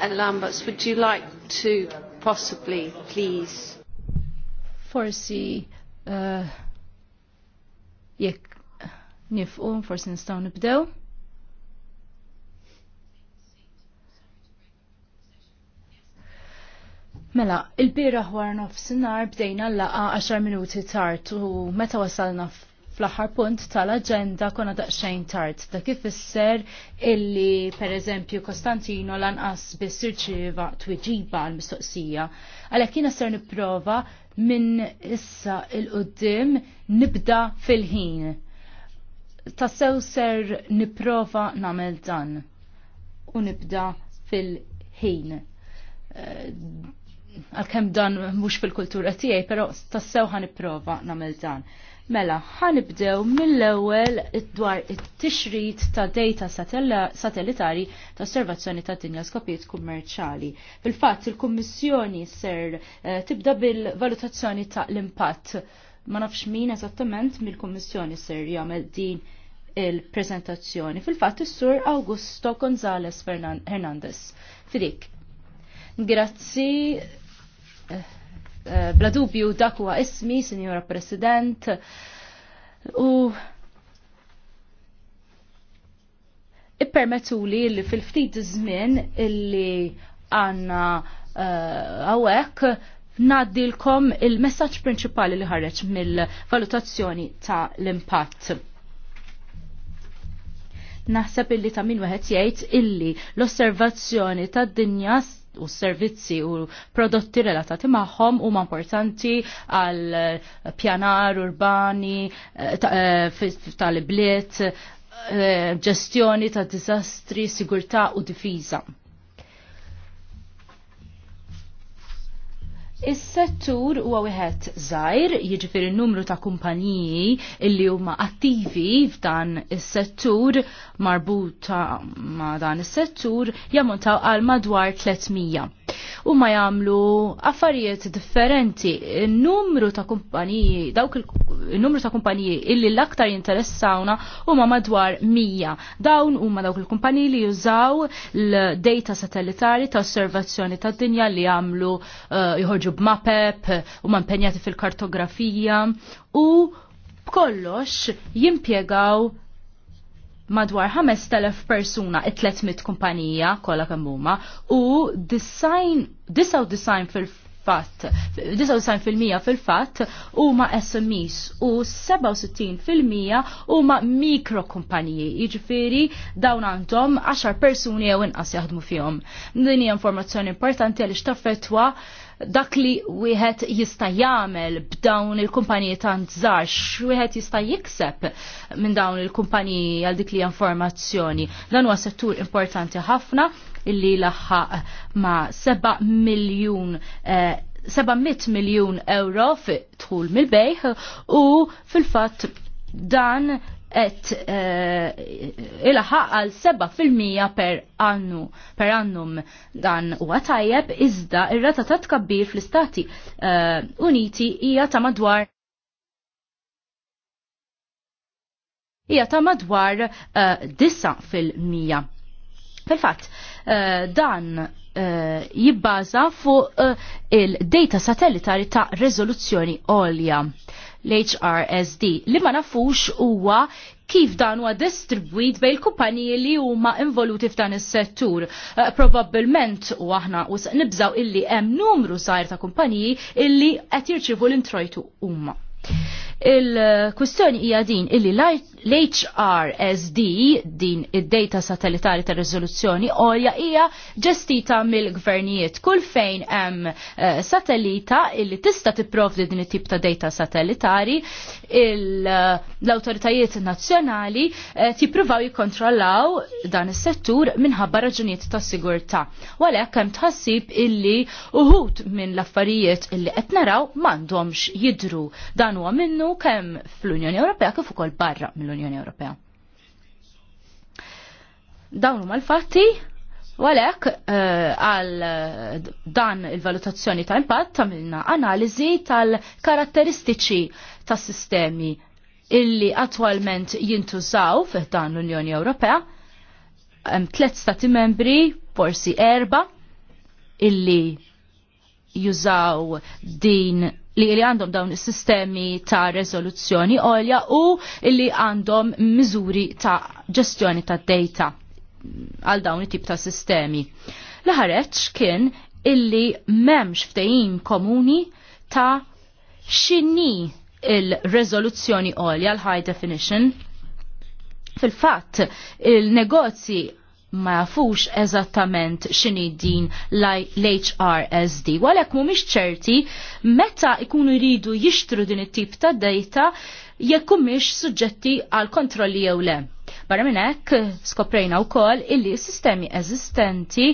and Lamberts, would you like to possibly, please? Forsi, uh, jekk nifqu, forsi nistaw nibdew. Mela, il-bira ħwar nofsinar bdejna l-laqa 10 minuti tard u meta wasalna fl-aħħar punt tal agenda konna daqsxejn tard. Da kif isser illi per eżempju Konstantino lanqas biss irċieva twiġiba l-mistoqsija. Għalhekk jiena ser nipprova minn issa il-qudiem nibda fil-ħin. Tassew ser nipprova nagħmel dan u nibda fil-ħin eh, għal-kem dan mux fil-kultura tijaj, pero tassew ħan iprofa namel dan. Mela, ħanibdew mill-ewwel dwar it-tixrid ta' data satellitari ta' osservazzjoni ta' dinja skopijiet kummerċali. Fil-fatt il-Kummissjoni ser eh, tibda bil-valutazzjoni ta' l-impatt. Ma nafx min eżattament mill-Kummissjoni ser jagħmel din il-prezentazzjoni. Fil-fatt is-Sur Augusto Gonzales Hernandez. Fidik. Grazzi. Eh Eh, bla dubju dak huwa ismi, Sinjora President, u ippermettu li li fil-ftit żmien illi għanna għawek eh, naddilkom il-messaċ prinċipali li ħareġ mill-valutazzjoni ta' l-impatt naħseb illi ta' min weħet jgħid illi l-osservazzjoni tad dinja u servizzi u prodotti relatati magħhom huma importanti għal eh, pjanar urbani eh, eh, tal-bliet, ġestjoni ta' dizastri, sigurtà u difiża. Is-settur huwa wieħed żgħir, jiġifier in numru ta' kumpaniji li huma attivi f'dan is-settur marbuta ma' dan is-settur jammontaw għal madwar 300 u ma jagħmlu affarijiet differenti. Il-numru ta' kumpaniji, dawk il-numru ta' kumpaniji illi l-aktar jinteressawna huma madwar 100. Dawn huma dawk il-kumpaniji li jużaw l-data satellitari ta' osservazzjoni tad dinja li jagħmlu eh, jħorġu b'mapep, huma impenjati fil-kartografija u b'kollox jimpjegaw madwar 5,000 persuna it 300 kumpanija kolla kemm u design, disaw design fil fatt 99% fil-fatt huma SMEs u 67% fil- huma mikrokumpaniji. Jiġifieri dawn għandhom 10 persuni jew inqas jaħdmu fihom. Din hija informazzjoni importanti għaliex taffettwa dak li wieħed jista' jagħmel b'dawn il-kumpaniji tant żgħar, wieħed jista' jikseb minn dawn il-kumpaniji għal dik li informazzjoni. Dan huwa settur importanti ħafna illi laħħaq ma' 7 miljun 700 eh, miljun euro fi tħul mill-bejħ u fil-fatt dan et eh, il-ħaq għal 7% per annu per annum dan huwa tajjeb iżda ir-rata ta' tkabbir fl-Istati eh, Uniti hija ta' madwar hija ta' madwar 9 eh, fil-mija. Fil-fatt, dan jibbaża fuq il-data satellitari ta' rezoluzzjoni olja l-HRSD. Li ma nafux huwa kif dan huwa distribwit bejn l kumpaniji li huma involuti f'dan is-settur. Eh, probabbilment u aħna u nibżaw illi hemm numru sajr ta' kumpaniji illi qed jirċivu l-introjtu huma. Il-kwistjoni hija din illi l-HRSD, din id-data satellitari ta' rezoluzzjoni, għolja hija ġestita mill-gvernijiet. Kull fejn hemm eh, satellita illi tista' tipprovdi din it-tip ta' data satellitari, eh, l-awtoritajiet nazzjonali eh, tippruvaw jikkontrollaw dan is-settur minħabba raġunijiet ta' sigurtà. Walhekk hemm tħassib illi uħut minn l-affarijiet illi qed naraw m'għandhomx jidru. Dan huwa minnu kemm fl-Unjoni Ewropea kif ukoll barra mill l unjoni Ewropea. Dawn huma l-fatti u għalhekk eh, għal eh, dan il-valutazzjoni ta' impatt għamilna analiżi tal-karatteristiċi tas-sistemi illi attwalment jintużaw fih dan l-Unjoni Ewropea hemm tliet stati membri, forsi erba' illi jużaw din li li għandhom dawn is-sistemi ta' rezoluzzjoni olja u li għandhom miżuri ta' ġestjoni ta' data għal dawn it-tip ta' sistemi. Laħareċ kien illi memx ftejim komuni ta' xinni il-rezoluzzjoni olja l-high definition fil-fatt il-negozji ma jafux eżattament xini din l-HRSD. Walek mu miex ċerti meta ikunu jridu jixtru din it-tip ta' data jekku miex suġġetti għal kontrolli jew le. Barra minn hekk skoprejna wkoll illi sistemi eżistenti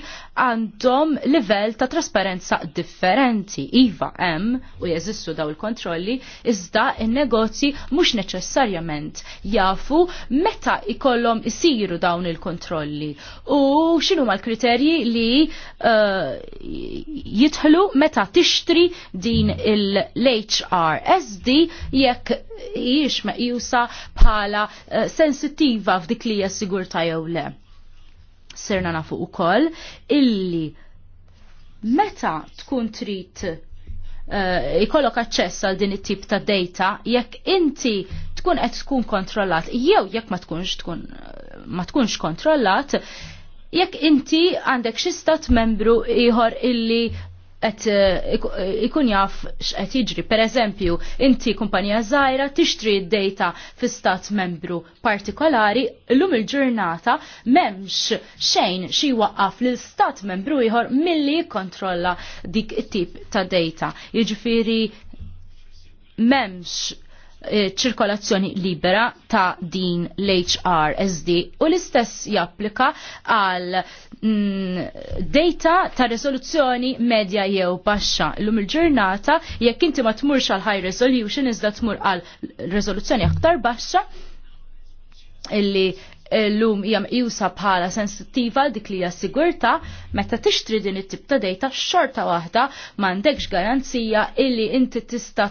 għandhom livell ta' trasparenza differenti. Iva hemm u jeżistu daw il-kontrolli iżda il negozji mhux neċessarjament jafu meta ikollhom isiru dawn il-kontrolli u x'inhu l-kriterji li uh, jidħlu meta tixtri din l hrsd jekk jiex meqjusa bħala uh, sensittiva dik li hija sigurtà jew le. Serna nafu ukoll illi meta tkun trid eh, ikollok aċċess għal din it-tip ta' data jekk inti tkun qed tkun kontrollat jew jekk ma tkunx tkun ma tkunx kontrollat jekk inti għandek xi stat membru ieħor illi Eh, eh, ikun jaf x'qed jiġri. Pereżempju, inti kumpanija żgħira tixtri d-data fi stat membru partikolari, llum il-ġurnata m'hemmx xejn xi waqqaf lil stat membru ieħor milli jikkontrolla dik it-tip ta' data. Jiġifieri m'hemmx Eh, ċirkolazzjoni libera ta' din l-HRSD u l-istess japplika għal mm, data ta' rezoluzzjoni medja jew baxxa. Illum il-ġurnata jekk inti ma tmurx għal high resolution iżda tmur għal rezoluzzjoni aktar baxxa illi eh, l-lum jam jusa bħala sensittiva dik li sigurta meta tixtri din it-tip ta' data xorta waħda m'għandekx garanzija illi inti tista'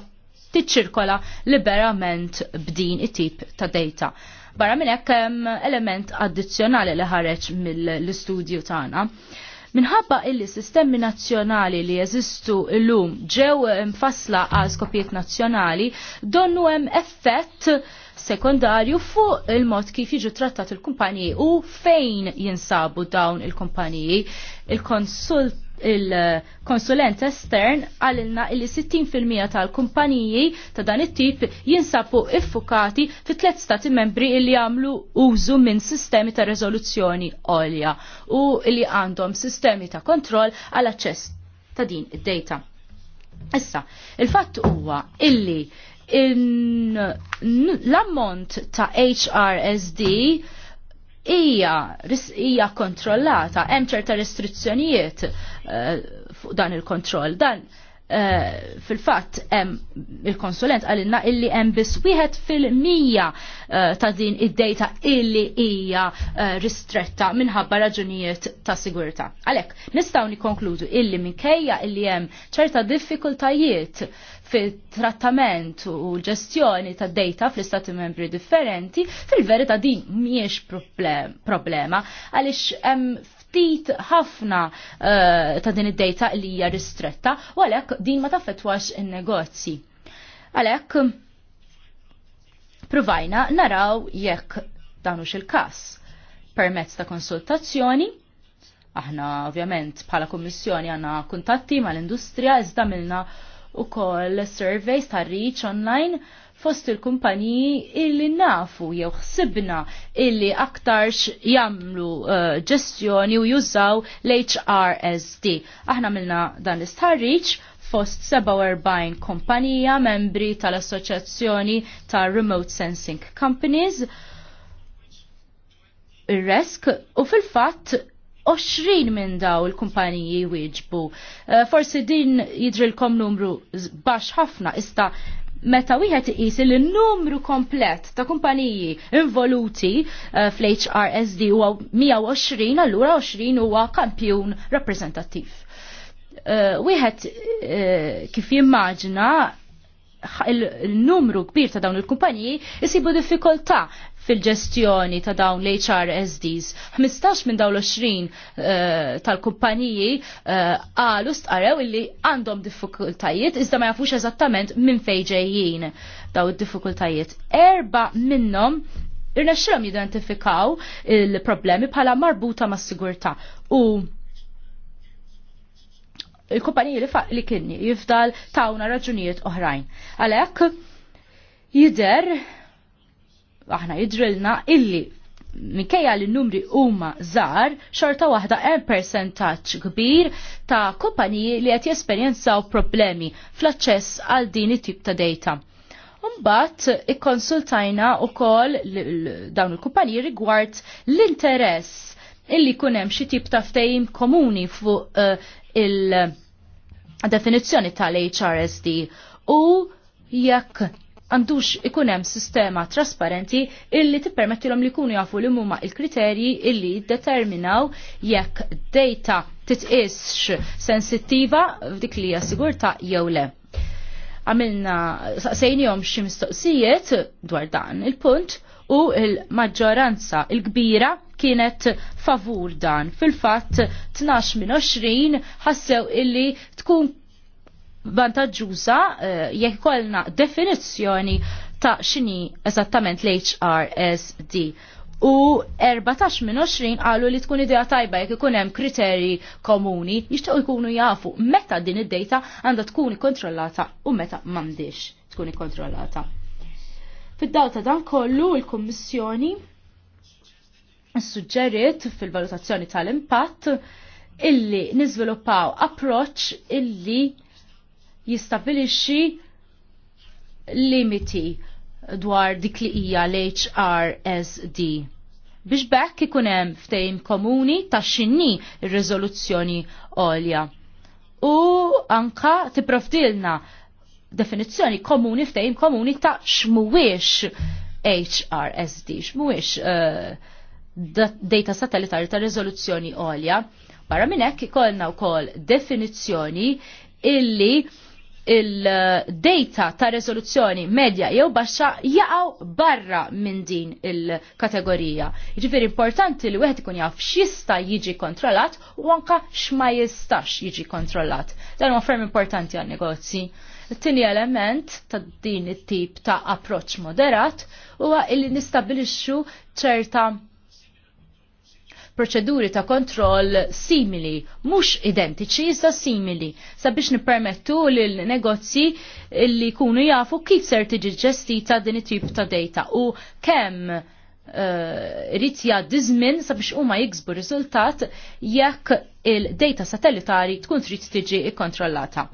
tiċċirkola liberament b'din it-tip ta' data. Barra minn hekk hemm element addizzjonali li ħareġ mill-istudju tagħna. Minħabba illi sistemi nazzjonali li jeżistu illum ġew mfassla għal skopijiet nazzjonali, donnu hemm effett sekondarju fuq il-mod kif jiġu trattat il-kumpaniji u fejn jinsabu dawn il-kumpaniji. Il-konsult il-konsulent estern għalilna il 60% tal-kumpaniji ta' dan it-tip jinsabu iffukati fi tliet stati membri li jagħmlu użu minn sistemi ta' rezoluzzjoni għolja u li għandhom sistemi ta' kontroll għal aċċess ta' din id-data. Issa, il-fatt huwa illi l-ammont ta' HRSD hija hija kontrollata, hemm ċerta restrizzjonijiet eh, fuq dan il-kontroll. Dan eh, fil-fatt hemm il-konsulent għalilna illi hemm biss wieħed fil-mija eh, ta' din id-dejta illi hija ristretta minħabba raġunijiet ta' sigurtà. Għalhekk nistgħu nikkonkludu illi minkejja illi hemm ċerta diffikultajiet fit-trattament u l-ġestjoni ta' data fl-istati membri differenti, fil-verita din miex problema għaliex hemm ftit ħafna uh, ta' din id-data li hija ristretta u għalhekk din ma tafetwax in-negozji. Għalhekk provajna naraw jekk danux il-każ permezz ta' konsultazzjoni aħna ovvjament bħala kommissjoni għanna kuntatti mal-industrija iżda milna u koll surveys ta' reach online fost il-kumpaniji illi nafu jew ħsibna illi aktarx jamlu eh, ġestjoni uh, u jużaw l-HRSD. Aħna milna dan l-istarriċ fost 47 kumpanija, membri tal-Assoċjazzjoni ta' Remote Sensing Companies, il resk u fil-fatt 20 minn daw il-kumpaniji wieġbu. Eh, forsi din jidrilkom numru baxx ħafna, ista meta wieħed iqis il numru komplett ta' kumpaniji involuti uh, eh, fl-HRSD huwa 120, allura 20 huwa kampjun rappreżentattiv. Uh, wieħed uh, kif jimmaġina il-numru kbir ta' dawn il-kumpaniji jisibu diffikoltà fil-ġestjoni ta' dawn l-HRSDs. 15 minn dawn l-20 uh, eh, tal-kumpaniji eh, għalu uh, stqarew illi għandhom diffikultajiet iżda ma jafux eżattament minn fejġejjien daw id-diffikultajiet. Erba minnhom irnexxilhom jidentifikaw il-problemi bħala marbuta mas sigurtà u il-kumpaniji li faq li kienni jifdal tawna raġunijiet oħrajn. Għalhekk jider aħna jidrilna illi minkejja li n-numri huma zar, xorta waħda hemm persentaġġ kbir ta' kumpaniji li qed jesperjenzaw problemi fl-aċċess għal din it-tip ta' data. Mbagħad ikkonsultajna wkoll dawn il-kumpaniji rigward l-interess illi kun hemm xi tip ta' ftehim komuni fuq uh, il-definizzjoni tal-HRSD u jekk għandux ikun hemm sistema trasparenti illi tippermettilhom li jkunu jafu li huma il-kriterji illi jiddeterminaw jekk data titqisx sensittiva f'dik li hija sigurtà jew le. Għamilna saqsejnihom xi mistoqsijiet dwar dan il-punt u il-maġġoranza il-kbira kienet favur dan. Fil-fatt 12 minn 20 ħassew illi tkun vantaġġuża eh, jekk kollna definizzjoni ta' xini eżattament l-HRSD. U 14 minn 20 għallu li tkun idea tajba jekk ikun hemm kriterji komuni jixtiequ jkunu jafu meta din id-data għandha tkun ikkontrollata u meta m'għandix tkun ikkontrollata. Fid-daw ta' dan kollu l-Kummissjoni suġġeriet fil-valutazzjoni tal-impatt illi niżviluppaw approċċ illi jistabilixxi limiti dwar dik li hija l-HRSD. Biex bekk ikun hemm ftehim komuni ta' xinni r riżoluzzjoni għolja. U anka tipprovdilna definizzjoni komuni ftehim komuni ta' x'mhuwiex HRSD, x'mhuwiex uh, data satellitari ta' riżoluzzjoni għolja. Barra minn hekk ikollna wkoll definizzjoni illi il-data ta' rezoluzzjoni medja jew baxxa jaqgħu barra minn din il-kategorija. Jiġifieri importanti li wieħed ikun jaf x'jista' jiġi kontrollat u anka x'ma jistax jiġi kontrollat. Dan huwa ferm importanti għan negozji. It-tieni element ta' din it-tip ta' approċċ moderat huwa li nistabilixxu ċerta' proċeduri ta' kontroll simili, mhux identiċi sa simili, sabiex nippermettu l negozji li jkunu jafu kif ser tiġi ġestita din it-tip ta' data u kemm rrit eh, jgħaddi żmien sabiex huma jiksbu riżultat jekk il-data satellitari tkun trid tiġi kontrollata.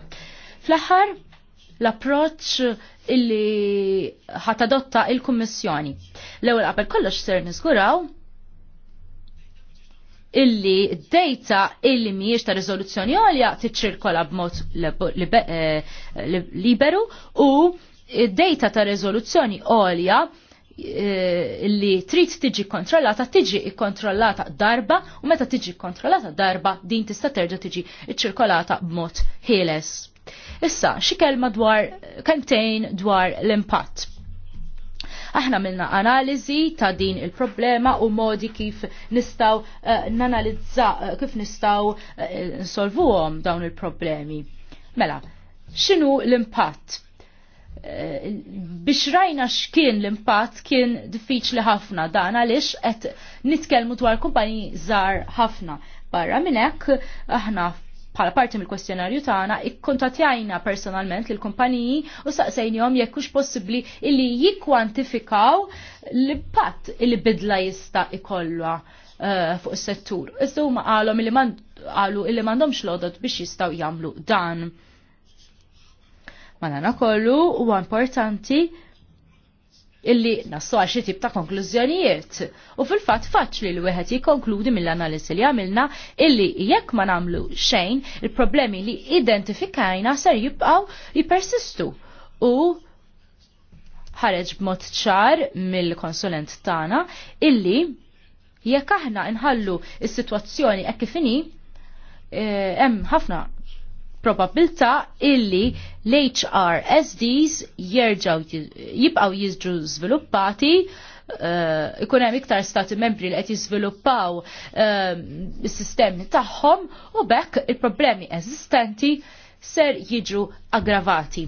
Fl-aħħar l-approċċ illi ħatadotta il-Kummissjoni. L-ewwel qabel kollox ser niżguraw illi d-data illi miex ta' rizoluzzjoni għalja b b'mod eh, liberu u d-data ta' rizoluzzjoni għalja eh, li trid tiġi kontrollata, tiġi kontrollata darba u meta tiġi kontrollata darba din tista' terġa' tiġi ċirkolata b'mod ħieles. Issa, xi kelma dwar kemtejn dwar l-impatt Aħna minna analizi ta' din il-problema u modi kif nistaw eh, nanalizza, eh, kif nistaw eh, nsolvuhom dawn il-problemi. Mela, xinu l-impatt biex rajna x'kien l-impatt kien diffiċli ħafna dan għaliex qed nitkellmu dwar kumpaniji żgħar ħafna. Barra minn hekk aħna bħala parti mill-kwestjonarju tagħna ikkontattjajna personalment lil kumpaniji u saqsejnihom jekk hux possibbli illi jikkwantifikaw l-impatt li bidla jista' ikollha eh, fuq is-settur. Issa huma qalhom li qalu illi m'għandhomx lodot biex jistgħu jagħmlu dan. nagħna kollu huwa importanti illi nassu għal xi tip ta' konklużjonijiet. U fil-fatt faċli li wieħed jikkonkludi mill-analiżi li għamilna illi jekk ma nagħmlu xejn, il-problemi li identifikajna ser jibqgħu jippersistu. U ħareġ b'mod ċar mill-konsulent tagħna illi jekk aħna nħallu is-sitwazzjoni hekk kif eh, hemm ħafna probabilta illi l-HRSDs jirġaw jibqaw jizġu zviluppati uh, eh, ikun hemm iktar stati membri li qed jiżviluppaw eh, is-sistemi tagħhom u bekk il-problemi eżistenti ser jiġu aggravati.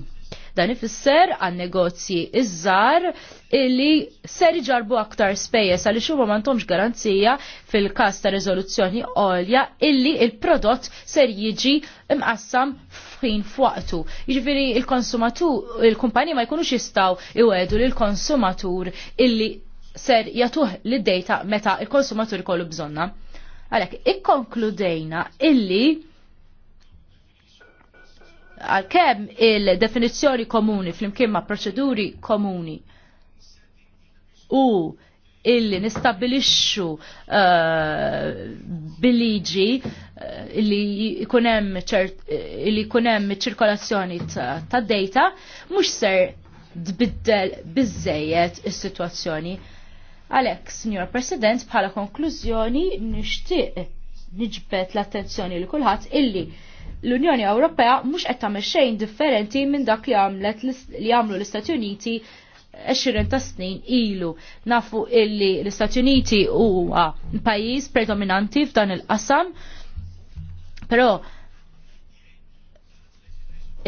Dan ifisser għan negozji iż-żar illi ser iġarbu aktar spejjeż għal huma m'għandhomx garanzija fil-każ ta' rezoluzzjoni għolja illi il-prodott ser jiġi imqassam f'ħin f'waqtu. Jiġifieri il-konsumatur il-kumpanji ma jkunux jistgħu iwedu l konsumatur illi ser jatuh l dejta meta il-konsumatur kollu bżonna. Għalek, ikkonkludejna illi għalkemm il-definizzjoni komuni flimkien ma' proċeduri komuni u illi nistabilixxu uh, biliġi uh, uh, illi jkunem ċirkolazzjoni ta', data mhux ser tbiddel biżejjed is-sitwazzjoni. Alex, Signor President, bħala konklużjoni nixtieq niġbet l-attenzjoni li kulħadd illi l-Unjoni Ewropea mhux qed tagħmel xejn differenti minn dak li għamlet li għamlu l-Istati Uniti 20 ta' snin ilu. Nafu illi l-Istati Uniti huwa pajjiż predominanti f'dan il-qasam, però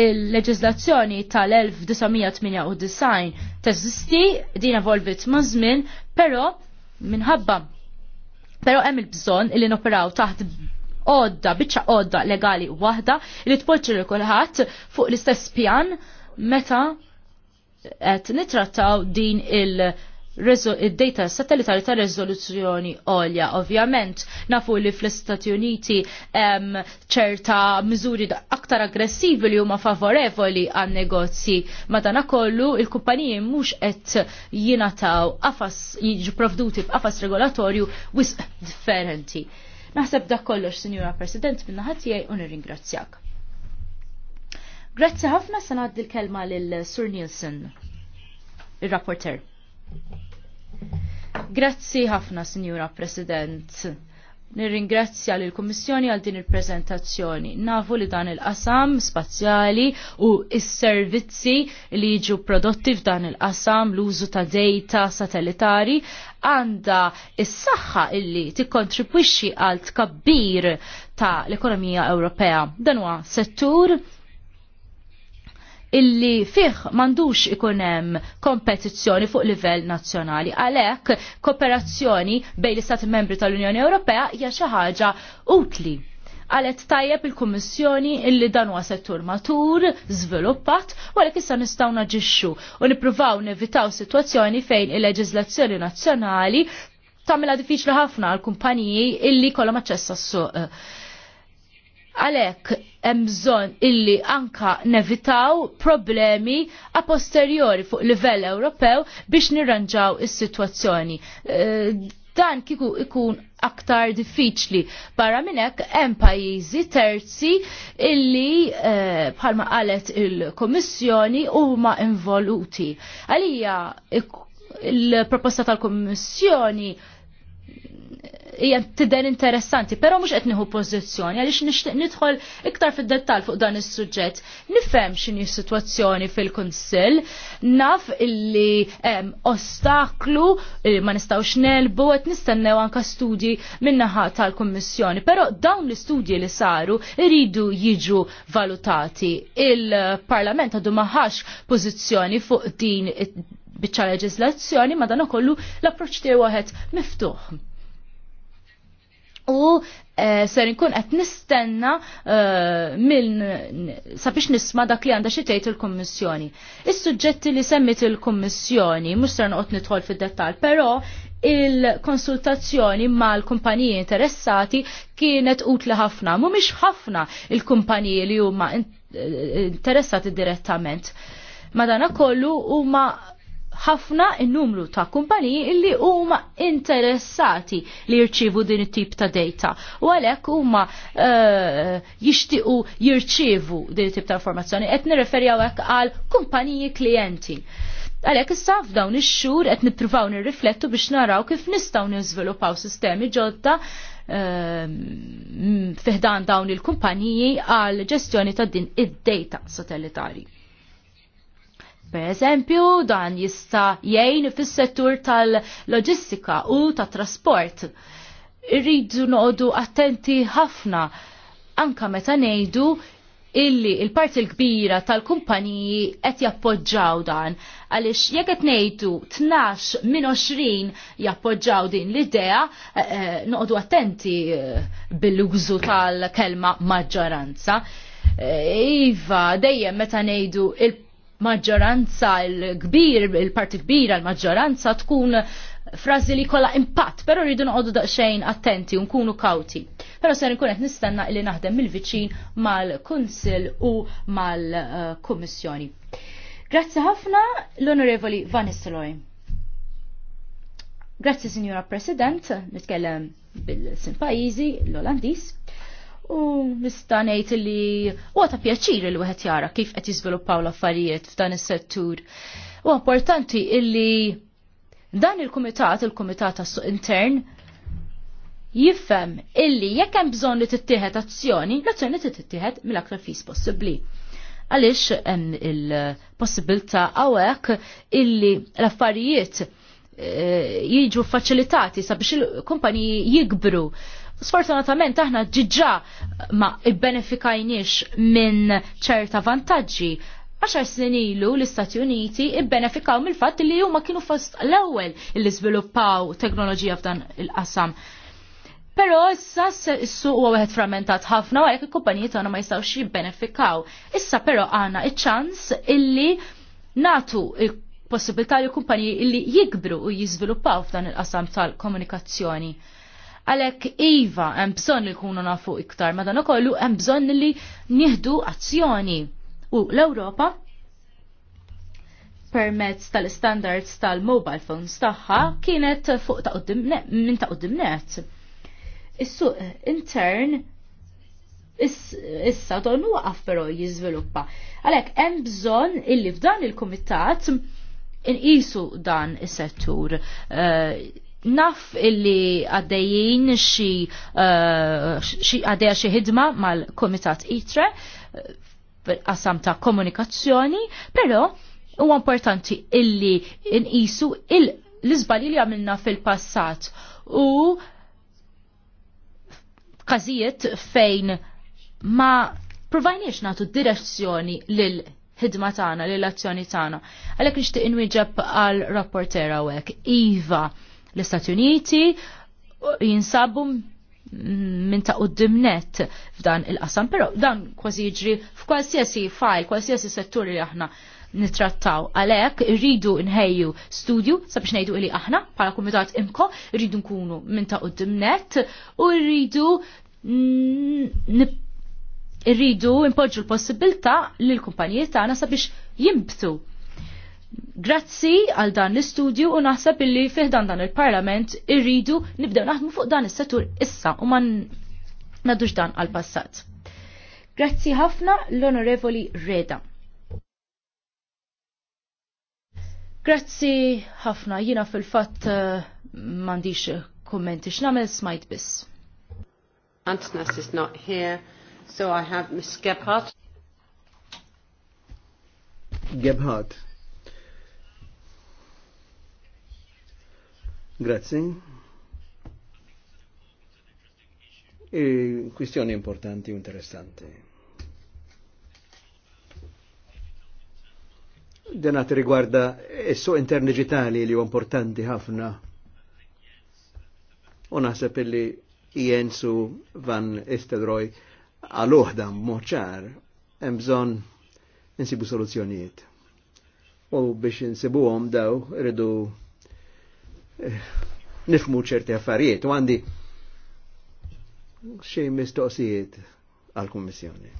il-leġizlazzjoni tal-1998 teżisti din evolvit ma' żmien, però minħabba Pero hemm il-bżonn li noperaw taħt odda, biċċa odda legali waħda li tpoġġi l kulħadd fuq l-istess pjan meta għet nitrattaw din il- id-data satellitari ta' rezoluzzjoni olja. Ovvjament, nafu li fl-Istati Uniti ċerta miżuri aktar aggressivi li huma favorevoli għan negozji. madanakollu kollu, il-kumpaniji mhux qed jingħataw għafas, jiġu provduti b'qafas regolatorju wisq differenti. Naħseb dak kollox, Sinjura President, minna ħatijaj u nirringrazzjak. Grazzi ħafna se ngħaddi l-kelma l Sur Nielsen, ir-rapporter. Grazzi ħafna, Sinjura President. Nirringrazzja lil kummissjoni għal din il-prezentazzjoni. Nafu li dan il-qasam spazjali u s-servizzi li jiġu prodotti f'dan il-qasam l-użu ta' data satellitari għanda s-saxħa illi tikkontribwixxi għal tkabbir ta' l-ekonomija Ewropea. Dan huwa settur illi fih mandux ikunem kompetizzjoni fuq livell nazzjonali. Għalhekk kooperazzjoni bejn l-Istati membri tal-Unjoni Ewropea hija xi ħaġa utli. Għalet tajjeb il-Kummissjoni illi dan huwa settur matur, żviluppat, u għalhekk issa nistgħu naġixxu u nippruvaw nevitaw sitwazzjoni fejn il-leġiżlazzjoni nazzjonali tagħmilha diffiċli ħafna għal kumpaniji illi kollhom aċċess s suq Għalek emżon illi anka nevitaw problemi a posteriori fuq livell Ewropew biex nirranġaw is-sitwazzjoni. Eh, dan kiku ikun aktar diffiċli. Barra minnek hemm pajjiżi terzi illi eh, bħalma qalet il-Kommissjoni huma involuti. Għalija il-proposta tal-Kommissjoni hija tidher interessanti, però mhux qed nieħu pożizzjoni għaliex nixtieq nidħol iktar fid-dettall fuq dan is-suġġett. Nifhem x'inhi s-sitwazzjoni fil-Kunsill, naf illi hemm ostaklu li eh, ma nistgħux nelbu qed nistennew anke studji min-naħa tal-Kummissjoni, però dawn l-istudji li saru iridu jiġu valutati. Il-Parlament għadu maħax pożizzjoni fuq din biċċa leġislazzjoni ma dan ukollu l-approċċ tiegħu waħed miftuħ. U eh, ser nkun qed nistenna eh, minn sabiex nisma' dak li għandha xi tgħid il-Kummissjoni. Is-suġġetti li semmit il-Kummissjoni mhux ser noqgħod nidħol fid-dettall, però il-konsultazzjoni mal-kumpaniji interessati kienet utli ħafna, mhumiex ħafna il-kumpaniji li huma eh, interessati direttament. Madana kollu huma ħafna il-numru ta' kumpaniji illi huma interessati li jirċivu din it-tip ta' data. U għalhekk huma uh, jixtiequ jirċivu din it-tip ta' informazzjoni qed nirreferi hekk għal kumpaniji klijenti. Għalhekk issa f'dawn ix-xhur qed nippruvaw nirriflettu biex naraw kif nistgħu niżviluppaw sistemi ġodda eh, fiħdan dawn il-kumpaniji għal ġestjoni ta' din id-data satellitari. Per eżempju, dan jista' jgħin fis-settur tal-loġistika u tat-trasport. Irridu noqogħdu attenti ħafna anka meta ngħidu illi il-parti l-kbira tal-kumpaniji qed jappoġġaw dan għaliex jekk qed ngħidu 12 minn 20 jappoġġaw din l-idea noqdu eh, eh, noqogħdu attenti eh, bil-użu tal-kelma maġġoranza. Iva, dejjem meta ngħidu il maġġoranza l-kbir, il-parti kbira l-maġġoranza tkun frażi li kolla impatt, pero rridu noqogħdu daqsxejn attenti u nkunu kawti. però ser nkun qed nistenna li naħdem mill-viċin mal-Kunsil u mal-Kummissjoni. Grazzi ħafna l-Onorevoli Van Nistelrooy. Grazzi, Signora President, nitkellem bil-sin pajizi, l-Olandis. U nistanejt li u ta' pjaċir li wieħed jara kif qed jiżviluppaw l-affarijiet f'dan is-settur. U importanti illi dan il-kumitat, il-kumitat tas intern, jifem illi jekk hemm bżonn li tittieħed azzjoni, l-azzjoni tittieħed mill-aktar fis possibbli. Għaliex hemm il-possibilità hawnhekk illi l-affarijiet eh, jiġu faċilitati sabiex il-kumpaniji jikbru sfortunatament aħna ġiġa ma ibbenefikajniex minn ċerta vantaġġi. Għaxar snin ilu l-Istati Uniti ibbenefikaw mill-fatt li huma kienu fost l-ewwel li żviluppaw teknoloġija f'dan il-qasam. Però issa s-suq huwa wieħed frammentat ħafna u hekk il-kumpaniji tagħna ma jistgħux jibbenefikaw. Issa però għandna iċ-ċans illi natu il-possibilità li kumpaniji illi jikbru u jiżviluppaw f'dan il-qasam tal-komunikazzjoni. Għalhekk iva hemm bżonn li jkunu nafu iktar, ma dan ukollu hemm bżonn li nieħdu azzjoni. U l-Ewropa permezz tal-standards tal-mobile phones tagħha kienet fuq ta' minn ta' qudiem Is-suq intern issa don waqaf però jiżviluppa. Għalhekk hemm bżonn illi f'dan il-kumitat inqisu dan is-settur. Uh, naf illi għaddejjien xi eh, għaddejja xi ħidma mal-Komitat ITRE eh, qasam ta' komunikazzjoni, però huwa importanti illi nqisu l-iżbali li għamilna fil-passat u kazijiet fejn ma provajniex nagħtu direzzjoni lil ħidma tagħna, lil azzjoni tagħna. Għalhekk nixtieq inwieġeb għal rapportera għek: Iva, L-Istati Uniti jinsabu minn ta' net f'dan il-qasam, pero dan kważi jiġri f'kwalsiasi fajl, kwalsiasi settur li aħna nitrattaw. Għalek, rridu nħejju studju, sabiex nejdu li aħna, pala komitat imko, rridu nkunu minn ta' net u rridu rridu impoġġu l-possibilta lill l-kumpanijiet tagħna sabiex jimbtu Grazzi għal dan l-istudju u naħseb illi fiħdan dan il-parlament irridu nibdew naħdmu fuq dan is-settur issa u ma nadux dan għal passat. Grazzi ħafna l-Onorevoli Reda. Grazzi ħafna, jina fil-fatt eh, mandiċ kommenti x'namel smajt biss. Antnas is not here, so I have Miss Gebhardt. Gebhardt. Grazie. E questioni importanti u e interessanti. Denat rigwarda essu interni digitali li ho importanti hafna. Ona naħseb illi Jensu van Estedroj għal-uħda moċar, hemm bżonn insibu soluzzjonijiet. U biex insibuhom daw irridu nifmu ċerti affarijiet u għandi xej mistoqsijiet għal-Kummissjoni.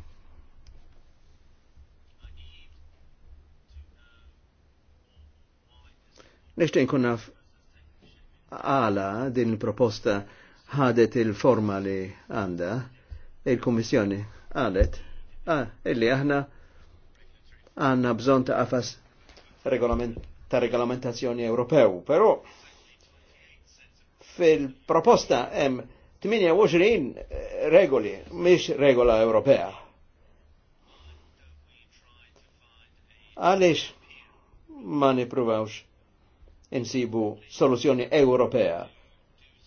Nishtin kunna għala din il-proposta ħadet il-forma li għanda il-Kommissjoni għalet ah, illi aħna għanna bżon ta' għafas ta' regolamentazzjoni Ewropew, pero Fil-proposta hemm 28 eh, regoli, mish regola Ewropea. Għalix ma nipruvawx insibu soluzjoni Ewropea.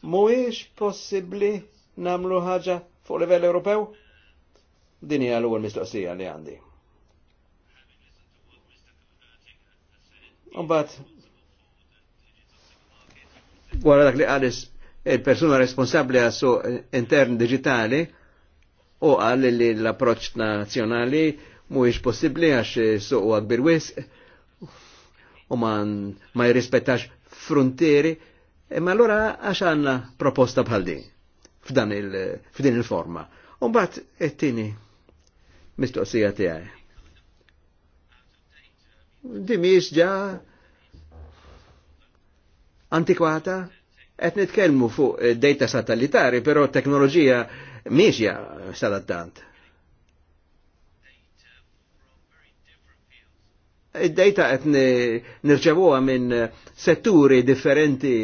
Mhuwiex possibbli namlu ħaġa fuq livell Ewropew? Din hija l-ewwel mistoqsija li għandi. Mbagħad wara dak li għalis il-persuna responsabli għassu intern digitali u għal li l-approċ nazjonali mhuwiex possibbli għax suq u għagbir wisq u ma jirrispettax frontieri, imma allura għax għandna proposta bħal din f'dan il-f'din il-forma. Un bat it mistoqsija tijaj. Dimis ġa antikwata, Et nitkelmu fuq eh, data satellitari, però teknoloġija miexja sal-attant. Id-data eh, qed nirċevuha minn eh, setturi differenti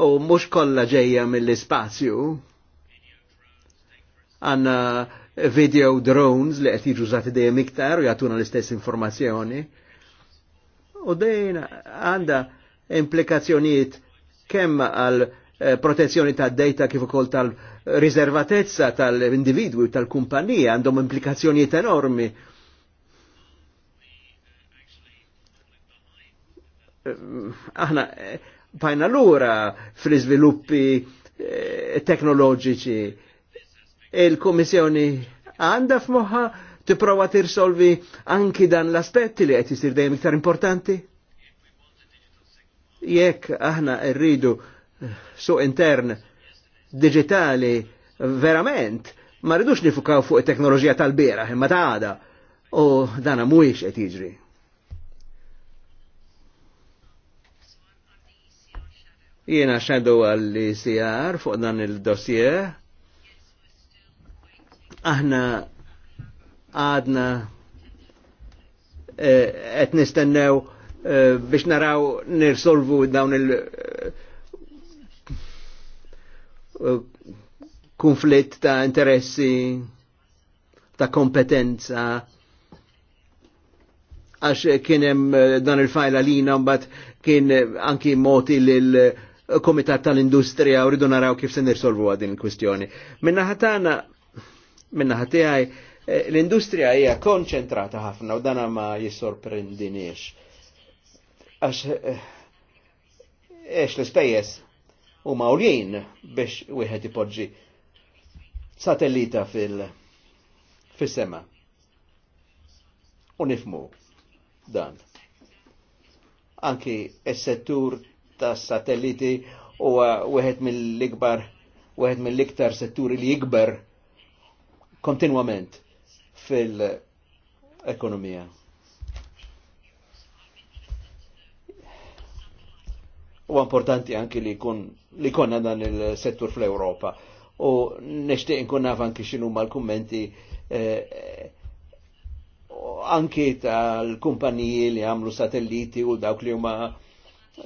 u mhux kollha ġejja mill-ispazju. Għanna video drones li qed jiġu żati dejjem iktar u jagħtuna l-istess informazzjoni. U dejna għandha implikazzjonijiet kemm għal eh, protezzjoni ta' data kif ukoll tal-riservatezza tal-individwi tal-kumpanija għandhom implikazzjonijiet enormi. Eh, aħna eh, bajna lura fl-iżviluppi teknoloġiċi il-Komissjoni għandha f'moħħa tipprova tirsolvi anki dan l-aspetti li qed jisir dejjem iktar importanti? Jekk aħna rridu eh, su intern digitali verament, ma rridux nifukaw fuq it-teknoloġija tal-bira, imma ta' għada. U dana mhuwiex qed jiġri. Jiena xedu għall-ICR fuq dan il-dossier. Aħna għadna eh, qed nistennew Eh, biex naraw nirsolvu dawn il- eh, konflitt ta' interessi, ta' kompetenza, għax kienem eh, dan il fajla li mbat kien anki moti lil komitat tal-Industrija u ridu naraw kif se nirsolvu għadin il-kwistjoni. Minna ħatana, minna ħatijaj, l-industrija hija konċentrata ħafna u dana ma jissorprendinix għax eħx eh, l-spejjes u mawlin biex wieħed ipoġġi satellita fil fis-sema. U nifmu dan. Anki s-settur ta' satelliti u wieħed mill-ikbar wieħed mill-iktar setturi li jikber kontinwament fil-ekonomija. u importanti anki li kun li konna dan il-settur fl-Europa. U nishtiq nkun naf anki xinu mal-kummenti eh, anki tal-kumpaniji li għamlu satelliti u dawk li huma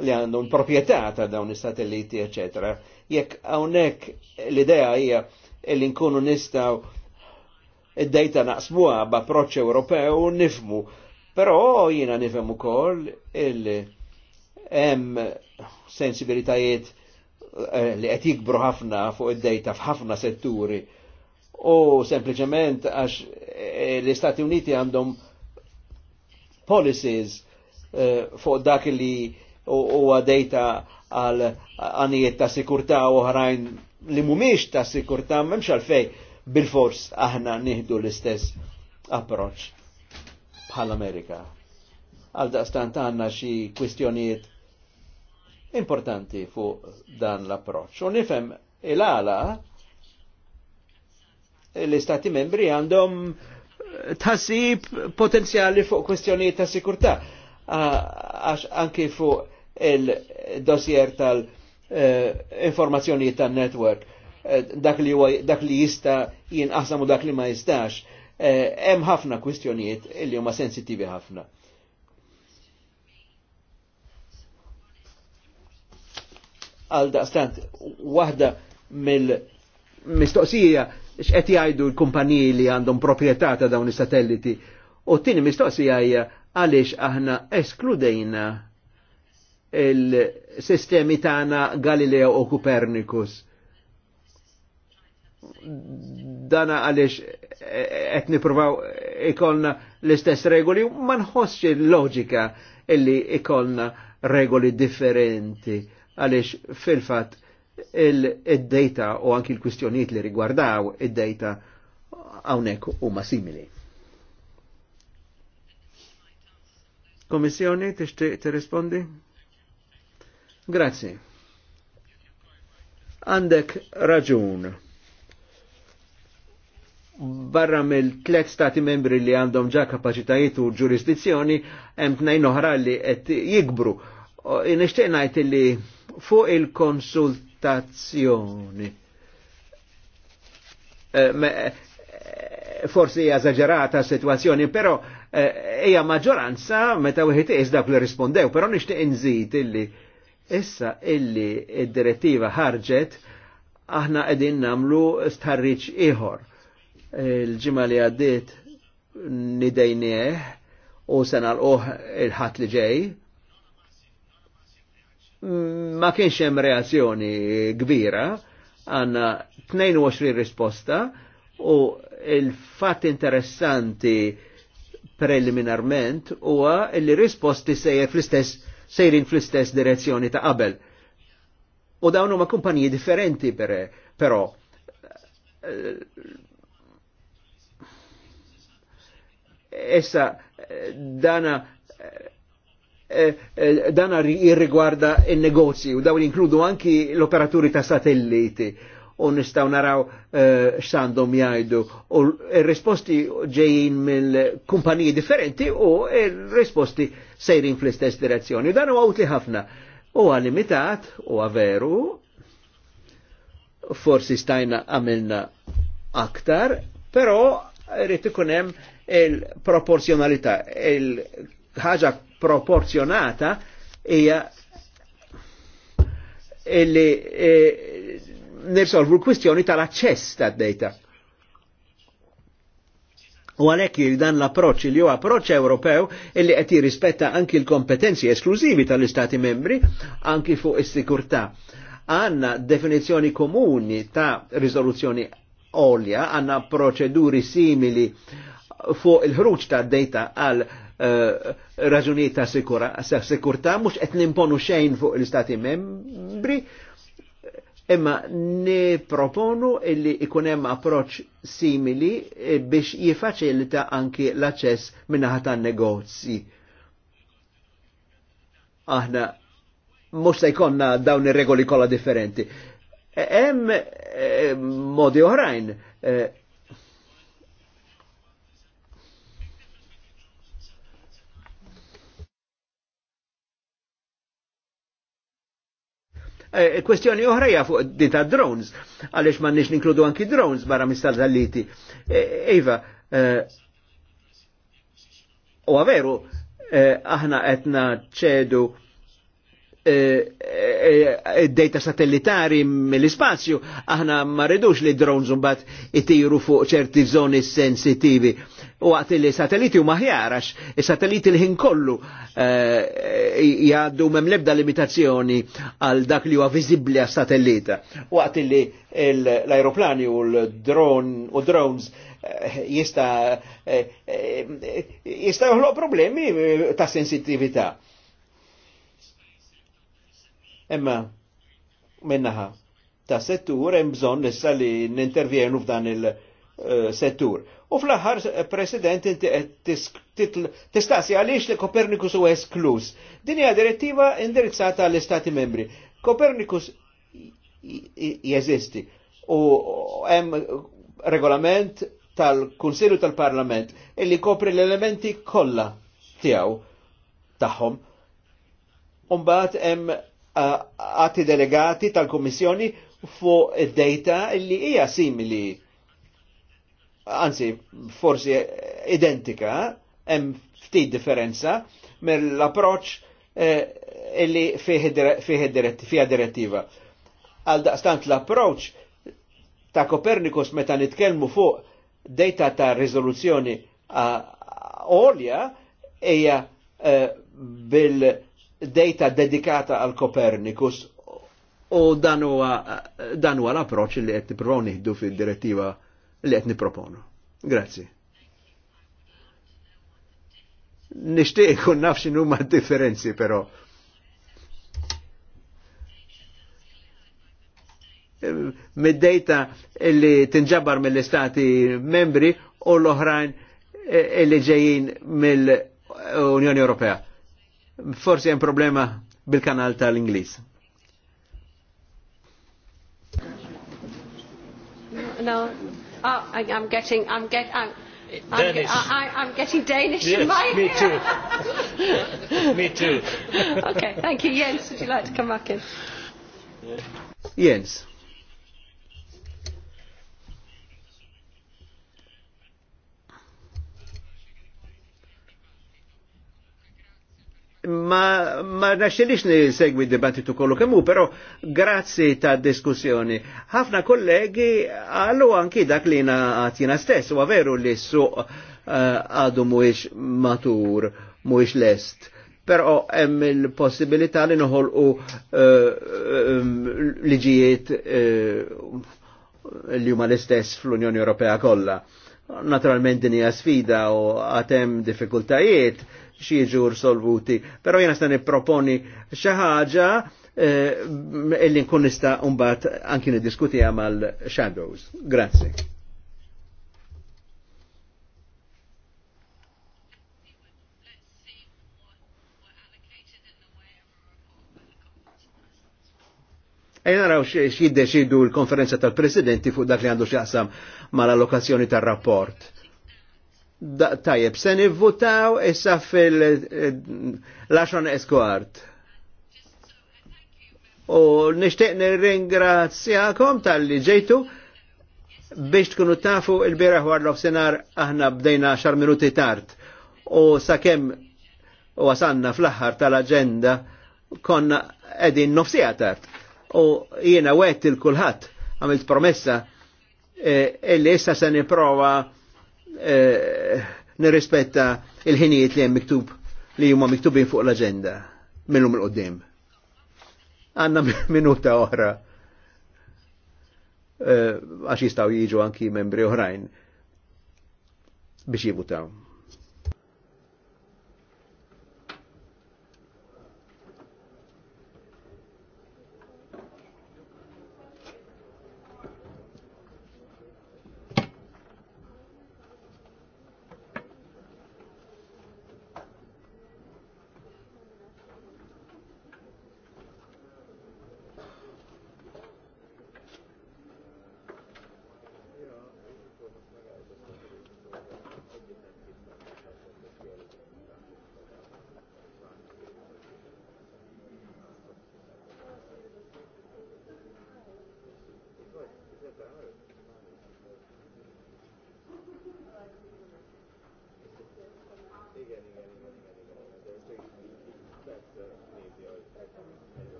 li għandhom proprjetà ta' dawn is-satelliti, eccetera. Jekk hawnhekk l-idea hija li nkunu nistgħu id-dejta naqsmuha b'approċċ Ewropew nifmu. Però jiena nifhem ukoll il- hemm sensibilitajiet eh, li qed jikbru ħafna fuq id-dejta f'ħafna setturi u sempliċement għax eh, l-Istati Uniti għandhom policies eh, fuq dak li huwa dejta għal għanijiet ta' sikurtà u ħrajn li mumiex ta' sikurtà m'hemmx għalfej bil-fors aħna nieħdu l-istess approċ bħal-Amerika. Għal daqstant għanna xi kwistjoniet importanti fuq dan l-approċċ. U nifem il-għala l-istati membri għandhom eh, tħassib potenzjali fuq kwestjoni ta' sikurtà għax anki fuq il-dossier tal-informazzjonijiet eh, tan-network eh, dak li, dak li jista jinqasam u dak li ma jistax hemm ħafna kwistjonijiet li huma sensittivi ħafna. għal daqstant waħda mill-mistoqsija x'qed jgħidu l-kumpaniji li għandhom proprjetà ta' dawn is-satelliti. U t-tieni mistoqsija hija għaliex aħna eskludejna il-sistemi tagħna Galileo u Copernicus. Dana għaliex qed nippruvaw ikolna l-istess regoli u ma nħossx il-loġika illi ikolna regoli differenti għaliex fil-fatt il data u anki l-kwistjonijiet li rigwardaw id-data hawnhekk huma simili. Komissjoni ti rispondi? Grazie. Għandek raġun. Barra mill tlet stati membri li għandhom ġa kapacitajiet u ġurisdizzjoni, hemm tnejn oħra li qed jikbru. Nixtieq ngħid li fuq il-konsultazzjoni. Eh, eh, forsi hija eżaġerata situazzjoni, però eh, hija maġġoranza meta wieħed iqis dak li rispondew, però nixtieq inżid illi issa illi id-direttiva ħarġet aħna qegħdin namlu stħarriġ ieħor. Il-ġimgħa li għaddiet nidejnieh u sena l-oħ il-ħat li ġej Mm, ma kienx hemm reazzjoni kbira, għanna 22 risposta u il-fat interessanti preliminarment huwa li risposti sejjer fl-istess sejrin fl-istess direzzjoni ta' qabel. U dawn huma kumpaniji differenti per, però Issa eh, eh, dana Eh, eh, dan riguarda il negozi u dawn inkludu anki l-operaturi ta' satelliti u nistaw naraw eh, xandom jajdu U il risposti ġejjin mill-kumpaniji differenti u il risposti sejrin fl-istess direzzjoni. Dan huwa utli ħafna. u għalimitat u għaveru forsi stajna għamilna aktar, però rritikunem hemm il-proporzjonalità, il-ħaġa proporzjonata hija illi e, nirsolvu l-kwistjoni tal-aċċess tad-data. U għalek dan l approċċ li huwa approċċ Ewropew illi qed jirrispetta anki l-kompetenzi esklużivi tal-Istati membri anki fuq is-sikurtà. Għanna definizzjoni komuni ta' riżoluzzjoni olja, għanna proċeduri simili fuq il-ħruġ ta' data għal Eh, raġuni ta' sekurta, mux qed nimponu xejn fuq l-istati membri, imma niproponu illi ikunem approċ simili eh, biex jifaċilita anki l-aċess minna ta' negozji. Aħna mux se jkonna dawn ir-regoli kollha differenti. E, hemm eh, modi oħrajn Eh, e kwestjoni oħrajja fuq din ta' drones, għaliex ma nix ninkludu anki drones barra mistal satelliti Eva, e, u għaveru, e, aħna etna ċedu id-data eh, eh, satellitari mill-ispazju, aħna ma rridux li drones mbagħad itiru fuq ċerti zoni sensitivi. U għat li satelliti u maħjarax, il-satelliti l-ħin kollu eh, jgħaddu mem lebda limitazzjoni għal dak li huwa viżibbli għas satellita. U għat li l-aeroplani u l-drones jista jista joħloq problemi ta' sensitivita' Emma, minnaħa ta' settur hemm bżonn issa li nintervjenu f'dan il-settur. Eh, u fl-aħħar President inti qed tistaqsi għaliex li Copernicus u esklus. Din hija direttiva indirizzata għall istati membri. Copernicus jeżisti u hemm regolament tal-Kunsilju tal-Parlament illi kopri l-elementi kollha tiegħu tagħhom. Umbagħad hemm Eh, atti delegati tal-Kommissjoni fuq id-data li hija simili, anzi forsi identika, hemm ftit differenza mill-approċċ illi eh, fih direttiva. Għal daqstant l-approċċ ta' Kopernikus meta nitkellmu fuq data ta' rizoluzzjoni għolja eh, hija bil- data dedikata għal Kopernikus u dan huwa l-approċċ li qed nippruvaw nieħdu fid-direttiva li qed nipproponu. Grazzi. Nixtieq ikun naf x'inhuma differenzi però. mid data li tinġabar mill-istati membri u l-oħrajn eh, li ġejjin mill-Unjoni Ewropea forsi hemm problema bil-kanal tal-Ingliż. No, oh, I, I'm getting, I'm get, I'm, I'm, get, I, I'm getting Danish yes, in my me too. me too. okay, thank you. Jens, would you like to come back in? Yeah. Jens. ma, ma naxxilix segwi dibattitu kollu kemmu, però grazzi ta' diskussjoni. ħafna kollegi għallu anki dak li għatina stess, u veru li suq eh, għadu uh, matur, muix lest. Però hemm il-possibilità li noħolqu uh, um, liġijiet uh, li huma l-istess fl-Unjoni Ewropea kollha. Naturalment din hija sfida u għatem diffikultajiet jiġu solvuti, pero jena se nipproponi xi ħaġa eh, illi nkun nista' mbagħad anki niddiskutiha mal-shadows. Grazzi. E naraw x'jiddeċidu l-konferenza tal-presidenti fuq dak li għandu x'jaqsam mal-allokazzjoni tar-rapport. Tajjeb, se nivvutaw issa fil-Lashon eh, Esquart. U nishtiq nirringrazzjakom tal-li ġejtu biex tkunu tafu il-biraħ war l-ofsenar aħna bdejna xar minuti tard u sakem wasanna fl-aħħar tal-agenda konna edin nofsija tard u jiena wet il-kulħadd għamilt promessa e, illi issa se nipprova e, nirrispetta il-ħinijiet li hemm miktub li huma miktubin fuq l-aġenda minnhom il-qudiem. Għandna minuta oħra e, għax jistaw jiġu anki membri oħrajn biex jibutaw.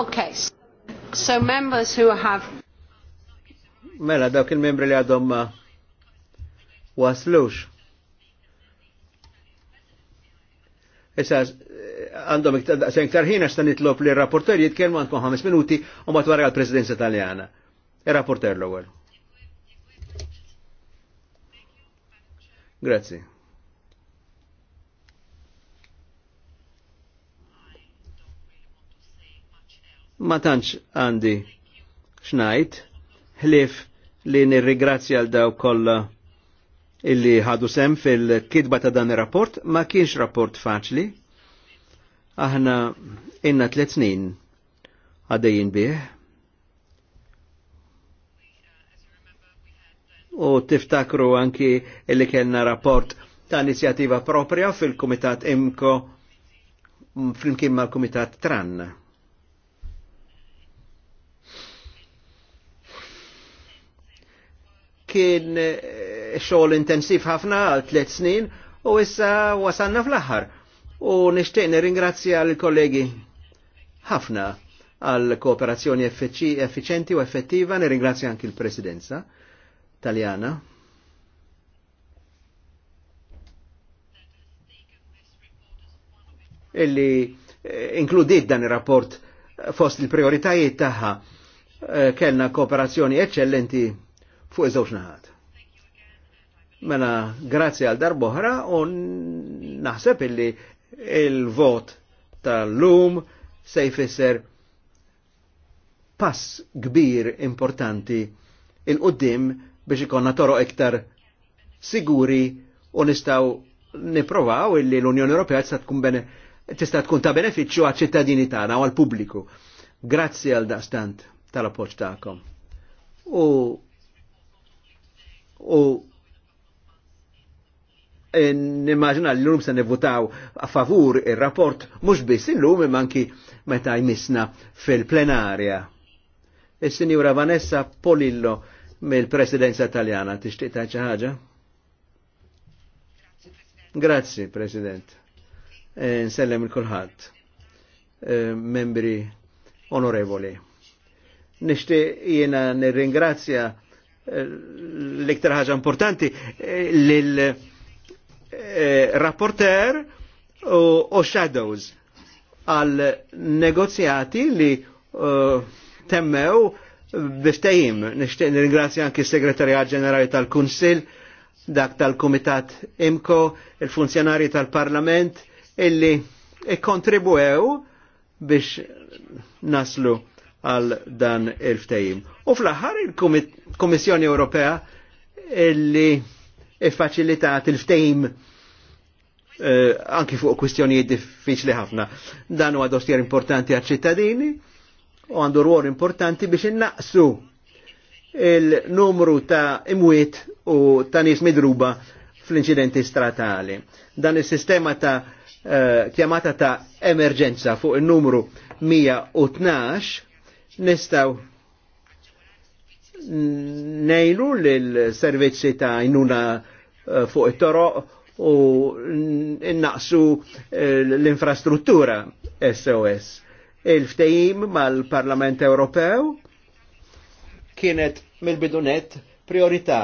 Okay. So members who have Mela dawk il-membri li għadhom ma waslux. Issa għandhom se iktar ħin għax nitlob li r-rapporter jitkellmu għandkom ħames minuti u ma twara għall-Presidenza Taljana. Ir-rapporter l-ewwel. Grazie. ma tantx għandi xnajt, ħlif li nirrigrazzja għal daw kollha illi ħadu sem fil-kidba ta' dan ir-rapport, ma kienx rapport faċli. Aħna inna tliet snin għaddejjin bih. U tiftakru anki illi kellna rapport ta' inizjativa propria fil-Kumitat Imko flimkien mal-Kumitat Tran kien eh, xogħol intensiv ħafna għal tliet snin u issa wasanna fl-aħħar. U nixtieq nirringrazzja l-kollegi ħafna għal kooperazzjoni effiċenti u effettiva, nirringrazzja anki l-Presidenza Taljana. illi eh, inkludit dan ir-rapport fost il-prioritajiet tagħha eh, kellna kooperazzjoni eccellenti fuq iż-żewġ naħat. Mela, grazzi għal darboħra u naħseb illi il-vot tal-lum se jfisser pass kbir importanti il-qoddim biex ikonna toro iktar siguri u nistaw niprovaw illi l-Unjoni Ewropea tista' tkun tista' tkun ta' benefiċċju għaċ-ċittadini tagħna u għall-pubbliku. Grazzi għal daqstant tal-appoġġ tagħkom. U u nimmaġina li l-lum se nevutaw a favur il-rapport mux biss il-lum manki meta jmisna fil-plenarja. Il-Sinjura Vanessa Polillo mill-Presidenza Italiana. tixtieq ta' xi ħaġa? President. E, nsellem il kulħat e, membri onorevoli. Nixtieq jiena nirringrazzja l-iktar ħaġa importanti eh, l-rapporter eh, u shadows għal negozjati li eh, temmew biftajim. Nishtiq nirringrazzja anki s-Segretarjat Ġenerali tal-Kunsil, dak tal-Kumitat IMCO, il-funzjonari tal-Parlament, illi ikkontribwew biex naslu għal dan il ftajim U fl-aħħar il-Komissjoni Ewropea illi iffaċilitat il-ftejim eh, anki fuq kwistjonijiet diffiċli ħafna. Dan huwa dossier importanti għal ċittadini u għandu ruol importanti biex innaqsu il-numru ta' imwiet u ta' nies midruba fl-inċidenti stratali. Dan is-sistema ta' eh, chiamata ta' emerġenza fuq il-numru 112 nistaw nejlu l-servizzi ta' jnuna eh, fuq it-toroq u naqsu eh, l-infrastruttura SOS. Il-ftejim mal-Parlament Ewropew kienet mill-bidunet priorità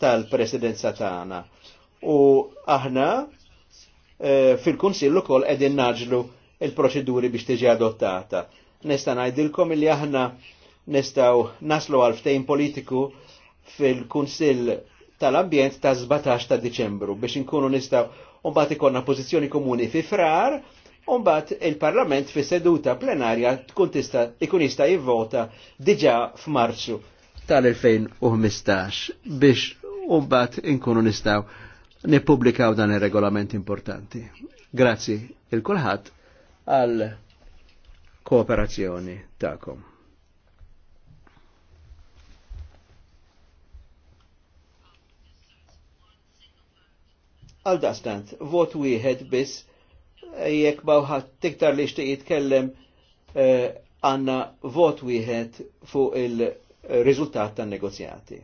tal-presidenza tagħna. U aħna eh, fil-Kunsillu kol qegħdin naġlu il-proċeduri biex tiġi adottata nista' ngħidilkom li aħna nistgħu naslu għal ftejn politiku fil-Kunsill tal-Ambjent ta' 17 ta' Diċembru biex inkunu nistgħu mbagħad ikollna pożizzjoni komuni fi frar Umbat il-Parlament fi seduta plenarja tkun tista' ikun jista' jivvota diġà f'Marzu tal-2015 biex umbat inkunu nistaw nippubblikaw dan ir-regolament importanti. Grazzi il-kulħadd għal kooperazzjoni ta'kom. Għaldastant, vot wieħed biss eh, jekk bawħat tiktar li xtiq jitkellem għanna eh, vot wieħed fuq il-riżultat tan-negozjati.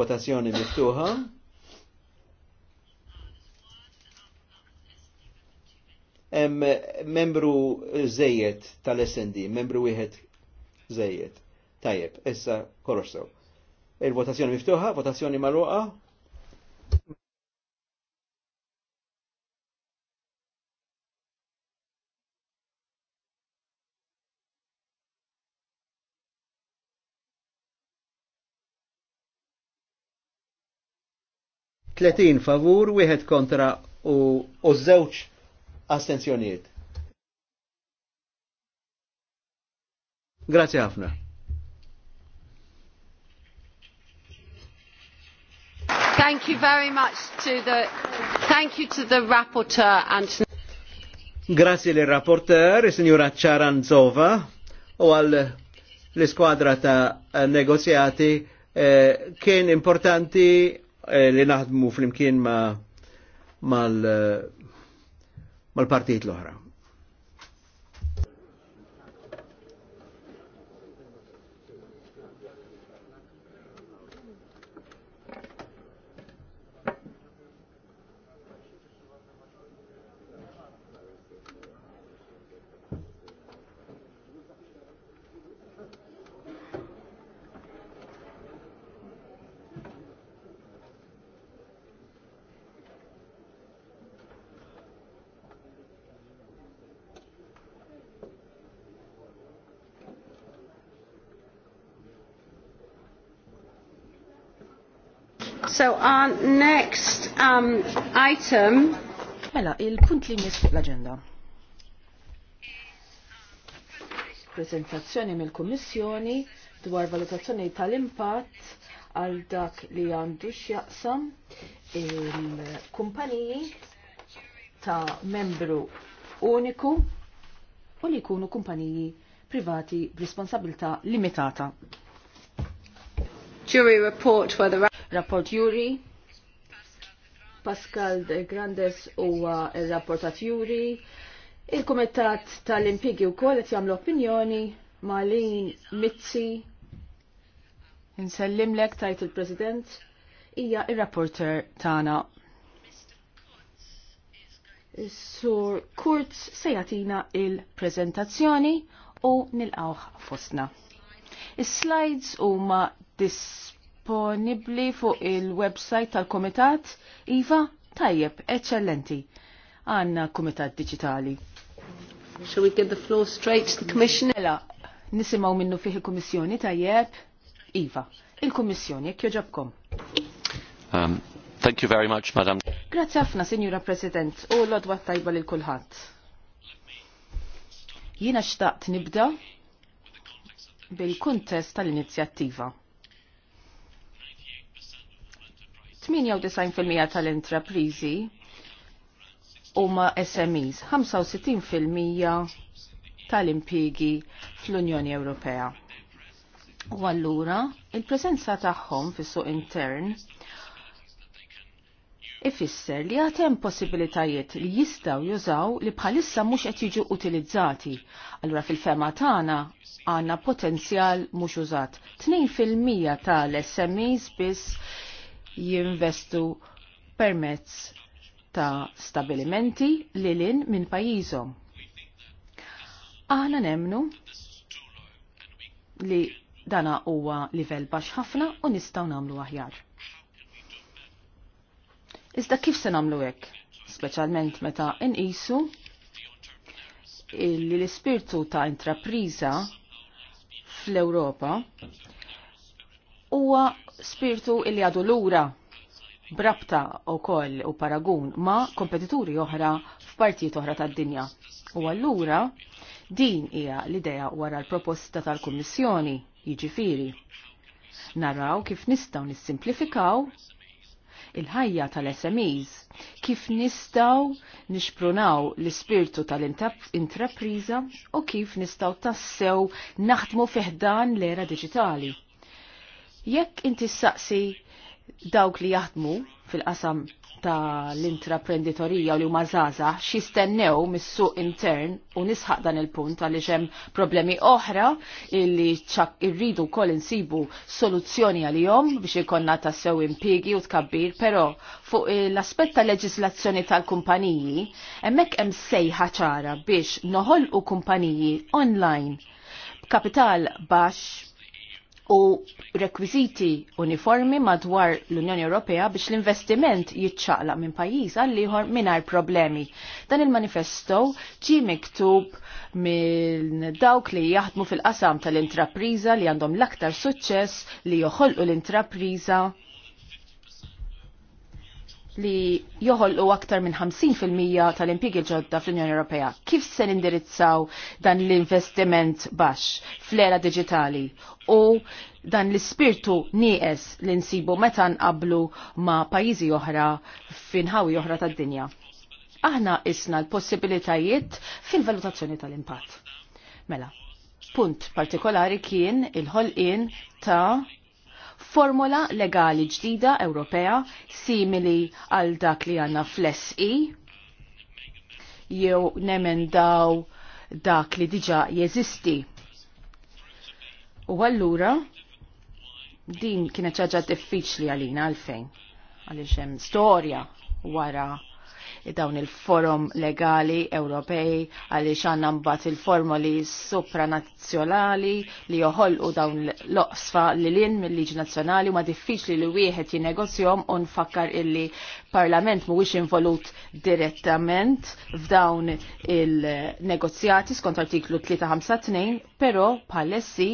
Votazzjoni miftuħa. hemm membru żejjed tal-SND, membru wieħed żejjed. Tajjeb, issa sew. Il-votazzjoni miftuħa, votazzjoni marruqa. Tletin favur, wieħed kontra u żewġ astenzjoniet. Grazie ħafna. Thank you very much to the thank you to the rapporteur and Grazie le rapporteur signora Charanzova, o al le squadra ta' negoziati eh, kien importanti eh, li naħdmu ma' mal eh, mal-partijiet l-oħra. So our next um, item. Mela, il-punt li jmiss fuq l-agenda. Presentazzjoni mill-Kummissjoni dwar valutazzjoni tal-impatt għal dak li għandu x'jaqsam il-kumpaniji ta' membru uniku u li jkunu kumpaniji privati b'responsabilità limitata. Jury report whether Rapport Juri, Pascal de Grandes huwa il-rapportat Juri, il-Kumitat tal-Impigi u kolet qed jagħmlu opinjoni Malin Mizzi, insellimlek tajt il-President, hija il-rapporter tana. Sur Kurz sejatina il-prezentazzjoni u nil-awħ fosna. Is-slides huma dis disponibli fuq il-website tal-Komitat Iva Tajjeb, eccellenti. Għanna Komitat Digitali. Shall we give the floor straight to the Commission? Ela, nisimaw minnu fih il-Kommissjoni Tajjeb Iva. il komissjoni jekk joġobkom. Um, thank you very much, Madam. Grazie ħafna, Signora President, u l-odwa tajba l-kulħat. Jina xtaqt nibda bil-kuntest tal-inizjattiva. 98% tal-intraprizi huma SMEs, 65% tal-impjigi fl-Unjoni Ewropea. U allura il-preżenza tagħhom fis-suq intern ifisser li għatem possibilitajiet li jistaw jużaw li bħalissa mux qed jiġu utilizzati. Allura fil-fema tagħna għandna potenzjal mhux użat. 2% tal-SMEs biss jinvestu permezz ta' stabilimenti li lin minn pajjiżhom. Aħna nemnu li dana huwa livell baxx ħafna u nistgħu nagħmlu aħjar. Iżda kif se nagħmlu hekk, speċjalment meta nqisu li l-ispirtu ta' intrapriża fl-Ewropa huwa spiritu illi għadu lura brabta u koll u paragun ma' kompetituri oħra f'partijiet oħra tad-dinja. U allura din hija l-idea wara l-proposta tal-Kummissjoni, jiġifieri. Naraw kif nistgħu nissimplifikaw il-ħajja tal-SMEs, kif nistaw nixprunaw l-ispirtu tal-intrapriza u kif nistaw tassew naħdmu fiħdan l-era digitali. Jekk inti saqsi dawk li jaħdmu fil-qasam ta' l-intraprenditorija u li huma żgħażagħ xistennew mis-suq intern u nisħaq dan il-punt għaliex hemm problemi oħra illi irridu wkoll insibu soluzzjoni għalihom biex ikonna tassew impjiegi u tkabbir, però fuq l-aspett ta' leġislazzjoni tal-kumpaniji hemmhekk hemm sejħa ċara biex noħolqu kumpaniji online b'kapital baxx u rekwiziti uniformi madwar l-Unjoni Ewropea biex l-investiment jitċaqla minn pajjiż għal ieħor mingħajr problemi. Dan il-manifesto ġie miktub minn dawk li jaħdmu fil-qasam tal-intrapriża li għandhom l-aktar suċċess li joħolqu l-intrapriża li joħolqu aktar minn 50% tal-impjiegi ġodda fl-Unjoni Ewropea. Kif se nindirizzaw dan l-investiment baxx fl-era digitali u dan l-ispirtu nieqes li nsibu meta nqablu ma' pajjiżi oħra finħawi oħra tad-dinja. Aħna isna l-possibilitajiet fil-valutazzjoni tal-impatt. Mela, punt partikolari kien il-ħolqien ta' formola legali ġdida Ewropea simili għal dak li għanna fl-SI e, jew nemendaw dak li diġa jeżisti. U allura din kienet ċaġa diffiċli għalina għalfejn għaliex hemm storja wara dawn il-forum legali Ewropej għaliex għandna mbagħad il-formoli supranazzjonali li joħolqu dawn l-oqsfa li l-in mill-liġi nazzjonali ma diffiċli li wieħed jinegozjom u nfakkar illi parlament mhuwiex involut direttament f'dawn il-negozjati skont artiklu 352, pero palessi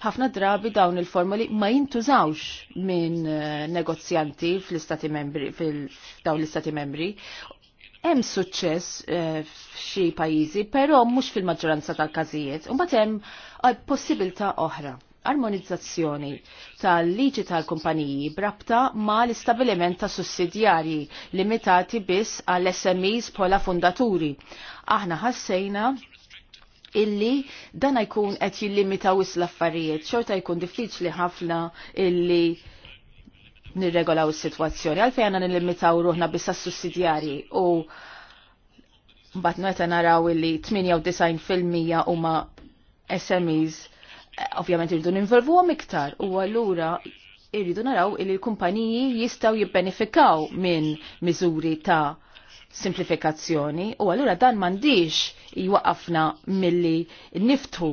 ħafna drabi dawn il-formuli ma jintużawx minn eh, negozjanti fl-istati membri, fil-dawn l-istati membri. Hemm suċċess eh, f'xi pajjiżi, però mhux fil-maġġoranza tal-każijiet. Imbagħad hemm eh, possibilità oħra armonizzazzjoni tal-liġi tal-kumpaniji brabta ma l-istabiliment ta' sussidjarji limitati biss għall smes pola fundaturi. Aħna ħassejna illi dan jkun qed jillimita wis l-affarijiet, xorta jkun diffiċli ħafna illi nirregolaw is-sitwazzjoni. Għalfejn għandna nillimitaw ruħna sas sussidjarji u mbagħad meta naraw illi 98% huma SMEs ovvjament irridu ninvolvuhom iktar u allura irridu naraw illi l-kumpaniji jistgħu jibbenefikaw minn miżuri ta' simplifikazzjoni u allura dan mandiġ jwaqafna milli niftu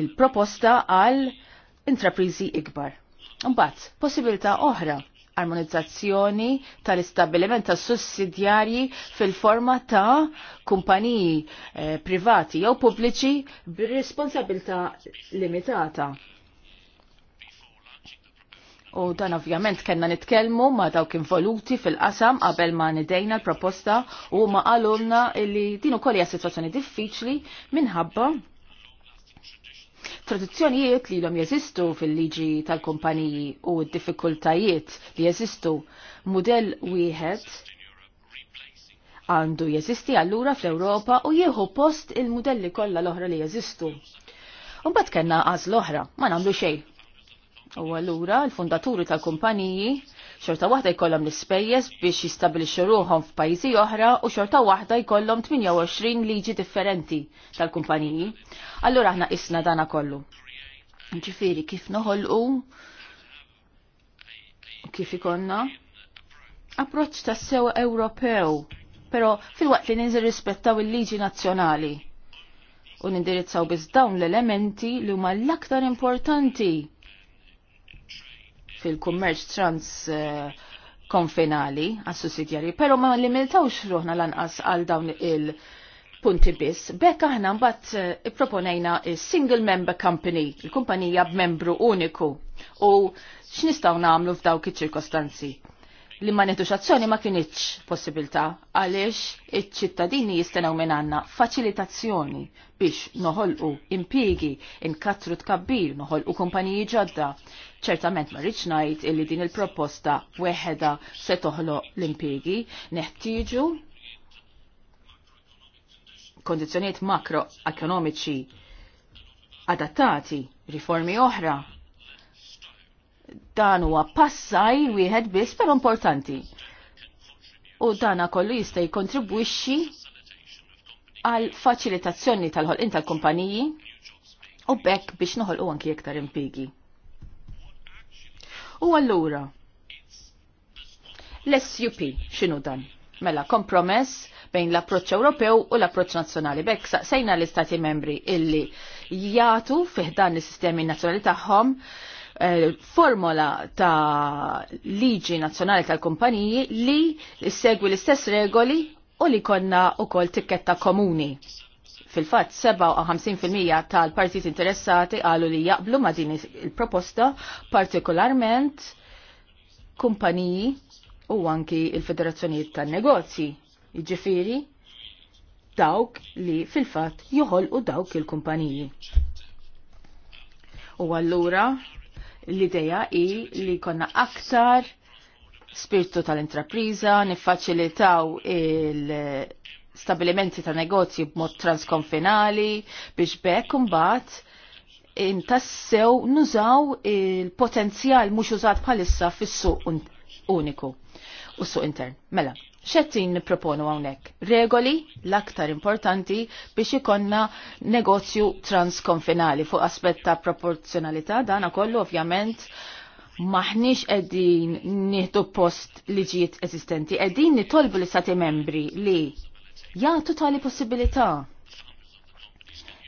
il-proposta għal intraprizi ikbar. Mbatt, possibilità oħra armonizzazzjoni tal-istabiliment ta' sussidjarji fil-forma ta' kumpaniji eh, privati jew pubbliċi b'responsabilità limitata U dan ovvjament kena nitkelmu ma dawk involuti fil-qasam qabel ma nidejna l-proposta u ma għalumna li din ukoll hija sitwazzjoni diffiċli minħabba tradizzjonijiet li l-om jeżistu fil-liġi tal-kumpaniji u d-diffikultajiet li jeżistu modell wieħed għandu jeżisti allura fl-Ewropa u jieħu post il-modelli kollha l-oħra li jeżistu. bat kena għaz l-oħra, ma namlu xejn U allura l-fundaturi tal-kumpaniji xorta waħda jkollhom l-ispejjeż biex jistabilixxu ruħhom f'pajjiżi oħra u xorta waħda jkollhom 28 liġi differenti tal-kumpaniji. Allura aħna isna dana kollu. Ġifiri, kif noħolqu kif ikonna approċċ tas-sew Ewropew, però fil-waqt li ninżir rispettaw il-liġi nazzjonali u nindirizzaw biss dawn l-elementi li huma l-aktar importanti fil-kummerċ trans eh, konfinali għas sussidjari pero ma limitawx ruħna lanqas għal dawn il-punti biss. Bekk aħna mbagħad eh, ipproponejna single member company, il-kumpanija b'membru uniku. U x'nistgħu nagħmlu f'dawk iċ-ċirkostanzi? li ma netux azzjoni ma kienieċ possibilità għaliex iċ-ċittadini jistenaw minn għandna faċilitazzjoni biex noħolqu impjiegi inkatru tkabbir, noħolqu kumpaniji ġodda. Ċertament ma rridx ngħid illi din il-proposta weħeda se toħlo l-impjiegi, neħtieġu kondizzjonijiet makroekonomiċi adattati, riformi oħra dan huwa passaj wieħed biss però importanti. U dana kollu jista' jikkontribwixxi għal faċilitazzjoni tal-ħolqien tal-kumpaniji u bekk biex noħolqu anki iktar impigi. U allura, l-SUP x'inhu dan? Mela kompromess bejn l-approċċ Ewropew u l-approċċ nazzjonali. Bekk saqsejna l-Istati membri illi jagħtu fih dan is-sistemi nazzjonali tagħhom Eh, formola ta' liġi nazzjonali tal-kumpaniji li segwi l-istess regoli u li konna u kol tikketta komuni. Fil-fat, 57% tal-partit interessati għalu li jaqblu ma' din il-proposta, partikolarment kumpaniji u anki il federazzjonijiet tan-negozji. Ġifiri, dawk li fil-fat joħolqu dawk il-kumpaniji. U allura L-ideja i li konna aktar spiritu tal-intrapriza, niffaċilitaw il-stabilimenti ta' negozji b'mod transkonfinali biex bekk imbagħad intassew nużaw il-potenzjal mhux użat bħalissa fis-suq uniku u suq intern. Mela, xettin niproponu għonek. Regoli l-aktar importanti biex ikonna negozju transkonfinali fuq aspett ta' proporzjonalità dana kollu ovvjament maħniex edin nieħdu post liġijiet eżistenti, edin nitolbu l-istati membri li jgħatu tali possibilità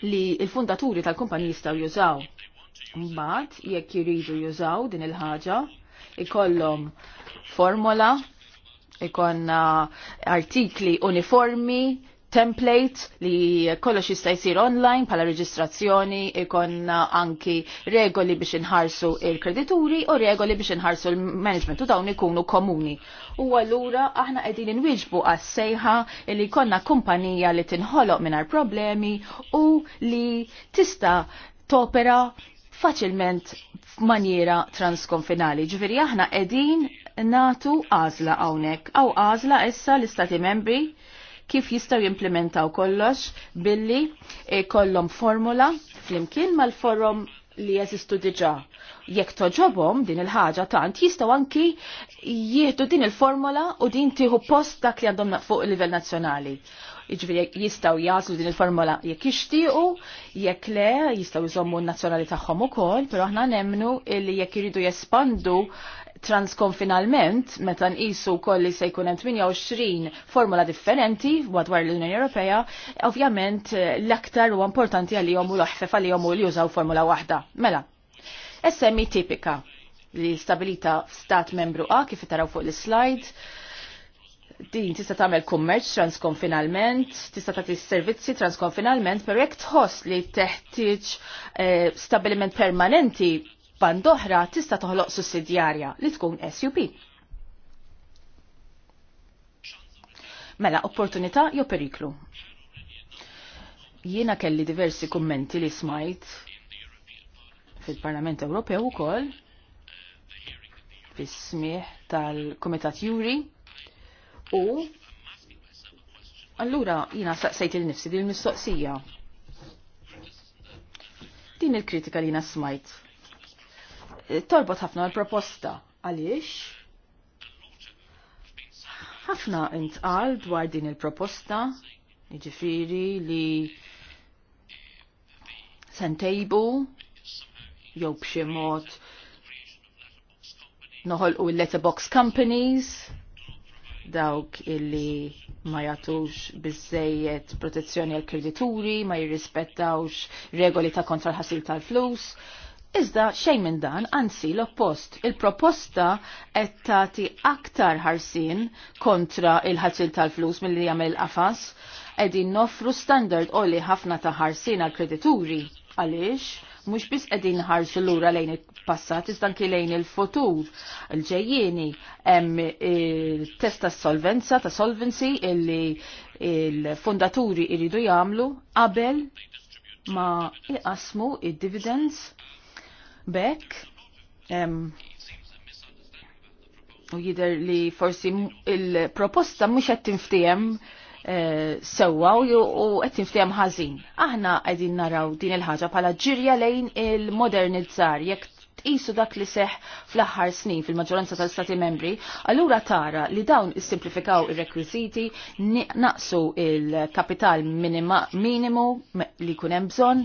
li il-fundaturi tal-kumpaniji jistaw jużaw. Mbagħad jekk jiridu jużaw din il-ħaġa, ikollhom formola ikonna artikli uniformi, template li kollox jista' jsir online bħala reġistrazzjoni ikonna anki regoli biex inħarsu il-kredituri u regoli biex inħarsu il-management u dawn ikunu komuni. U allura aħna qegħdin inwiġbu għas-sejħa li konna kumpanija li tinħoloq mingħajr problemi u li tista' topera faċilment f'manjera transkonfinali. Ġifieri aħna qegħdin natu għazla għawnek, għaw għazla issa l-istati membri kif jistaw jimplementaw kollox billi e kollom formula flimkien mal-forum li jeżistu diġa. Jekk toġobom din il-ħaġa tant jistaw anki jieħdu din il-formola u din tieħu post dak li għandhom fuq il-livell nazzjonali. Iġvi jiġifieri jistaw jazlu din il-formola jekk ixtiequ, jekk le jistaw jżommu n-nazzjonali tagħhom ukoll, però aħna nemnu li jekk iridu jespandu transkonfinalment, meta nqisu kolli se jkun hemm 28 formula differenti madwar l-Unjoni Ewropea, ovvjament eh, l-aktar huwa importanti għal jomu l-oħfef għal jomu li jużaw formula waħda. Mela, SMI e tipika li stabilita stat membru A kif taraw fuq l-slide, din tista' tagħmel kummerċ transkonfinalment, tista' tagħti servizzi transkonfinalment, però jekk tħoss li teħtieġ eh, stabiliment permanenti band oħra tista' toħloq sussidjarja li tkun SUP. Mela opportunità jew periklu. Jiena kelli diversi kummenti li smajt fil-Parlament Ewropew ukoll fis-smieħ tal-Kumitat Juri u allura jiena saqsejt il-nifsi din mistoqsija Din il-kritika li jiena smajt torbot ħafna l-proposta. Għaliex? ħafna intqal dwar din il-proposta, jiġifieri li sentejbu jew b'xi noħol u letterbox companies dawk illi ma jatux bizzejiet protezzjoni għal kredituri, ma jirrispettawx regoli ta' kontra ħasil tal-flus, Iżda xejn minn dan, anzi l-oppost, il-proposta qed tagħti aktar ħarsin kontra il-ħasil tal-flus milli jagħmel qafas qegħdin noffru standard oli ħafna ta' ħarsin għal kredituri. Għaliex, mhux biss qegħdin ħarsu lura lejn il-passat, iżda anke lejn il-futur, il-ġejjieni, hemm il-test ta' solvenza, ta' solvency illi il-fondaturi iridu jagħmlu qabel ma iqasmu id-dividends Bekk u jider li forsi il-proposta mhux qed tinftiem eh, sewwa u qed tinftiem ħażin. Aħna qegħdin naraw din il-ħaġa bħala ġirja lejn il-modernizzar jekk tqisu dak li seħ fl-aħħar snin fil-maġġoranza tal-Stati membri, allura tara li dawn issimplifikaw ir-rekwiżiti, naqsu il-kapital minimu li kunem hemm bżonn,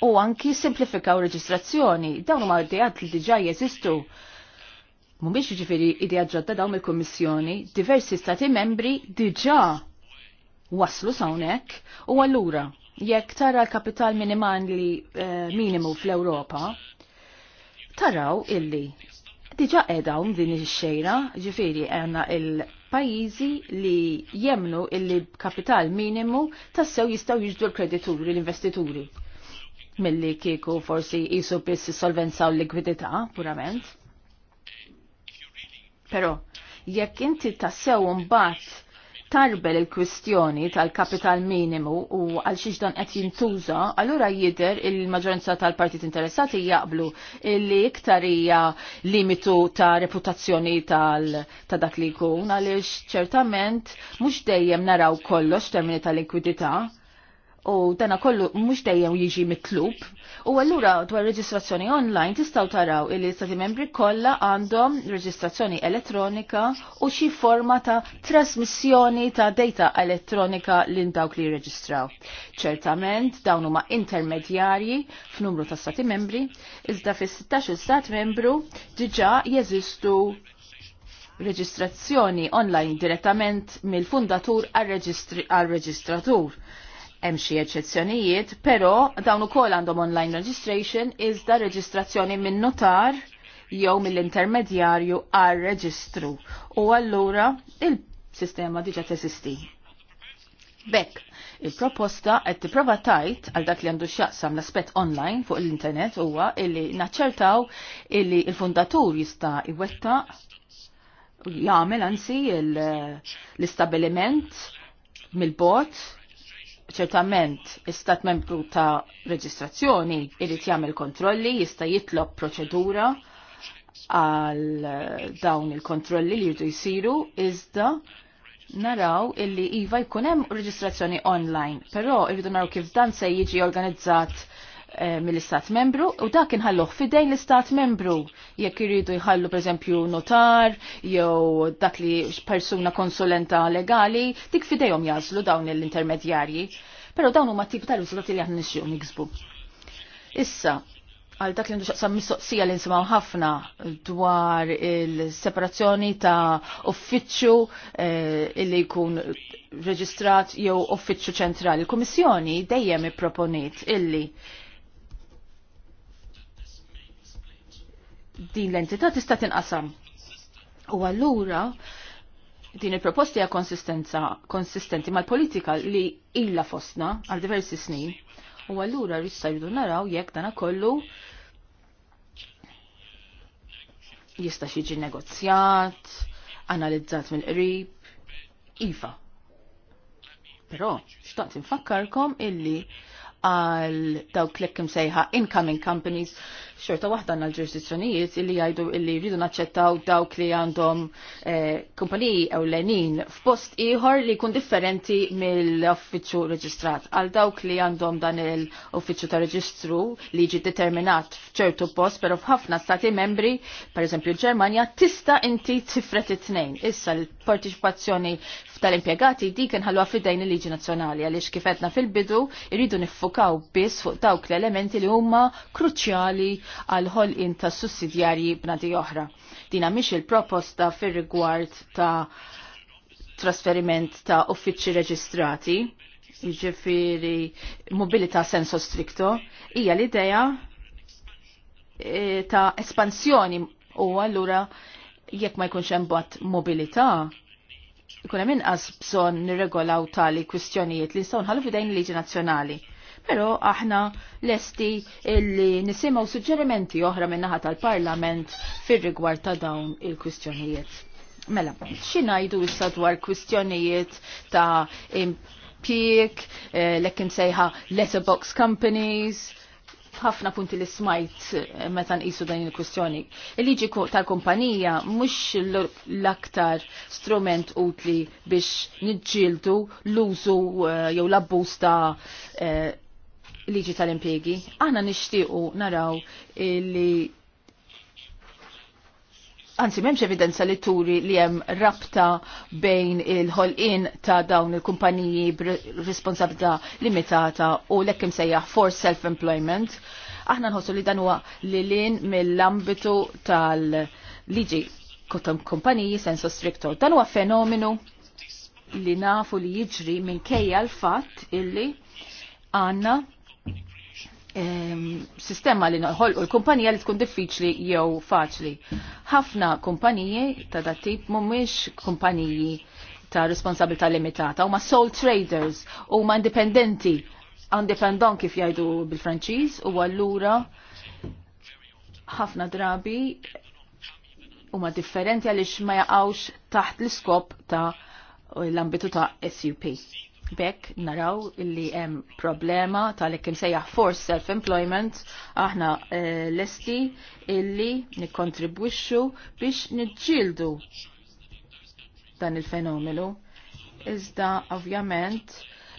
u anki simplifikaw reġistrazzjoni. Dawn huma ideat li diġa' jeżistu. Mhumiex jiġifieri ideat ġodda dawn il-Kummissjoni, diversi stati membri diġà waslu hawnhekk u allura jekk tara l-kapital minimali eh, minimu fl-Ewropa, taraw illi diġa edaw din il-xejra, ġifiri għanna il-pajizi li jemnu illi kapital minimu tassew jistaw jiġdu l-kredituri, l-investituri milli kieku forsi jisu biss solvenza u likwidità purament. Però jekk inti tassew mbagħad tarbel il-kwistjoni tal-kapital minimu u għal xiexdan dan qed jintuża, allura jidher il-maġġoranza tal-partit interessati jaqblu li iktar hija limitu ta' reputazzjoni tal ta' dak li jkun għaliex ċertament mhux dejjem naraw kollox termini tal-likwidità u dana kollu mux dejjem jiġi mitlub. U għallura dwar reġistrazzjoni online tistaw taraw il stati membri kollha għandhom reġistrazzjoni elettronika u xi forma ta' trasmissjoni ta' data elettronika lil dawk li jirreġistraw. Ċertament dawn huma intermedjarji f'numru ta' stati membri, iżda fis-16 stat membru diġà jeżistu reġistrazzjoni online direttament mill-fundatur għal-reġistratur hemm xi eċċezzjonijiet, però dawn ukoll għandhom online registration iżda reġistrazzjoni minn notar jew mill-intermedjarju għal reġistru u allura il-sistema diġa teżisti. Bekk, il-proposta qed tipprova tajt għal dak li għandu x'jaqsam l-aspett online fuq l-internet huwa illi naċċertaw illi il-fundatur jista' iwettaq jagħmel anzi l istabiliment mill-bot ċertament istat membru ta' reġistrazzjoni irrit jagħmel kontrolli, jista' jitlob proċedura għal eh, dawn il-kontrolli li jirdu jisiru, iżda naraw illi iva jkun hemm reġistrazzjoni online, però irridu naraw kif dan se jiġi organizzat Eh, mill-istat membru u dak inħalluh fidejn l-istat membru jekk iridu jħallu pereżempju notar jew dak li persuna konsulenta legali dik fidejhom jażlu dawn l-intermedjarji. Però dawn huma tip tal riżultati li aħna nixtiequ niksbu. Issa, għal dak li nduxaqsam mistoqsija li nsimgħu ħafna dwar il-separazzjoni ta' uffiċċju eh, illi jkun reġistrat jew uffiċċju ċentrali. Il-Kummissjoni dejjem ipproponiet illi din l-entità tista' tinqasam. U allura din il-proposti hija konsistenza konsistenti mal-politika li illa fostna għal diversi snin. U allura rissa jridu naraw jekk dan kollu jista' xiġi negozjat, analizzat mill-qrib, iva. Però, xtaqt infakkarkom illi għal dawk li kim sejħa incoming companies xorta waħda għal ġurisdizzjonijiet illi jgħidu illi rridu naċċettaw dawk li għandhom eh, kumpaniji ew lenin f'post ieħor li jkun differenti mill-uffiċċju reġistrat. Għal dawk li għandhom dan il-uffiċċju ta' reġistru li jiġi determinat f'ċertu post, però f'ħafna stati membri, per eżempju l-Ġermanja, tista' inti tifret it-tnejn. Issa l-partiċipazzjoni tal-impjegati dik inħalluha fid-dejn il-liġi nazzjonali għaliex kif fil-bidu irridu niffukaw biss fuq dawk l-elementi li huma kruċjali għal ħolqien ta' sussidjarji b'nadi oħra. Dina mhix il-proposta fir-rigward ta' trasferiment ta' uffiċċji reġistrati, jiġifieri mobilità senso stricto, hija l-idea e, ta' espansjoni u allura jekk ma jkunx hemm bad mobilità ikun hemm inqas bżonn nirregolaw tali kwistjonijiet li nistgħu nħallu f'idejn liġi nazzjonali. Però aħna lesti illi nisimgħu suġġerimenti oħra min-naħa tal-Parlament fir-rigward ta' dawn il-kwistjonijiet. Mela, xinajdu issa dwar kwistjonijiet ta' impik l eh, lekk sejħa letterbox companies, Ħafna punti li smajt eh, meta nqisu dan il-kwestjoni. Il-liġi tal-kumpanija mhux l-aktar strument utli biex niġġieldu l-użu eh, jew l-abbuż ta' eh, liġi tal-impjegi. Aħna nixtiequ naraw li anzi memx evidenza li turi li hemm rabta bejn il-ħolqin ta' dawn il-kumpaniji responsabilità limitata u l-ekkim sejjaħ for self-employment. Aħna nħossu li dan huwa lilin mill-ambitu tal-liġi kotom kumpaniji sensu stricto. Dan huwa fenomenu li nafu li jiġri minkejja l-fatt illi għanna sistema li noħol u l-kumpanija li tkun diffiċli jew faċli. Ħafna kumpaniji ta' dat tip mhumiex kumpaniji ta' responsabilità limitata, huma sole traders, huma indipendenti, independent kif jgħidu bil-Franċiż u allura ħafna drabi huma differenti għaliex ma jaqgħux taħt l-iskop ta' l-ambitu ta' SUP. Bekk naraw illi hemm problema tal-ek imsejjaħ force self-employment, aħna eh, lesti illi nikkontribwixxu biex niġġieldu dan il-fenomenu. Iżda ovvjament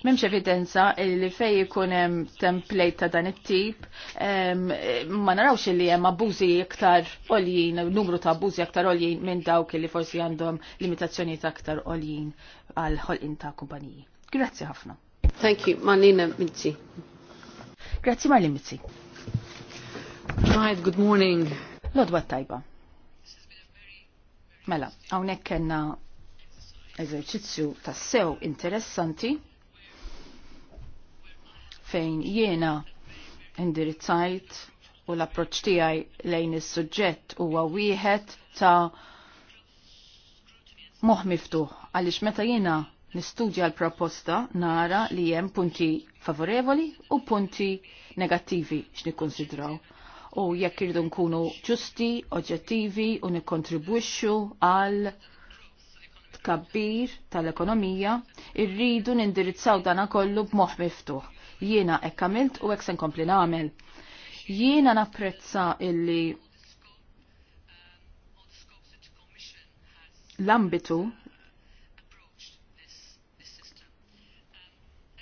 memx evidenza li fej ikun hemm template ta' dan it-tip, ma narawx li hemm abbużi iktar oljin, numru ta' abbużi aktar oljin minn dawk li forsi għandhom limitazzjoni ta' aktar oljin għal ħolqin ta' kumpaniji. Grazzi ħafna. Thank you, Marlina Mitzi. Grazzi Marlina Mizzi. Right, good morning. Lodwa tajba. Mela, hawnhekk kellna eżerċizzju tassew interessanti fejn jiena indirizzajt u l-approċ tiegħi lejn is-suġġett huwa wieħed ta' moħ miftuħ għaliex meta jiena nistudja l-proposta nara li hemm punti favorevoli u punti negattivi x'nikkonsidraw. U jekk irridu nkunu ġusti, oġġettivi u nikkontribwixxu għal tkabbir tal-ekonomija, irridu nindirizzaw dana kollu b'moħħ miftuħ. Jiena hekk għamilt u hekk se nkompli nagħmel. Jiena napprezza illi l-ambitu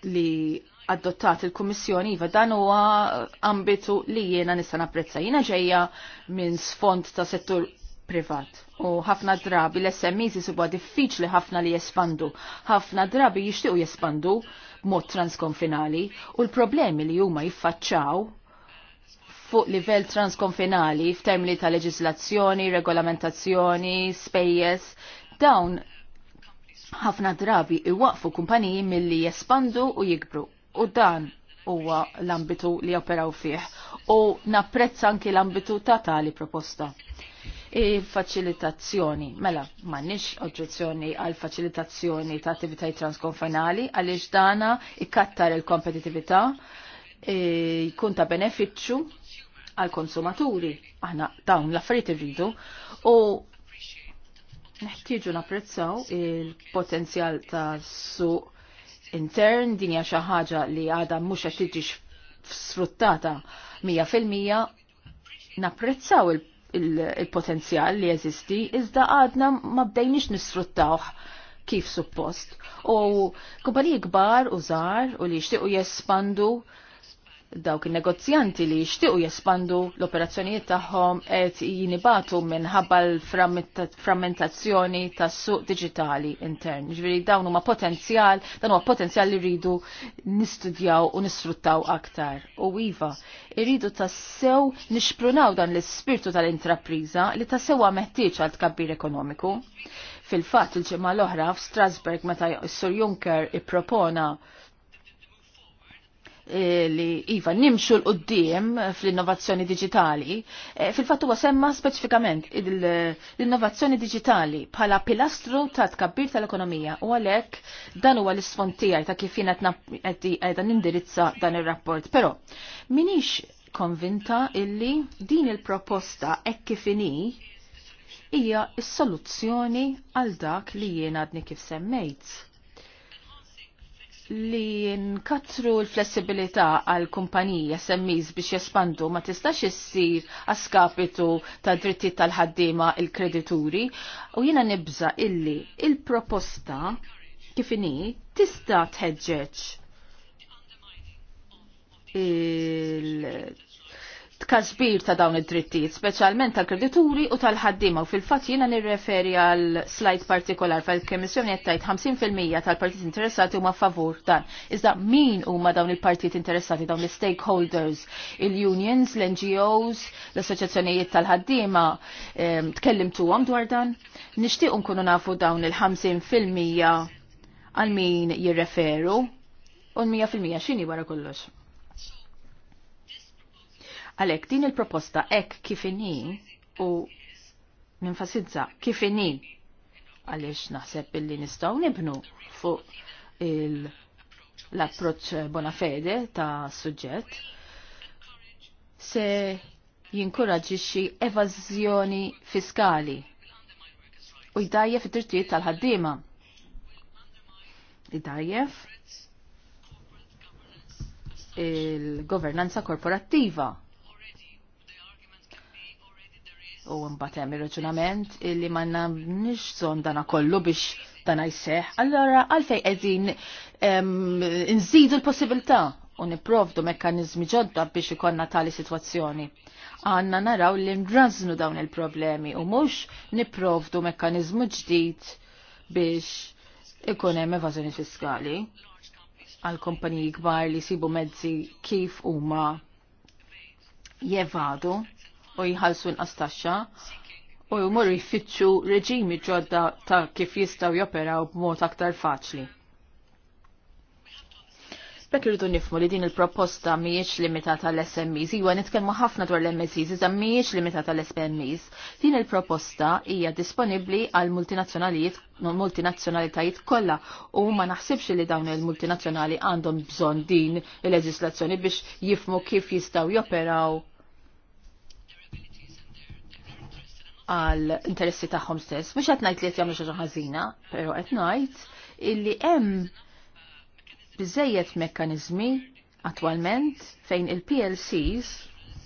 li adottat il-Kummissjoni iva dan huwa ambitu li jiena nista' napprezza. Jiena ġejja minn sfond ta' settur privat u ħafna drabi l-SMEs jisibu diffiċli ħafna li jespandu. ħafna drabi jixtiequ jespandu b'mod transkonfinali u l-problemi li huma jiffaċċaw fuq livell transkonfinali f'termini ta' leġislazzjoni, regolamentazzjoni, spejjeż, dawn ħafna drabi iwaqfu kumpaniji milli jespandu u jikbru. U dan huwa l-ambitu li operaw fih u napprezza anki l-ambitu ta' tali proposta. Il-facilitazzjoni, mela, mannix oġġezzjoni għal facilitazzjoni ta' attivitajiet transkonfinali għaliex dana ikkattar il-kompetitività, e, jkun ta' beneficju għal konsumaturi, aħna dawn l-affarijiet irridu, u Neħtieġu napprezzaw il-potenzjal ta' suq intern din hija xi ħaġa li għadha mhux qed tiġi sfruttata mija fil-mija. Naprezzaw il-potenzjal li jeżisti iżda għadna ma bdejniex nisfruttawh kif suppost. U kumpaniji kbar u żgħar u li jixtiequ jespandu dawk il-negozjanti li jixtiequ jespandu l-operazzjonijiet tagħhom qed jinibatu minħabba l-frammentazzjoni tas-suq diġitali intern. Ġifieri dawn huma potenzjal, dan huwa potenzjal li rridu nistudjaw u nisfruttaw aktar. U iva, irridu tassew nixprunaw dan l-ispirtu tal-intrapriża li tassew huwa meħtieġ għal tkabbir ekonomiku. Fil-fatt il-ġimgħa l-oħra f'Strasburg meta Sur Juncker ippropona Eh, li Iva nimxu l-qoddim eh, fl-innovazzjoni digitali, eh, fil-fattu huwa semma speċifikament l-innovazzjoni digitali bħala pilastru ta' tkabbir tal-ekonomija u għalhekk dan huwa l-isfond tiegħi ta' kif jiena qiegħda nindirizza dan ir-rapport. Però minix konvinta illi din il-proposta hekk kif inhi hija s-soluzzjoni għal dak li jiena għadni kif semmejt li nkatru l-flessibilità għal kumpanija semmiż biex jespandu ma tistax issir għaskapitu ta' dritti tal-ħaddima il-kredituri u jina nibza illi il-proposta kifini tista tħeġġeġ il tkasbir ta' dawn id-drittijiet, speċjalment tal-kredituri u tal-ħaddima u fil-fatt jiena nirreferi għal slide partikolar fil-Kemissjoni qed tgħid 50% tal-partit interessati huma favur dan. Iżda min huma dawn il-partit interessati dawn l-stakeholders, il-unions, l-NGOs, l-assoċjazzjonijiet tal-ħaddiema tkellimtuhom dwar dan? Nixtieq nkunu nafu dawn il-50% għal min jirreferu u l-100% x'inhi wara kollox. Għalek, din il-proposta ek kifini u ninfasizza kifini għalix naħseb billi nistaw nibnu fuq l-approċ bona fede ta' suġġett se jinkoraġixxi evażjoni fiskali u jdajjef it-tirtijiet tal-ħaddiema. Jdajjef il-governanza korporattiva u mbagħad hemm ir-raġunament illi ma nix zon dana kollu biex dana jseħ. Allora għalfejn qegħdin nżidu l-possibilità u niprovdu mekkanizmi ġodda biex ikonna tali situazzjoni. Għanna naraw li nraznu dawn il-problemi u mux niprovdu mekkanizmu ġdid biex ikun hemm evażjoni fiskali għal kompaniji kbar li sibu mezzi kif huma jevadu u jħalsu inqas taxxa u jmorru jfittxu reġimi ġodda ta' kif jistgħu joperaw b'mod aktar faċli. Bekk irridu nifmu li din il-proposta mhijiex limitata għall smes iwa nitkellmu ħafna dwar l-MSEs, iżda mhijiex limitata għall smes Din il-proposta hija disponibbli għal multinazzjonalijiet multinazzjonalitajiet kollha u ma naħsibx li dawn il-multinazzjonali għandhom bżonn din il-leġislazzjoni biex jifmu kif jistgħu joperaw għal interessi tagħhom stess. Mhux qed ngħid li qed jagħmlu ħazina, ħażina, però qed ngħid illi hemm biżejjed mekkaniżmi attwalment fejn il-PLCs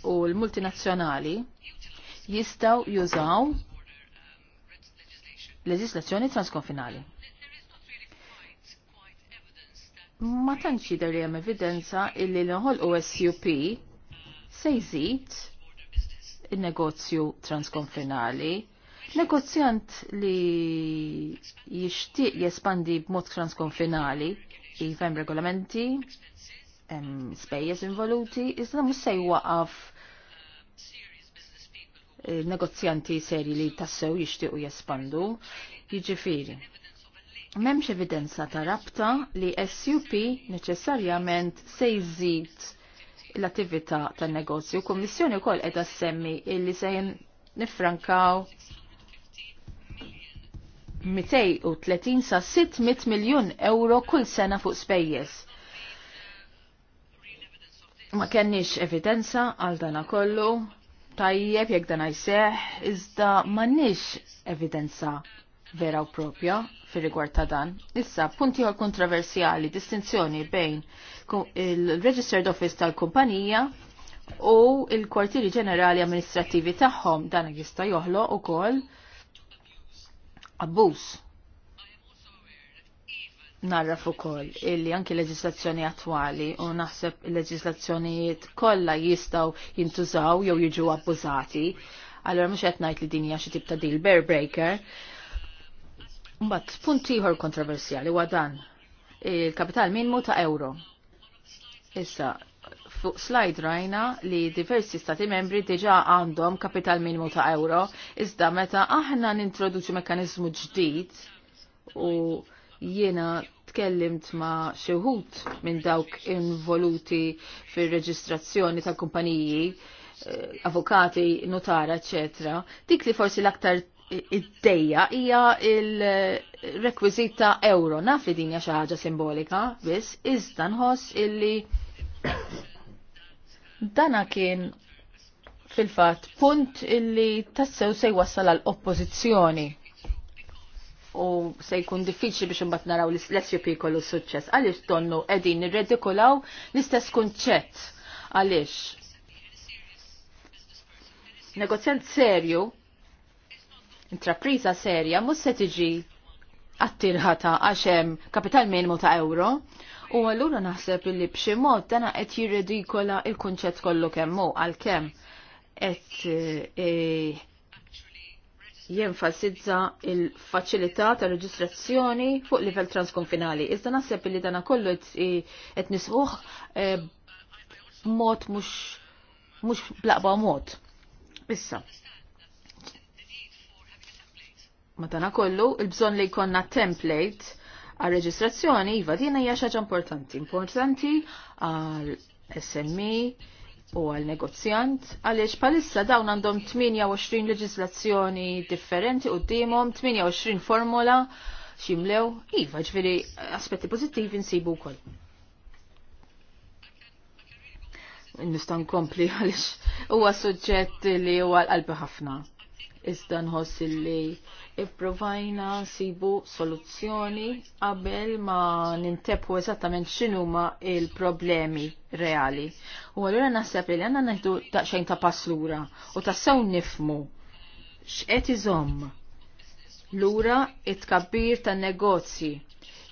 u l-multinazzjonali jistaw jużaw leġislazzjoni transkonfinali. Ma tantx jidher li hemm evidenza illi l-ħol OSUP sejżit se jżid il-negozju transkonfinali. Negozjant li jixtieq jespandi b'mod transkonfinali, jifem iva regolamenti, spejjeż involuti, iżda mhux se jwaqaf negozjanti seri li tassew jixtiequ jespandu. Jiġifieri, m'hemmx evidenza ta' rabta li SUP neċessarjament se jżid l-attività tan-negozju. Kummissjoni wkoll qiegħda semmi illi se nifrankaw 230 sa 600 miljun euro kull sena fuq spejjeż. Ma kenniex evidenza għal dana kollu, tajjeb jekk dan jseħ, iżda m'għandniex evidenza vera u propja fil rigward ta' dan. Issa, punti għal kontroversjali, distinzjoni bejn il-registered office tal-kumpanija u il-kwartieri ġenerali amministrativi tagħhom dan jista' joħloq ukoll abbuż. Narraf ukoll illi anki leġislazzjoni attwali u naħseb leġislazzjonijiet kollha jistgħu jintużaw jew jiġu abbużati. Allora mhux qed ngħid li din hija xi tip ta' deal bear breaker. Mbagħad punt ieħor kontroversjali huwa dan il-kapital minmu ta' euro. Issa, fuq slide rajna li diversi stati membri diġa għandhom kapital minimu ta' euro, iżda meta aħna nintroduċu mekanizmu ġdid u jiena tkellimt ma' xeħut minn dawk involuti fir reġistrazzjoni tal kumpaniji, eh, avukati, notara, eccetera, dik li forsi l-aktar id-dejja hija il-rekwizita euro. Naf li din hija xi ħaġa simbolika, biss iżda nħoss illi Dana kien fil-fat punt illi tassew se wassal għal oppożizzjoni u se jkun diffiċli biex imbagħad naraw l-SGP kollu suċċess. Għaliex donnu qegħdin nirredikulaw l-istess kunċett għaliex. Negozjant serju, intrapriża serja mhux se tiġi għattirħata għax hemm kapital minimu ta' euro U allura naħseb li b'xi mod dana qed jirredikola il-kunċett kollu kemm għal għalkemm qed eh, jenfasizza il-faċilità ta' reġistrazzjoni fuq livell transkonfinali. Iżda naħseb li dana kollu qed eh, nisbuħ eh, mod mhux mhux blaqba mod. Issa. Madana kollu, il-bżon li jkonna template għal-reġistrazzjoni, iva dina hija xaġa importanti, importanti għal-SMI e u għal-negozjant, għaliex palissa dawn għandhom 28 leġislazzjoni differenti u d-dimom, 28 formula ximlew, iva ġveri aspetti pozittivi nsibu koll. Nistan kompli għaliex huwa suġġett li huwa l-qalbi ħafna. Iżda nħoss li Ipprovajna sibu soluzzjoni qabel ma nintepu eżattament x'inhuma il-problemi reali. U allura naħseb li għandna neħdu daqsxejn ta' paslura u tassew nifmu x'qed iżomm lura it-kabbir tan-negozji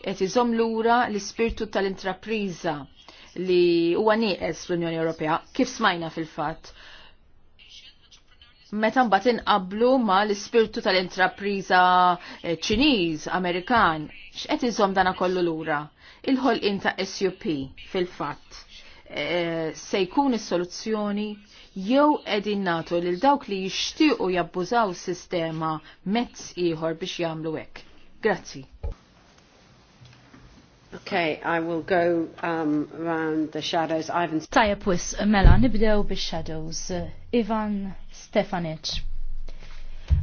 qed iżomm lura l-ispirtu tal-intrapriża li huwa nieqes fl-Unjoni Ewropea, kif smajna fil-fatt meta mbagħad inqablu ma l-ispirtu tal-intrapriża Ċiniż, eh, Amerikan, x'qed iżomm dana kollu lura? Il-ħolqien ta' SUP fil-fatt eh, se jkun is-soluzzjoni jew qegħdin nagħtu lil dawk li jixtiequ jabbużaw sistema mezz ieħor biex jagħmlu hekk. Grazzi. Okay, I will go um, around the shadows. Ivan. Tajab wis, mela, nibdew bix shadows. Ivan Stefanic.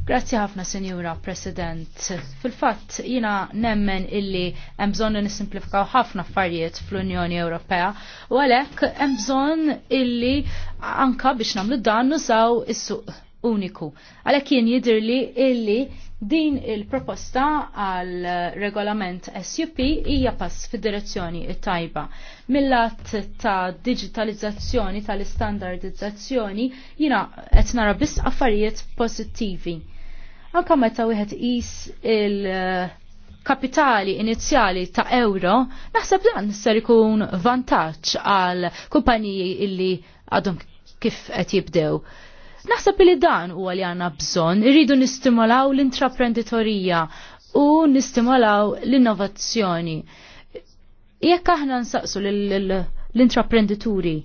Grazzi ħafna, Senjura President. Fil-fatt, jina nemmen illi emżon nisimplifikaw ħafna affarijiet fl-Unjoni Ewropea u għalek emżon illi anka biex namlu dan nużaw is-suq uniku. Għalek jien jidhirli illi Din il-proposta għal regolament SUP hija pass fid-direzzjoni tajba. Millat ta' digitalizzazzjoni tal-istandardizzazzjoni jina qed nara biss affarijiet pożittivi. Anka meta wieħed is il- kapitali inizjali ta' euro, naħseb dan ser ikun vantaġġ għal kumpaniji illi għadhom kif qed jibdew. Naħseb li dan huwa li għandna bżonn, irridu nistimolaw l-intraprenditorija u nistimolaw l-innovazzjoni. Jekk aħna nsaqsu l-intraprendituri,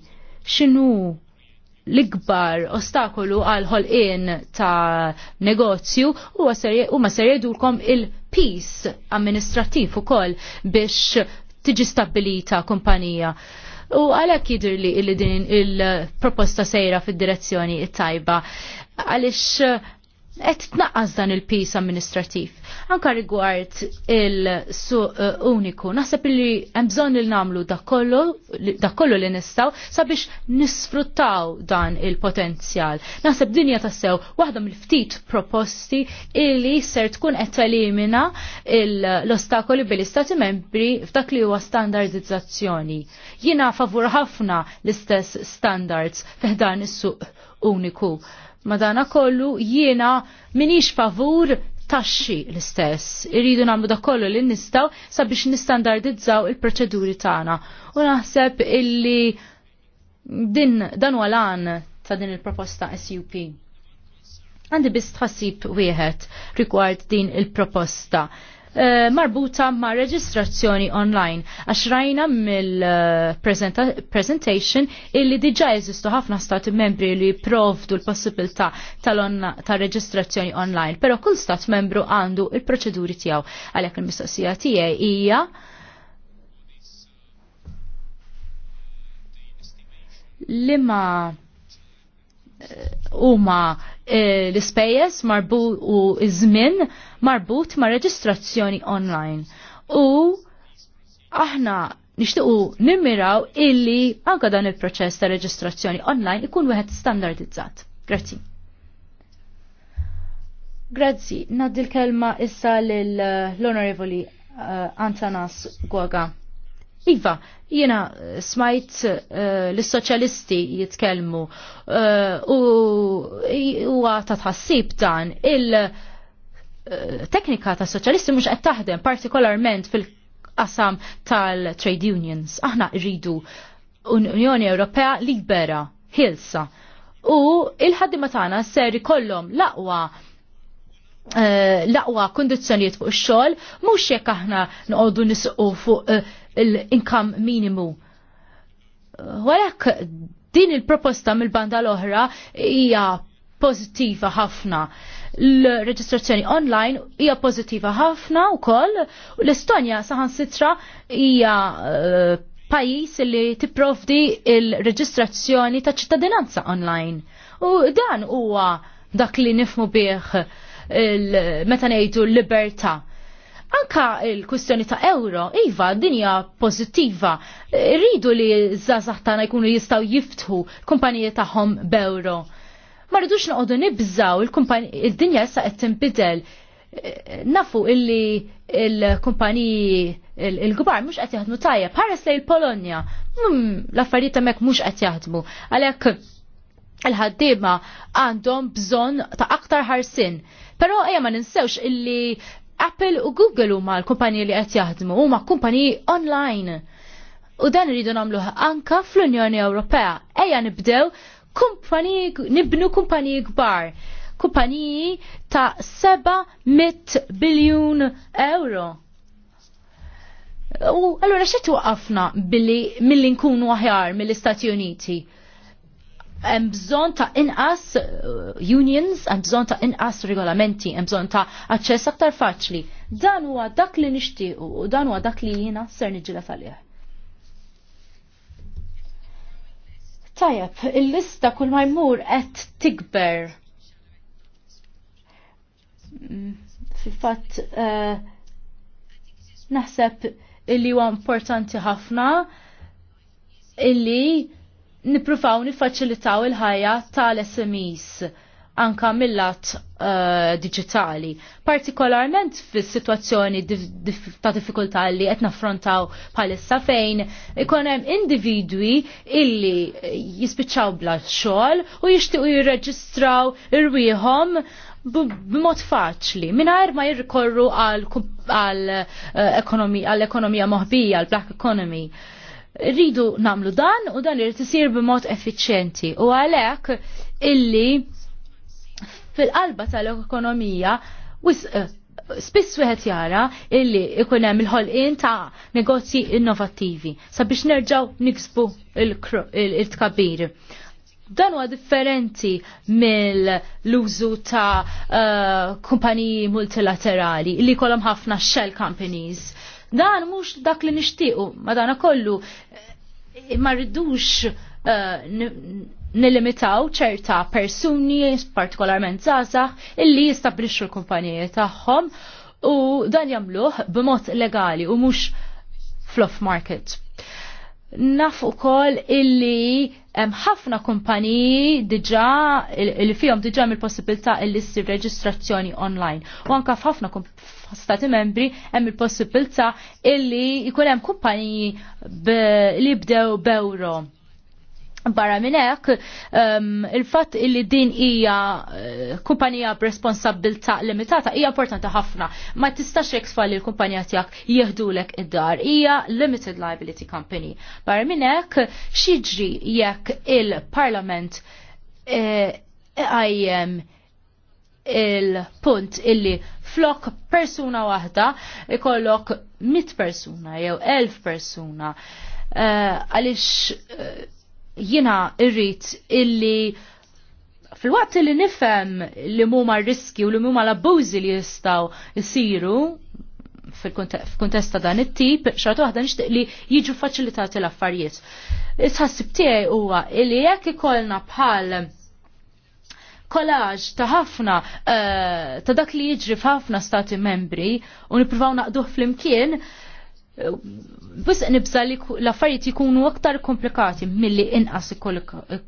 x'inhu l-ikbar ostakolu għal ħolqien ta' negozju u ma ser jedulkom il-peace amministrativ ukoll biex tiġi stabilita kumpanija u għalhekk jidher li din il-proposta sejra fid-direzzjoni tajba Għalix qed tnaqqas dan il-pis amministrativ. Anka rigward il-suq uh, uniku, naħseb li hemm bżonn il nagħmlu dak kollu li nistgħu sabiex nisfruttaw dan il-potenzjal. Naħseb dinja tassew waħda mill-ftit proposti illi ser tkun qed telimina l-ostakoli bil-istati membri f'dak li huwa standardizzazzjoni. Jiena favur ħafna l-istess standards fiħdan is-suq uniku Madana kollu jiena minix favur taxxi l-istess. Irridu nagħmlu da kollu li nistaw sabiex nistandardizzaw il-proċeduri tagħna. U naħseb illi din dan walan ta' din il-proposta SUP. Għandi biss tħassib wieħed rigward din il-proposta. Eh, marbuta ma' reġistrazzjoni online. Għax rajna mill-presentation eh, illi diġa jeżistu ħafna stati membri li provdu l-possibilità ta' reġistrazzjoni online, pero kull stat membru għandu il-proċeduri tiegħu. Għalhekk il-mistoqsija tiegħi hija Lima huma eh, l-ispejjeż marbut u iż-żmien marbut ma' reġistrazzjoni online. U aħna nixtiequ nimmiraw illi anka dan il-proċess ta' reġistrazzjoni online ikun wieħed standardizzat. Grazzi. Grazzi, naddi l-kelma issa eh, l-Onorevoli uh, Antanas Gwaga. Iva, jena smajt uh, eh, l-soċjalisti jitkelmu uh, eh, u huwa ta' tħassib dan il-teknika eh, ta' soċjalisti mhux qed taħdem partikolarment fil-qasam tal-trade unions. Aħna rridu Unjoni Ewropea libera, ħilsa. U il-ħaddima tagħna ser ikollhom l-aqwa laqwa kondizjoniet fuq ix-xogħol mhux jekk aħna noqogħdu nisqu fuq l-income minimu. Walek din il-proposta mill-banda l-oħra hija pozittiva ħafna. L-reġistrazzjoni online hija pozittiva ħafna wkoll u l-Estonja saħansitra hija eh, pajjiż pajis li tipprovdi il-reġistrazzjoni ta' ċittadinanza online. U dan huwa dak li nifmu bih meta ngħidu l-libertà Anka il-kwistjoni ta' euro, iva, dinja pozittiva. Rridu li zazah tana jkunu jistaw jiftħu kumpanije taħom b'euro. Ma rridux noqogħdu nibżaw il-dinja issa qed tinbidel. Nafu illi il-kumpaniji il-gbar mhux qed jaħdmu tajja, pares lejn Polonja. Hmm, l-affarijiet hemmhekk mhux qed jaħdmu. Għalhekk il-ħaddiema għandhom bżonn ta' aktar ħarsin. Pero eja ma ninsewx illi Apple u Google huma l-kumpaniji li qed jaħdmu, huma kumpaniji online. U dan iridu nagħmlu anka fl-Unjoni Ewropea. Ejja nibdew kumpaniji nibnu kumpaniji kbar. Kumpaniji ta' 700 biljun euro. U allura xi waqafna billi milli nkunu aħjar mill-Istati Uniti? hemm bżonn ta' inqas uh, unions, hemm bżonn ta' inqas regolamenti, hemm bżonn ta' aċċess aktar faċli. Dan huwa dak li nixtiequ u dan huwa dak li jiena ser niġġiela għalih. Tajab, il-lista kull ma jmur qed tikber. Mm, fil-fatt uh, naħseb illi huwa importanti ħafna illi niprufaw nifaċilitaw il-ħajja tal-SMEs anka mill-lat uh, digitali, partikolarment fis situazzjoni dif dif ta' diffikultà li qed naffrontaw bħalissa fejn ikun hemm individwi illi jispiċċaw bla xogħol u jixtiequ jirreġistraw irwieħhom b'mod faċli, mingħajr ma jirrikorru għal eh, ekonomija moħbija, għal black economy rridu namlu dan u dan irid isir b'mod effiċjenti u għalhekk illi fil-qalba tal-ekonomija eh, spiss wieħed jara illi ikun hemm il-ħolqien ta' negozji innovattivi sabiex nerġgħu niksbu il-tkabbir. Dan huwa differenti mill-użu ta' eh, kumpaniji multilaterali li kolom ħafna shell companies Dan mhux dak li nixtiequ, madana kollu eh, ma rridux eh, nilimitaw ċerta persuni, partikolarment zazah, illi jistabrixxu l-kumpanijiet tagħhom u dan jagħmluh b'mod legali u mhux fluff market. Naf ukoll illi hemm ħafna kumpaniji diġà li fihom diġà mill-possibilità illi ssir reġistrazzjoni online. U anke f'ħafna stati membri hemm il-possibilità illi jkun hemm kumpaniji li bdew b'ewro. Barra minn hekk um, il-fatt illi din hija eh, kumpanija b'responsabilità limitata hija importanti ħafna. Ma tistax jekk tfal li l-kumpanija tiegħek jieħdulek id-dar. Hija limited liability company. Barra minn hekk xiġri jekk il-Parlament għajjem eh, e, il-punt illi flok persuna waħda ikollok mit persuna jew elf persuna. Eh, għalix eh, jina irrit illi fil-waqt li nifem li mumma riski u li mumma l-abbużi li jistaw jisiru fil-kontesta dan it-tip, xartu waħda nixtieq li jiġu faċilitati l-affarijiet. Is-ħassib tiegħi huwa li jekk ikollna bħal kollaġ ta' ħafna uh, ta' dak li jiġri f'ħafna stati membri u nippruvaw naqduh flimkien Bis eh, nibsa li l-affarijiet jikunu aktar komplikati milli inqas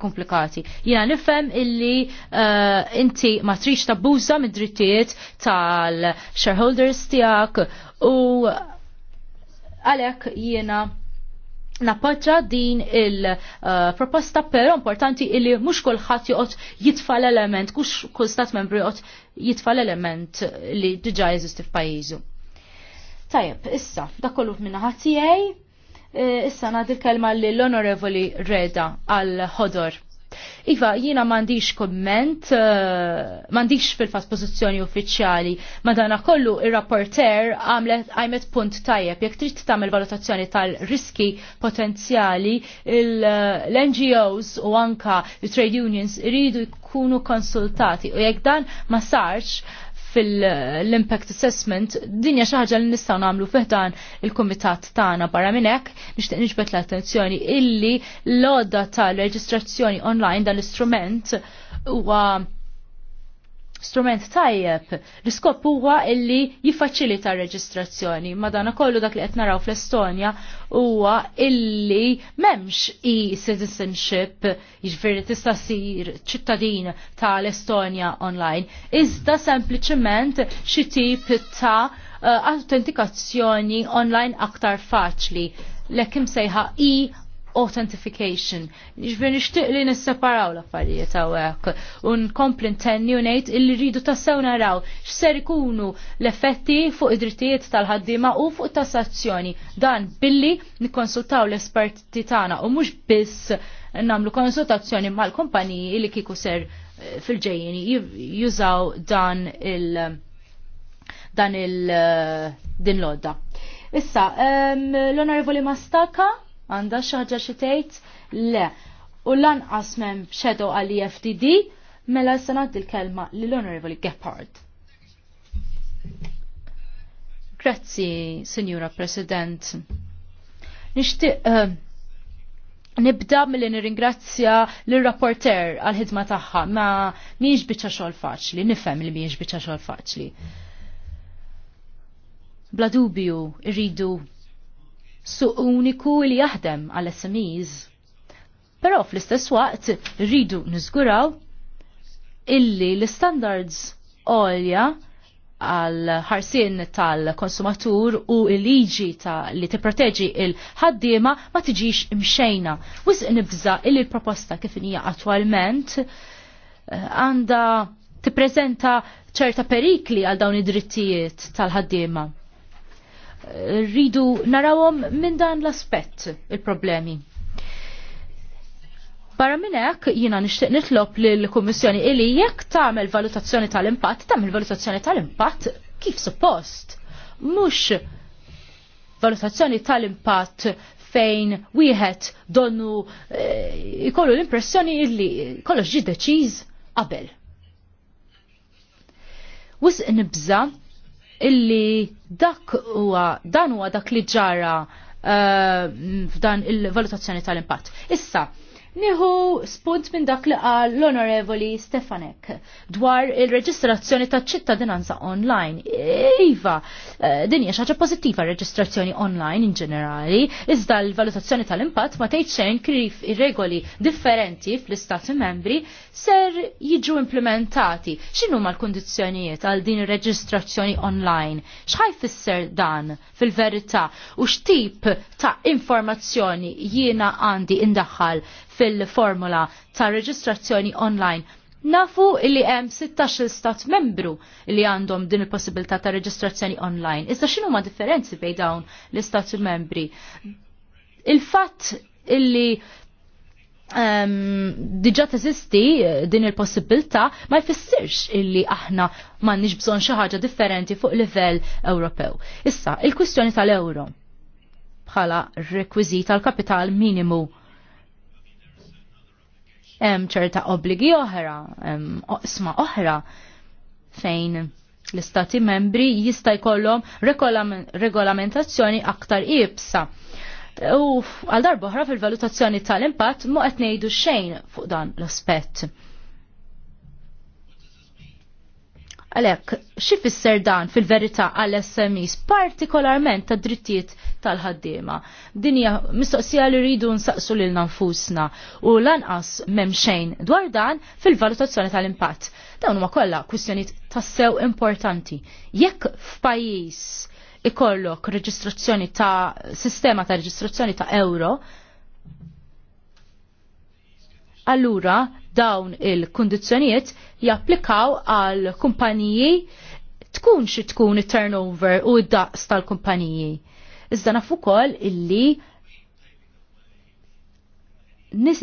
komplikati. Jina nifhem illi uh, inti ma trix tabbuża mid-drittijiet tal-shareholders tiegħek u għalhekk jiena Nappoġġa din il-proposta, eh, uh, però importanti illi mhux kulħadd joqgħod l element, kux kull stat membri joqgħod l element li diġà jeżisti f'pajjiżu. Tajjeb, issa, dak kollu minna ħatijaj, eh, issa nagħti l-kelma lill onorevoli Reda għal ħodor. Iva, jina mandiċ komment, uh, eh, mandiċ fil-fas pozizjoni uffiċjali, madana kollu il-rapporter għajmet punt tajjeb, jek trid tagħmel valutazzjoni tal-riski potenzjali, l-NGOs u anka il-trade unions iridu jkunu konsultati u jekk dan ma sarx, fil-impact assessment dinja xaħġa li nistaw namlu fiħdan il-komitat tagħna barra minn hekk nixtieq niġbet l-attenzjoni illi l-oda tal-reġistrazzjoni online dan l-istrument huwa strument tajjeb. L-iskop huwa illi jiffaċilita r-reġistrazzjoni. Madana kollu dak li qed naraw fl-Estonja huwa illi m'hemmx e-citizenship, jiġifieri tista' sir ċittadin tal-Estonja online. Iżda sempliċement xi tip ta' eh, autentikazzjoni online aktar faċli. lekim sejħa e authentication. Ġveri jiġifieri nixtieq li nisseparaw l-affarijiet hawnhekk u nkompli ntenni u ngħid illi rridu tassew naraw x'ser ikunu l-effetti fuq id-drittijiet tal-ħaddiema u fuq tassazzjoni. Dan billi nikkonsultaw l-esperti tagħna u mhux biss nagħmlu konsultazzjoni mal-kumpaniji li kieku ser eh, fil-ġejjin jużaw dan il- dan il eh, din lodda. Issa, ehm, l-onorevoli Mastaka, għanda xaġa xitejt? xi tgħid? Le. U lanqas asmem xedo għal e FDD mela se ngħaddi il kelma lill-Onorevoli Gephardt. Grazzi, Signora President. Nixtieq uh, Nibda mill-li nirringrazzja l-rapporter għal-ħidma tagħha ma miex biċċa xogħol faċli, nifhem li miex biċċa xogħol faċli. Bla dubju irridu suq uniku li jaħdem għal SMEs. Però fl-istess waqt rridu niżguraw illi l-standards għolja għal ħarsien tal-konsumatur u l-liġi li tipproteġi il-ħaddiema ma tiġix imxejna. Wis nibża illi l-proposta kif hija attwalment eh, għanda tippreżenta ċerta perikli għal dawn id-drittijiet tal-ħaddiema rridu narawhom minn dan l-aspett il-problemi. Barra minn hekk jiena nixtieq nitlob lill-Kummissjoni illi jekk tagħmel valutazzjoni tal-impatt, tagħmel valutazzjoni tal-impatt kif suppost. Mhux valutazzjoni tal-impatt fejn wieħed donnu e, l-impressjoni illi kollox ġi deċiż qabel. Wisq nibża' illi dak huwa dan huwa dak li ġara eh, f'dan il-valutazzjoni tal-impatt. Issa, Nieħu spunt minn dak li qal l-Onorevoli Stefanek dwar il-reġistrazzjoni ta' ċittadinanza online. Iva, eh, din hija xaġa pożittiva reġistrazzjoni online in ġenerali, iżda l-valutazzjoni tal-impatt ma tgħid xejn kif ir-regoli differenti fl-istati membri ser jiġu implementati. X'inhu l kundizzjonijiet għal din ir-reġistrazzjoni online? X'ħaj fisser dan fil-verità u x'tip ta' informazzjoni jiena għandi indaħħal fil-formula ta' reġistrazzjoni online. Nafu illi hemm 16 stat membru li għandhom din il-possibilità ta' reġistrazzjoni online. Iżda x'inhu ma' differenzi bejn dawn l-istat membri? Il-fatt illi um, ehm, diġa teżisti eh, din il-possibilità ma jfissirx illi aħna m'għandniex bżonn xi ħaġa differenti fuq livell Ewropew. Issa, il-kwistjoni tal-euro bħala rekwiżit tal-kapital minimu hemm ċerta obbligi oħra, hemm oqsma oħra fejn l-istati membri jista' jkollhom regolamentazzjoni aktar ibsa. U għal darba oħra fil-valutazzjoni tal-impatt mu qed ngħidu xejn fuq dan l-aspett. Għalek, xifisser dan fil-verita għal-SMEs, partikolarment ta' drittijiet tal-ħaddima. Dinja mistoqsija li rridu nsaqsu lil nanfusna u lanqas memxejn dwar dan fil-valutazzjoni tal-impatt. Dawn huma kollha kwistjonijiet tassew importanti. Jekk f'pajjiż ikollok reġistrazzjoni ta' sistema ta' reġistrazzjoni ta' euro, allura dawn il-kondizjonijiet japplikaw għal kumpaniji tkun xi tkun it-turnover u d-daqs tal-kumpaniji. Iżda naf ukoll illi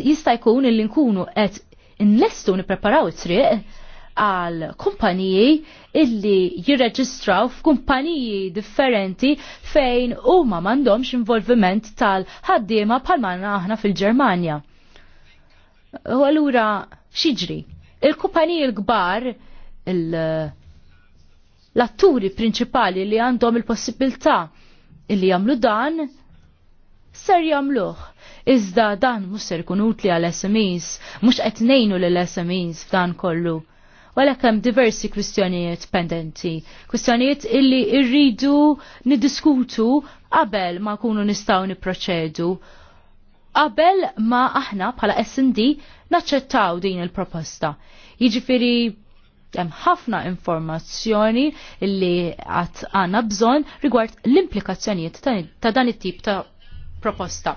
jista' jkun illi nkunu qed inlestu nippreparaw it-triq għal kumpaniji illi jirreġistraw f'kumpaniji differenti fejn huma m'għandhomx involviment tal-ħaddiema bħalma aħna fil-Ġermanja. U allura xiġri. Il-kumpaniji il kbar l-atturi prinċipali li għandhom il-possibilità li jagħmlu dan, ser jagħmluh. Iżda dan mhux ser ikun utli għal SMEs, mhux qed ngħinu lill smes f'dan kollu. Għalhekk hemm diversi kwistjonijiet pendenti, kwistjonijiet illi rridu niddiskutu qabel ma kunu nistgħu niproċedu qabel ma aħna bħala SD naċċettaw din il-proposta. Jiġifieri hemm ħafna informazzjoni li qatt għandna bżonn rigward l-implikazzjonijiet ta' dan it-tip ta' proposta.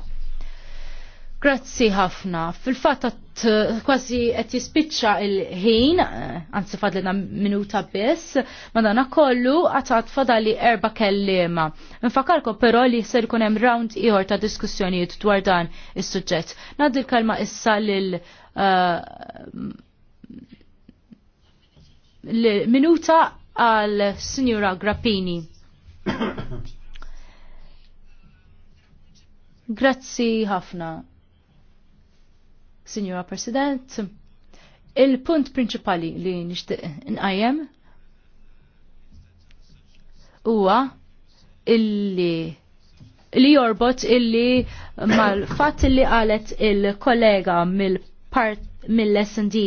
Grazzi ħafna. Fil-fatt kważi qed jispiċċa il-ħin, anzi fadlina minuta biss, madana kollu għatat fadali erba kellima. Nfakarkom però li ser ikun hemm round ieħor ta' diskussjonijiet dwar dan is-suġġett. Nagħdi l-kalma issa lil uh, minuta għal Signora Grappini. Grazzi ħafna. Signora President. Il-punt prinċipali li nixtieq nqajjem huwa illi li jorbot illi mal-fatt illi qalet il-kollega mill-part mill-SND.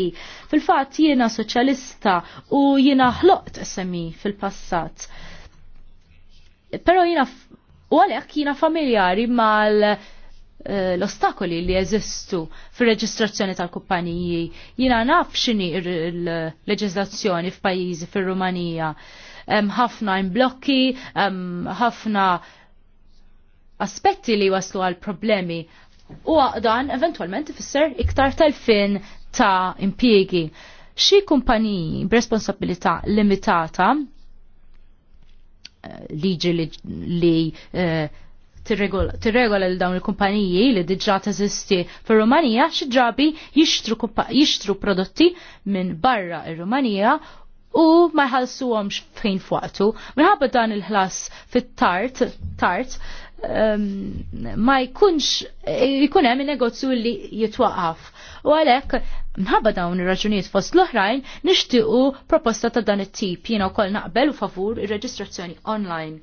Fil-fatt jiena soċjalista u jiena ħloqt SMI fil-passat. Pero jiena u għalhekk jiena familjari mal- Eh, l-ostakoli li jeżistu fil-reġistrazzjoni tal-kumpaniji. Jina naf xini l leġislazzjoni f'pajjiżi fil-Rumanija. Ħafna imblokki, ħafna aspetti li waslu għal problemi. U dan eventualment ifisser iktar tal-fin ta' impjiegi. Xi kumpaniji b'responsabilità limitata eh, liġi li, li, li eh, tirregola l dawn il-kumpaniji li diġà teżisti fir rumanija xi drabi jixtru prodotti minn barra ir-Rumanija u ma jħallsuhomx fejn fuqtu. Minħabba dan il-ħlas fit-tart, tart, um, ma jkunx jkun hemm negozju li jitwaqaf. U għalhekk minħabba dawn ir-raġunijiet fost l-oħrajn nixtiequ proposta ta' dan it-tip jiena wkoll naqbel u favur ir-reġistrazzjoni online.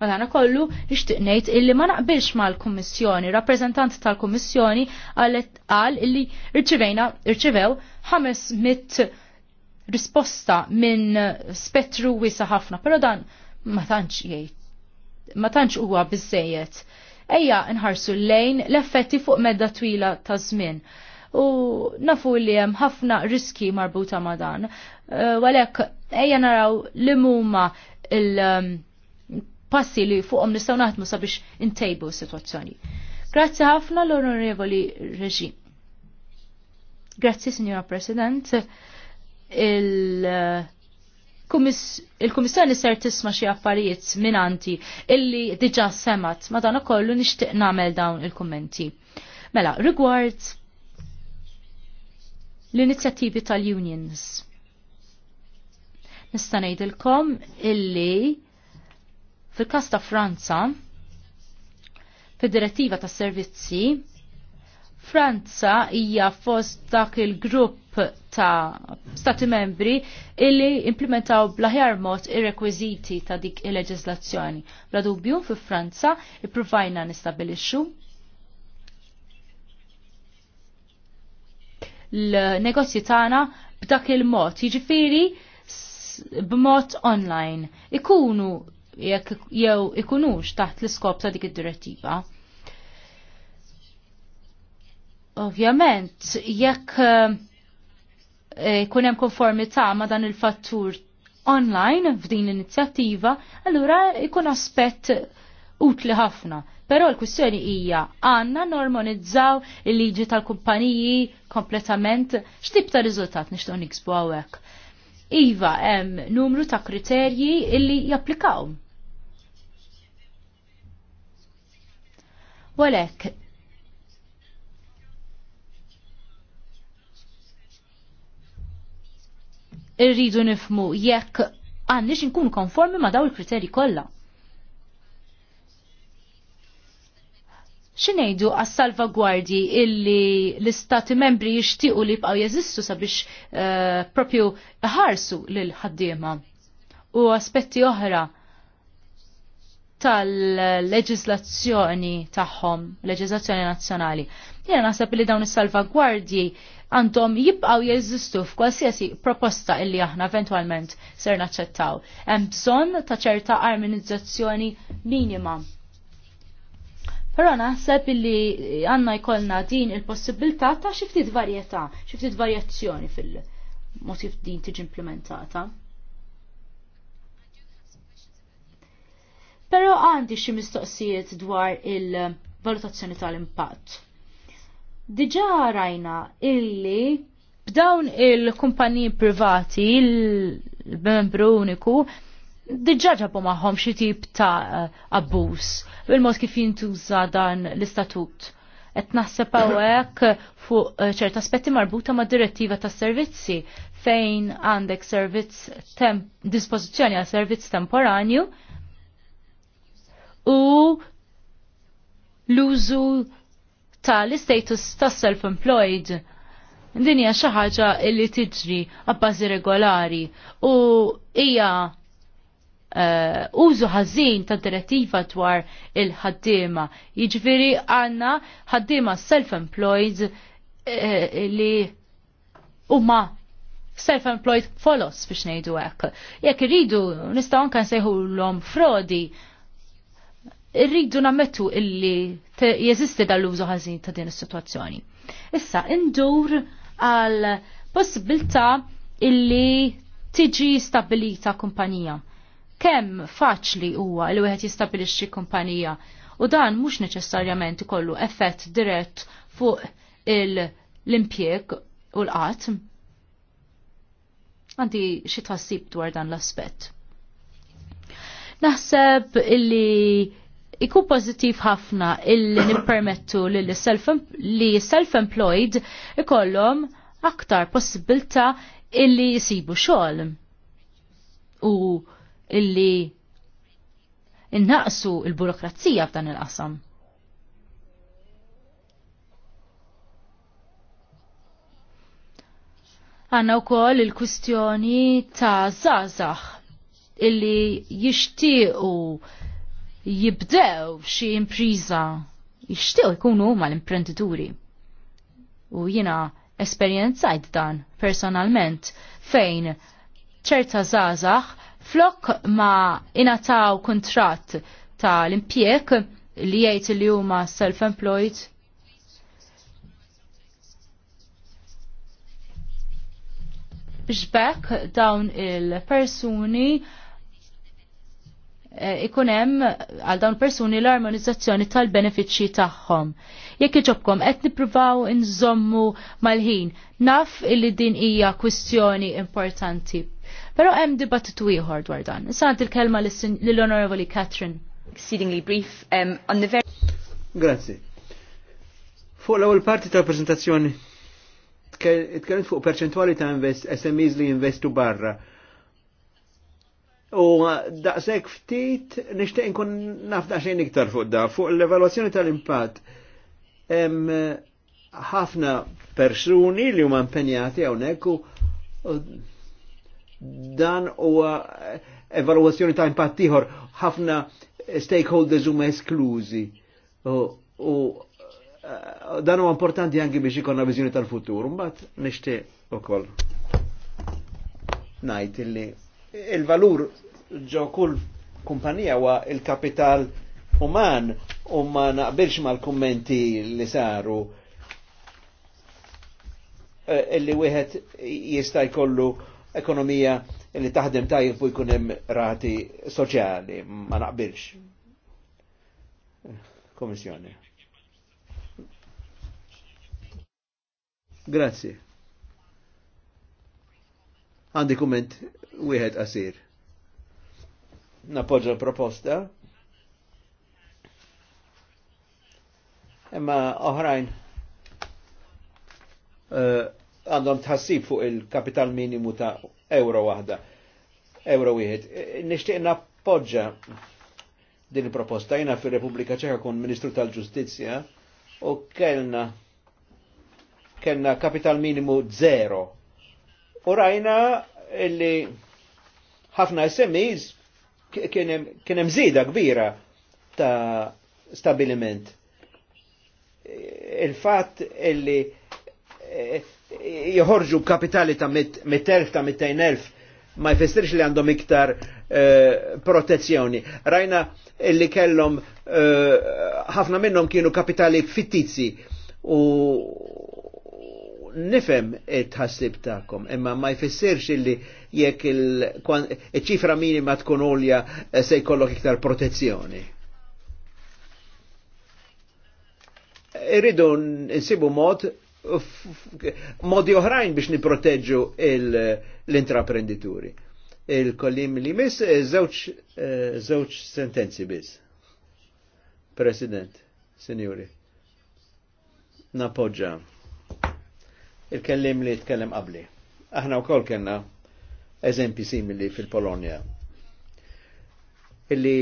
Madana kollu nixtieq ngħid illi ma naqbilx mal-Kummissjoni, rappresentant tal-Kummissjoni qalet qal illi rċivejna irċivew 500 risposta minn spettru wiesa ħafna, però dan ma tantx jgħid ma tantx huwa bizzejiet. Ejja nħarsu lejn l-effetti fuq medda twila ta' żmien u nafu li hemm ħafna riski marbuta ma' dan. Eh, walek, ejja naraw li mumma il- um, passi li fuqhom nistgħu naħdmu sabiex intejbu s-sitwazzjoni. Grazzi ħafna l-Onorevoli Reġi. Grazzi, Signora President. Il- il-Kummissjoni ser tisma' xi affarijiet minanti illi diġà semat madana kollu nixtieq nagħmel dawn il-kummenti. Mela, rigward l-inizjattivi tal-unions. Nista' ngħidilkom illi Fil-kas ta' Franza, fid-direttiva ta' servizzi, Franza hija fost dak il-grupp ta' stati membri illi implementaw blaħjar mod ir-rekwiżiti ta' dik il-leġislazzjoni. Bla dubju fi Franza ippruvajna nistabilixxu l-negozji tagħna b'dak il-mod, jiġifieri b'mod online. Ikunu jekk jew ikunux taħt l-iskop ta' dik id-direttiva. Ovvjament, jekk eh, ikun hemm konformità ma' dan il-fattur online f'din l-inizjattiva, allura ikun aspett utli ħafna. Però l-kwistjoni hija għandna normonizzaw il-liġi tal-kumpaniji kompletament x'tib ta' riżultat nixtieq nixbu hawnhekk. Iva, hemm numru ta' kriterji illi japplikaw. Walek, irridu nifmu jekk għandix nkun konformi ma' daw il-kriterji kollha. xinejdu għas salvagwardji illi l-istati membri jixtiequ li jibqgħu jeżistu sabiex uh, propju ħarsu l ħaddiema u aspetti oħra tal-leġislazzjoni tagħhom, leġizlazzjoni nazzjonali. Jiena naħseb li dawn is-salvagwardji għandhom jibqaw jeżistu f'kwalsiasi proposta illi aħna eventualment ser naċċettaw. Hemm bżonn ta' ċerta armonizzazzjoni minima Però naħseb illi għanna jkollna din il-possibilità ta' xi ftit varjetà, xi ftit varjazzjoni fil-mod kif din tiġi implementata. Però għandi xi mistoqsijiet dwar il-valutazzjoni tal-impatt. Diġà rajna illi b'dawn il-kumpaniji privati il-membru uniku diġà ġabu magħhom xi tip ta' abbuż bil-mod kif jintuża dan l-istatut. Et naħseb hawnhekk fuq eh, ċert aspetti marbuta ma' direttiva tas servizzi fejn għandek servizz dispożizzjoni għal servizz temporanju u l-użu tal-status tas self-employed. Din hija xi ħaġa li tiġri għabbażi regolari u hija Uh, użu ħażin ta' direttiva dwar il-ħaddiema. Jiġifieri għandna ħaddiema self-employed eh, li huma self-employed folos biex ngħidu hekk. Jekk nkan nistgħu anke nsejħulhom frodi irridu nammettu illi jeżisti dal-użu ħażin ta' din is-sitwazzjoni. Issa indur għal possibilta illi tiġi stabilita kumpanija kemm faċli huwa li wieħed jistabilixxi kumpanija u dan mhux neċessarjament ikollu effett dirett fuq l-impjeg u l-qatt. Għandi xi tħassib dwar dan l-aspett. Naħseb illi ikun pożittiv ħafna illi nippermettu li self-employed ikollhom aktar possibilta illi jisibu xogħol. U illi innaqsu il-burokrazija f'dan il-qasam. Għanna u koll il-kustjoni ta' zazax illi jishtiqu jibdew xie impriża jishtiqu jkunu ma l-imprenditori. U jina esperienzajt dan personalment fejn ċerta zazax Flok ma inataw kontrat ta' l-impjek li jgħid li huma self-employed biex dawn il-persuni eh, ikunem għal dawn persuni l-armonizzazzjoni tal-benefiċċji tagħhom. Jekk iġobkom qed nippruvaw inżommu mal-ħin, naf illi din hija kwistjoni importanti, Pero hemm dibattitu ieħor dwar dan. Issa il-kelma lill-Onorevoli Catherine. Exceedingly brief um, on the very Grazie. Fuq l-ewwel parti tal-preżentazzjoni tkellem fuq perċentwali ta' invest, SMEs li investu barra. U uh, daqshekk ftit nixtieq nkun naf daqsxejn iktar fuq da, fuq l-evalwazzjoni tal-impatt. Hemm uh, ħafna persuni li huma impenjati hawnhekk u dan huwa evalwazzjoni ta' impatt ieħor ħafna stakeholders huma esklużi. U eh, dan huwa importanti anki biex ikonna viżjoni tal-futur. Mbagħad nixtieq ukoll ngħid illi il-valur ġo kull kumpanija huwa il-kapital uman u ma naqbilx mal-kummenti li saru eh, illi wieħed jista' jkollu ekonomija li taħdem tajjeb u jkun hemm rati soċjali, ma naqbilx. Komissjoni. Grazzi. Għandi kumment wieħed qasir. Napoġġa proposta. Imma oħrajn uh, għandhom tħassib fuq il-kapital minimu ta' euro waħda, euro wieħed. E, e, nixtieq nappoġġa din il-proposta jina fil repubblika Ċeka kun Ministru tal-Ġustizzja u kellna kellna kapital minimu zero. U rajna illi ħafna SMEs kien hemm kbira ta' stabiliment. E, il-fatt illi jħorġu kapitali ta' mit-telf ta' mit ma jfessirx li għandhom iktar eh, protezzjoni. Rajna li kellhom eh, ħafna minnom minnhom kienu kapitali fittizi u nifem it-ħassib ta'kom, imma ma jfissirx illi jekk il-ċifra minima tkun olja eh, se jkollok iktar protezzjoni. Irridu nsibu mod modi oħrajn biex niproteġu l-intraprendituri. Il-kollim li miss żewġ eh, eh, sentenzi biss. President, Sinjuri, napoġġa il-kellim li tkellem qabli. Aħna wkoll kellna eżempi simili fil-Polonja. Illi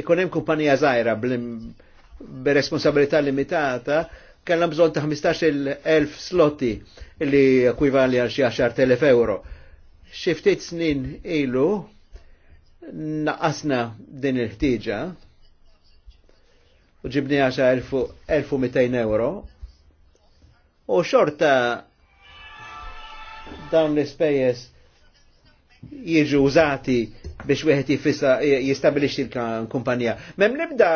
ikonem kumpanija żgħira b'responsabilità limitata kellna bżon ta' 15.000 slotti li ekwivali għal xi 10.000 euro. Xi ftit snin ilu naqasna din il-ħtieġa u ġibni 10.200 euro u xorta dawn l-ispejjeż jiġu użati biex wieħed jifissa jistabilixxi l-kumpanija. Mem nibda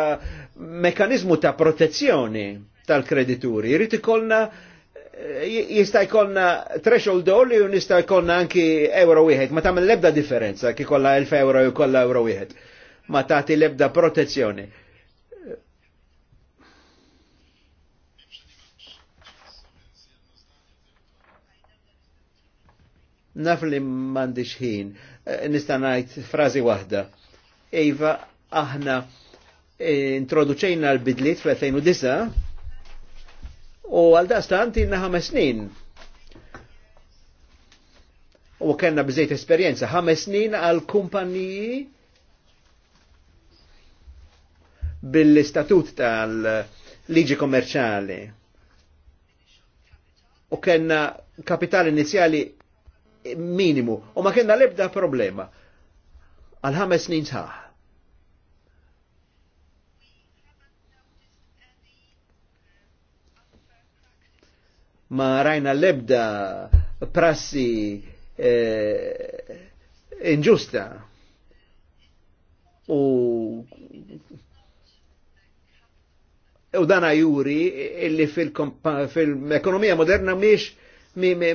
mekanizmu ta' protezzjoni tal-kredituri. Jrid ikollna eh, jista' jkollna threshold dolli u nista' jkollna anki euro wieħed, ma tagħmel l-ebda differenza kif kollha 1000 euro jew kollha euro wieħed. Ma tagħti l-ebda protezzjoni. Naf li m'għandix ħin, eh, nista' ngħid frażi waħda. Iva, aħna eh, introduċejna l-bidliet fl-2009 U għal daqstant inna ħames snin. U kena bżejt esperienza, ħames snin għal kumpaniji bil-istatut tal-liġi kommerċali. U kena kapital inizjali minimu, u ma kena lebda problema. Għal ħames snin sħaħ. ma rajna lebda prassi eh, inġusta. U u dana juri illi fil-ekonomija fil moderna miex mi, mi,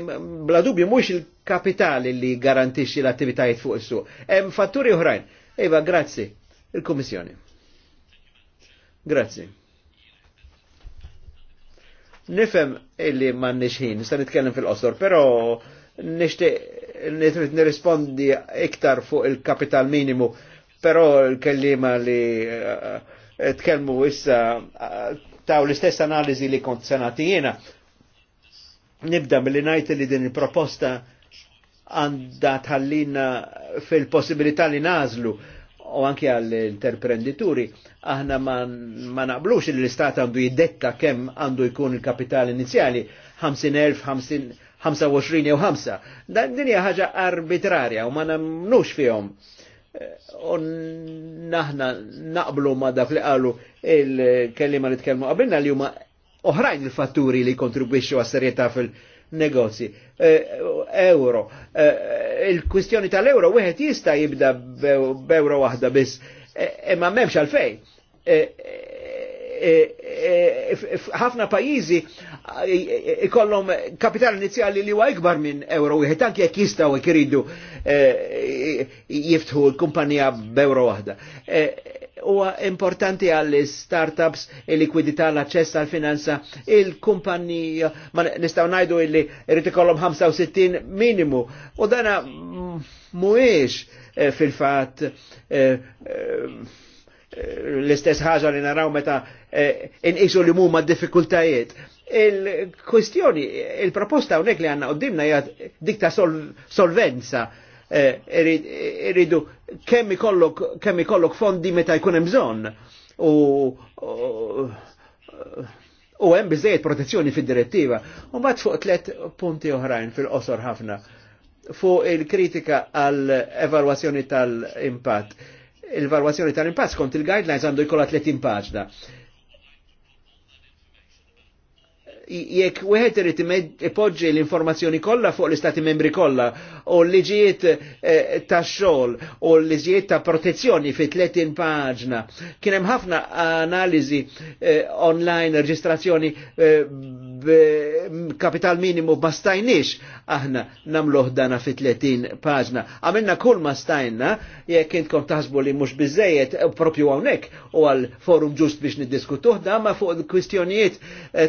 bla dubju mux il-kapitali li garantixi l-attivitajiet fuq il-su. Em fatturi oħrajn. Eva, grazzi. il komissjoni Grazzi. Nifem illi ma nixħin, sta' nitkellem fil-qosor, pero nishtiq nirrispondi iktar fuq il-kapital minimu, pero l-kellima li eh, tkellmu issa eh, taw l-istess analizi li kont senatijina. Nibda mill najt li din il-proposta għanda tħallina fil-possibilità li nazlu u anke għall-interprendituri, aħna ma naqblux li l-istat għandu jiddetta kemm għandu jkun il-kapital inizjali 50.000, 25 u 5. Dan din hija ħaġa arbitrarja u ma nagħmlux fihom. Eh, u naħna naqblu ma dak li qalu il kelliema li tkellmu qabilna li huma oħrajn il-fatturi li kontribwixxu għas-serjetà fil- negozji. Eh, euro. Eh, il-kwistjoni tal-euro wieħed jista' jibda b'euro waħda biss, eh, imma m'hemmx għalfej. Ħafna pajjiżi ikollhom kapital inizjali li huwa ikbar minn euro wieħed anke jekk jistgħu jekk iridu jiftħu l-kumpanija b'euro waħda huwa importanti għall startups il-likwidità l-aċċess għal finanza il-kumpanija ma nistgħu ngħidu illi irid ikollhom 65 minimu u dana mhuwiex eh, fil-fatt eh, eh, l-istess ħaġa li naraw meta inqisu li mhuma diffikultajiet Il-kwistjoni, il-proposta hawnhekk li għandna qoddimna hija dik ta' solvenza Eh, irridu kemm ikollok fondi meta jkun hemm bżonn. U hemm biżejjed protezzjoni fid-direttiva. U mbagħad fuq tliet punti oħrajn fil-qosor ħafna fuq il-kritika għal evalwazzjoni tal-impatt. Il-valwazzjoni tal-impatt skont il-guidelines għandu jkollha tliet impaġna jekk wieħed irid ipoġġi l-informazzjoni kollha fuq l-istati membri kollha u l-liġijiet eh, tax-xogħol u l-liġijiet ta' protezzjoni fi 30 paġna. Kien hemm ħafna analiżi eh, online, reġistrazzjoni eh, kapital minimu ma stajniex aħna nagħmluh dana fi 30 paġna. Għamilna kull ma stajna jekk intkom taħsbu li mhux biżejjed propju hawnhekk u għal forum ġust biex niddiskutuh da ma fuq kwistjonijiet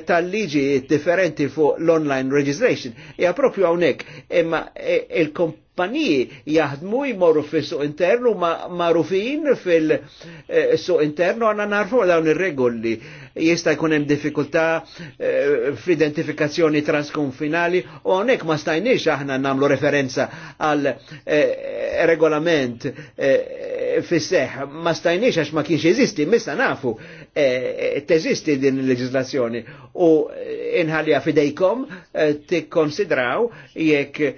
tal-liġi affarijiet differenti fuq l-online registration. Ja propju hawnhekk, imma e, il-kumpaniji jaħdmu jmorru fis-suq internu ma marufin fil-suq e, internu għandna narfu dawn ir-regoli. Jista' jkun hemm diffikultà e, fl-identifikazzjoni transkonfinali u hawnhekk ma stajniex aħna nagħmlu referenza għal regolament fis-seħ ma stajniex għax ma kienx jeżisti, missa nafu Eh, teżisti din il-leġislazzjoni u eh, inħalja fidejkom eh, t-konsidraw jekk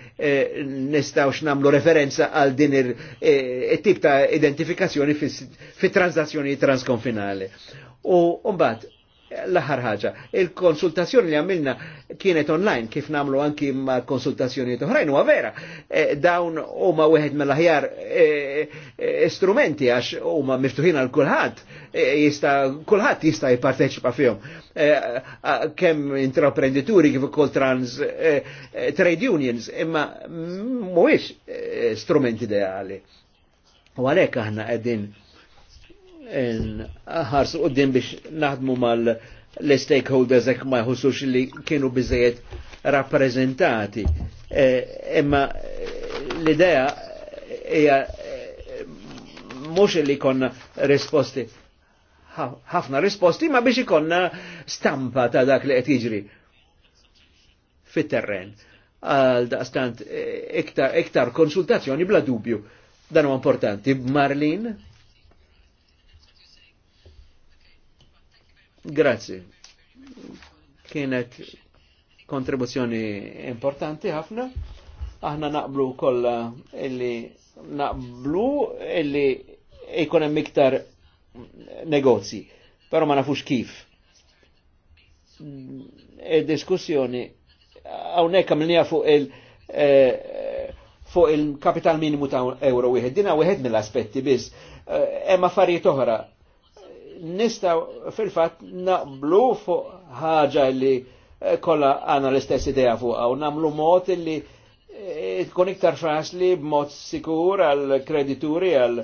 nistaw namlu referenza għal din il-tip ta' identifikazzjoni fit transazzjoni transkonfinali. U mbagħad L-aħħar ħaġa, il-konsultazzjoni li għamilna kienet online kif namlu anki ma' konsultazzjonijiet oħrajn huwa vera. E, dawn huma wieħed mill-aħjar e, e, strumenti għax huma miftuħin għal kulħadd jista' kulħadd jista' jipparteċipa fihom. Kemm intraprendituri kif ukoll trans trade unions, imma mhuwiex strumenti ideali. U għalhekk aħna qegħdin u din biex naħdmu mal l-stakeholders ek ma jħussux li kienu bizzejiet rappresentati. E, imma l-idea hija e, mhux li konna risposti ħafna risposti ma biex ikonna stampa ta' dak li qed jiġri fit-terren. Għal daqstant e, iktar konsultazzjoni bla dubju. Dan huwa importanti. Marlin? Grazie. Kienet kontribuzzjoni importanti ħafna. Aħna naqblu kollha illi naqblu illi ikun hemm iktar negozji, però ma nafux kif. Id-diskussjoni e hawnhekk għamilniha fuq il- e, fuq il-kapital minimu ta' euro wieħed. Dina wieħed mill-aspetti biss. E, hemm affarijiet oħra nista fil-fat naqblu fuq ħaġa li eh, kolla għana l-istess ideja fuqa u namlu mod li eh, tkun iktar fasli b'mod sikur għal kredituri għal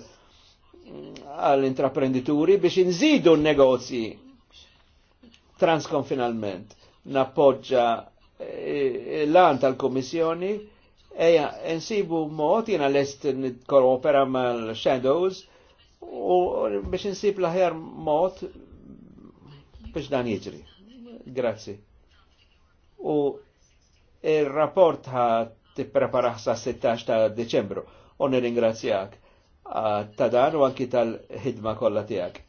għal intraprendituri biex nżidu n-negozji transkonfinalment. Nappoġġa eh, l-għan tal-Komissjoni eja nsibu mod jena lest kooperam mal-Shadows u biex nsib laħjar ħjar mod biex dan jiġri. Grazzi. U il-rapport ħa t-preparax sa 16 ta' Deċembru u nir nirringrazzjak ta' dan u anki tal-ħidma kolla tijak.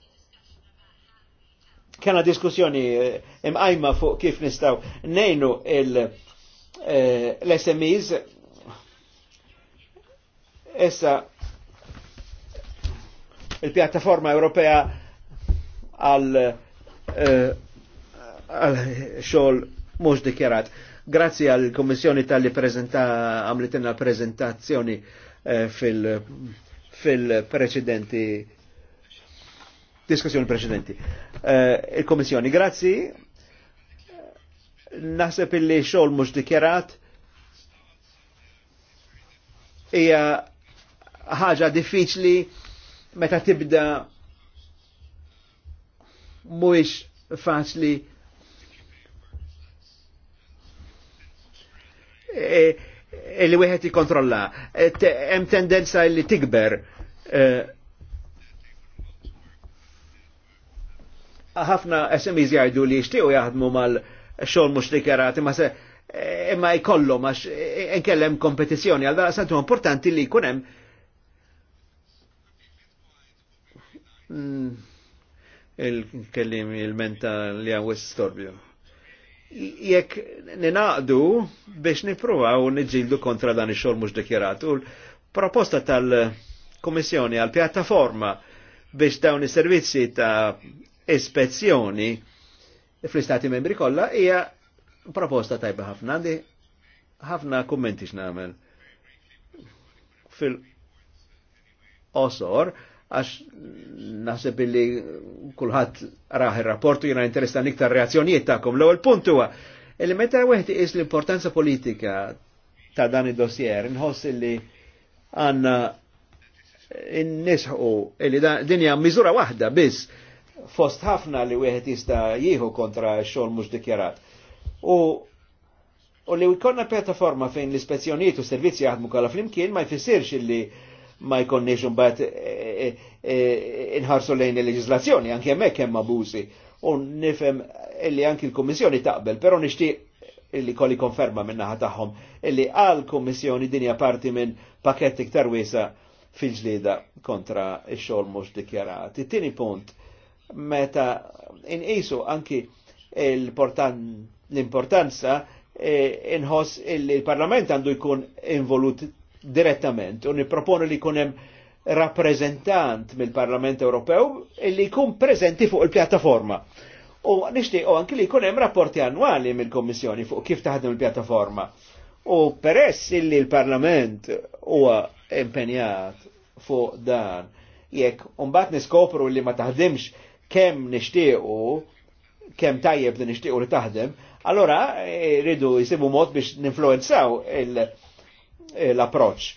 Kena diskussjoni e, imqajma fuq kif nistaw nejnu l-SMEs e, issa il-pjattaforma Ewropea għal eh, għal xogħol mhux dikjarat. Grazzi għal kommissjoni tal-li prezenta għamlitina prezentazzjoni eh, fil-preċedenti diskussjoni preċedenti. Eh, Il-Komissjoni, grazzi. Naħseb illi xogħol mhux dikjarat hija ħaġa diffiċli meta tibda mhuwiex faċli e, e li wieħed jikkontrolla. E, hemm tendenza li tikber. E, ħafna SMEs jgħidu li jixtiegħu jaħdmu mal-xogħol mhux dikjarati ma se imma jkollhom għax inkellem kompetizzjoni għal daqshekk importanti li jkun hemm Mm. il-kellim il-menta li għawis storbju. Jekk ninaqdu biex nipruvaw niġildu kontra dan ix-xogħol mhux dekjerat. U l-proposta tal-Kummissjoni għal pjattaforma biex dawn is-servizzi ta' ispezzjoni fl-Istati membri kollha hija proposta tajba ħafna għandi ħafna kummenti x'nagħmel fil-qosor għax naħseb illi kullħat raħi ir-rapport interesta niktar interessan iktar reazzjonijiet tagħkom. L-ewwel punt huwa illi meta wieħed is l-importanza politika ta' dan id-dossier, nħoss illi għandna nisħu illi din hija miżura waħda biss fost ħafna li wieħed jista' jieħu kontra x-xogħol mhux dikjarat. U u li jkollna pjattaforma fejn l-ispezzjonijiet u servizzi jaħdmu kollha flimkien ma jfissirx illi ma jkonniex imbagħad e, inħarsu lejn il-leġislazzjoni, anke hemmhekk hemm abusi. U nifhem illi anki l-Kummissjoni taqbel, però nixtieq illi kolli konferma min-naħa tagħhom illi għal kommissjoni dinja parti minn pakett iktar wiesa fil-ġlida kontra x xogħol mhux dikjarat. It-tieni punt meta inqisu anki l-importanza inħoss il parlament għandu jkun involut direttament u niproponu li kunem rappresentant mill-Parlament Ewropew li jkun prezenti fuq il-pjattaforma. U nishtiq anki li jkun hemm rapporti annwali mill-Kommissjoni fuq kif taħdem il-pjattaforma. U peress illi l-Parlament huwa impenjat fuq dan, jekk umbat niskopru li ma taħdimx kemm nixtiequ, kemm tajjeb li nixtiequ li taħdem, allora eh, rridu jisibu mod biex ninfluenzaw il- Eh, l-approċ.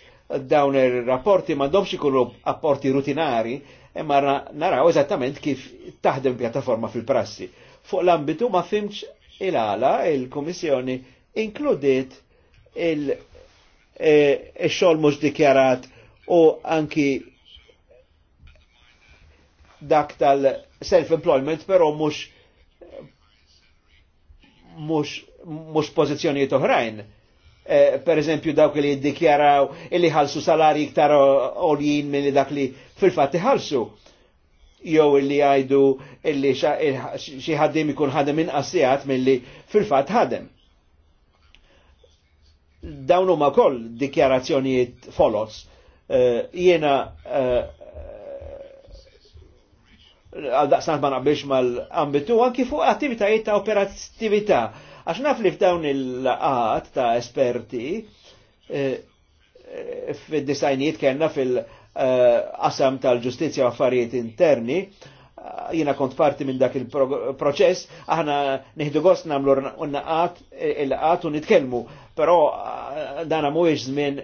Dawn ir-rapporti m'għandhomx ikunu apporti rutinari, imma naraw eżattament kif taħdem pjattaforma fil-prassi. Fuq l-ambitu ma fimx il-għala il-Komissjoni inkludiet eh, il-xol mux dikjarat u anki dak tal-self-employment, pero mux mux mux pozizjonijiet oħrajn Eh, per eżempju dawk li jiddikjaraw illi ħalsu salari iktar oljin minn dak li fil-fatt iħalsu. Jew illi għajdu illi xi ħaddiem ikun ħadem minn milli fil-fatt ħadem. Dawn huma wkoll dikjarazzjonijiet folots. Eh, jiena eh, għal daqsan ma naqbilx mal-ambitu anki fuq attivitajiet ta' operattività. Għax naf li f'dawn il-laqat ta' esperti eh, eh, fid-disajnijiet kellna fil-qasam tal-ġustizja u affarijiet interni, eh, jina kont parti minn dak il-proċess, aħna neħdu għost namlu un-naqat il laqat u nitkelmu, pero dana mhuwiex żmien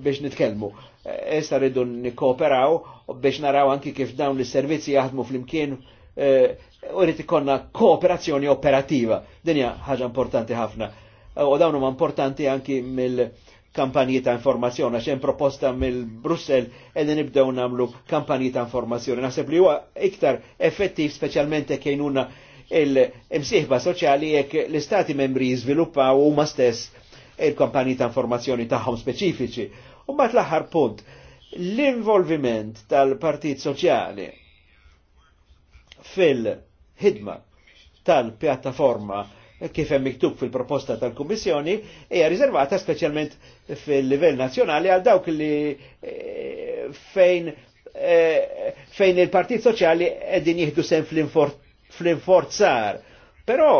biex nitkelmu. Eh, issa rridu nikkooperaw biex naraw anki kif dawn is servizzi jaħdmu fl-imkien eh, u rrid ikonna kooperazzjoni operattiva. Dinja ħaġa importanti ħafna. Eh, u dawn huma importanti anki mill- kampanji ta' informazzjoni, għax proposta mill-Brussel edin nibdew namlu kampanji ta' informazzjoni. Naħseb li huwa iktar effettiv speċjalment kejnuna il-imsieħba soċjali jekk l-istati membri jiżviluppaw huma stess il-kampanji ta' informazzjoni tagħhom speċifiċi U bat l-aħħar punt, l-involviment tal-Partit Soċjali fil-ħidma tal-pjattaforma kif hemm miktub fil-proposta tal-Kummissjoni hija riservata speċjalment fil-livell nazzjonali għal dawk li eh, fejn eh, fejn il-Partit Soċjali qegħdin jieħdu sem fl-inforzar. Però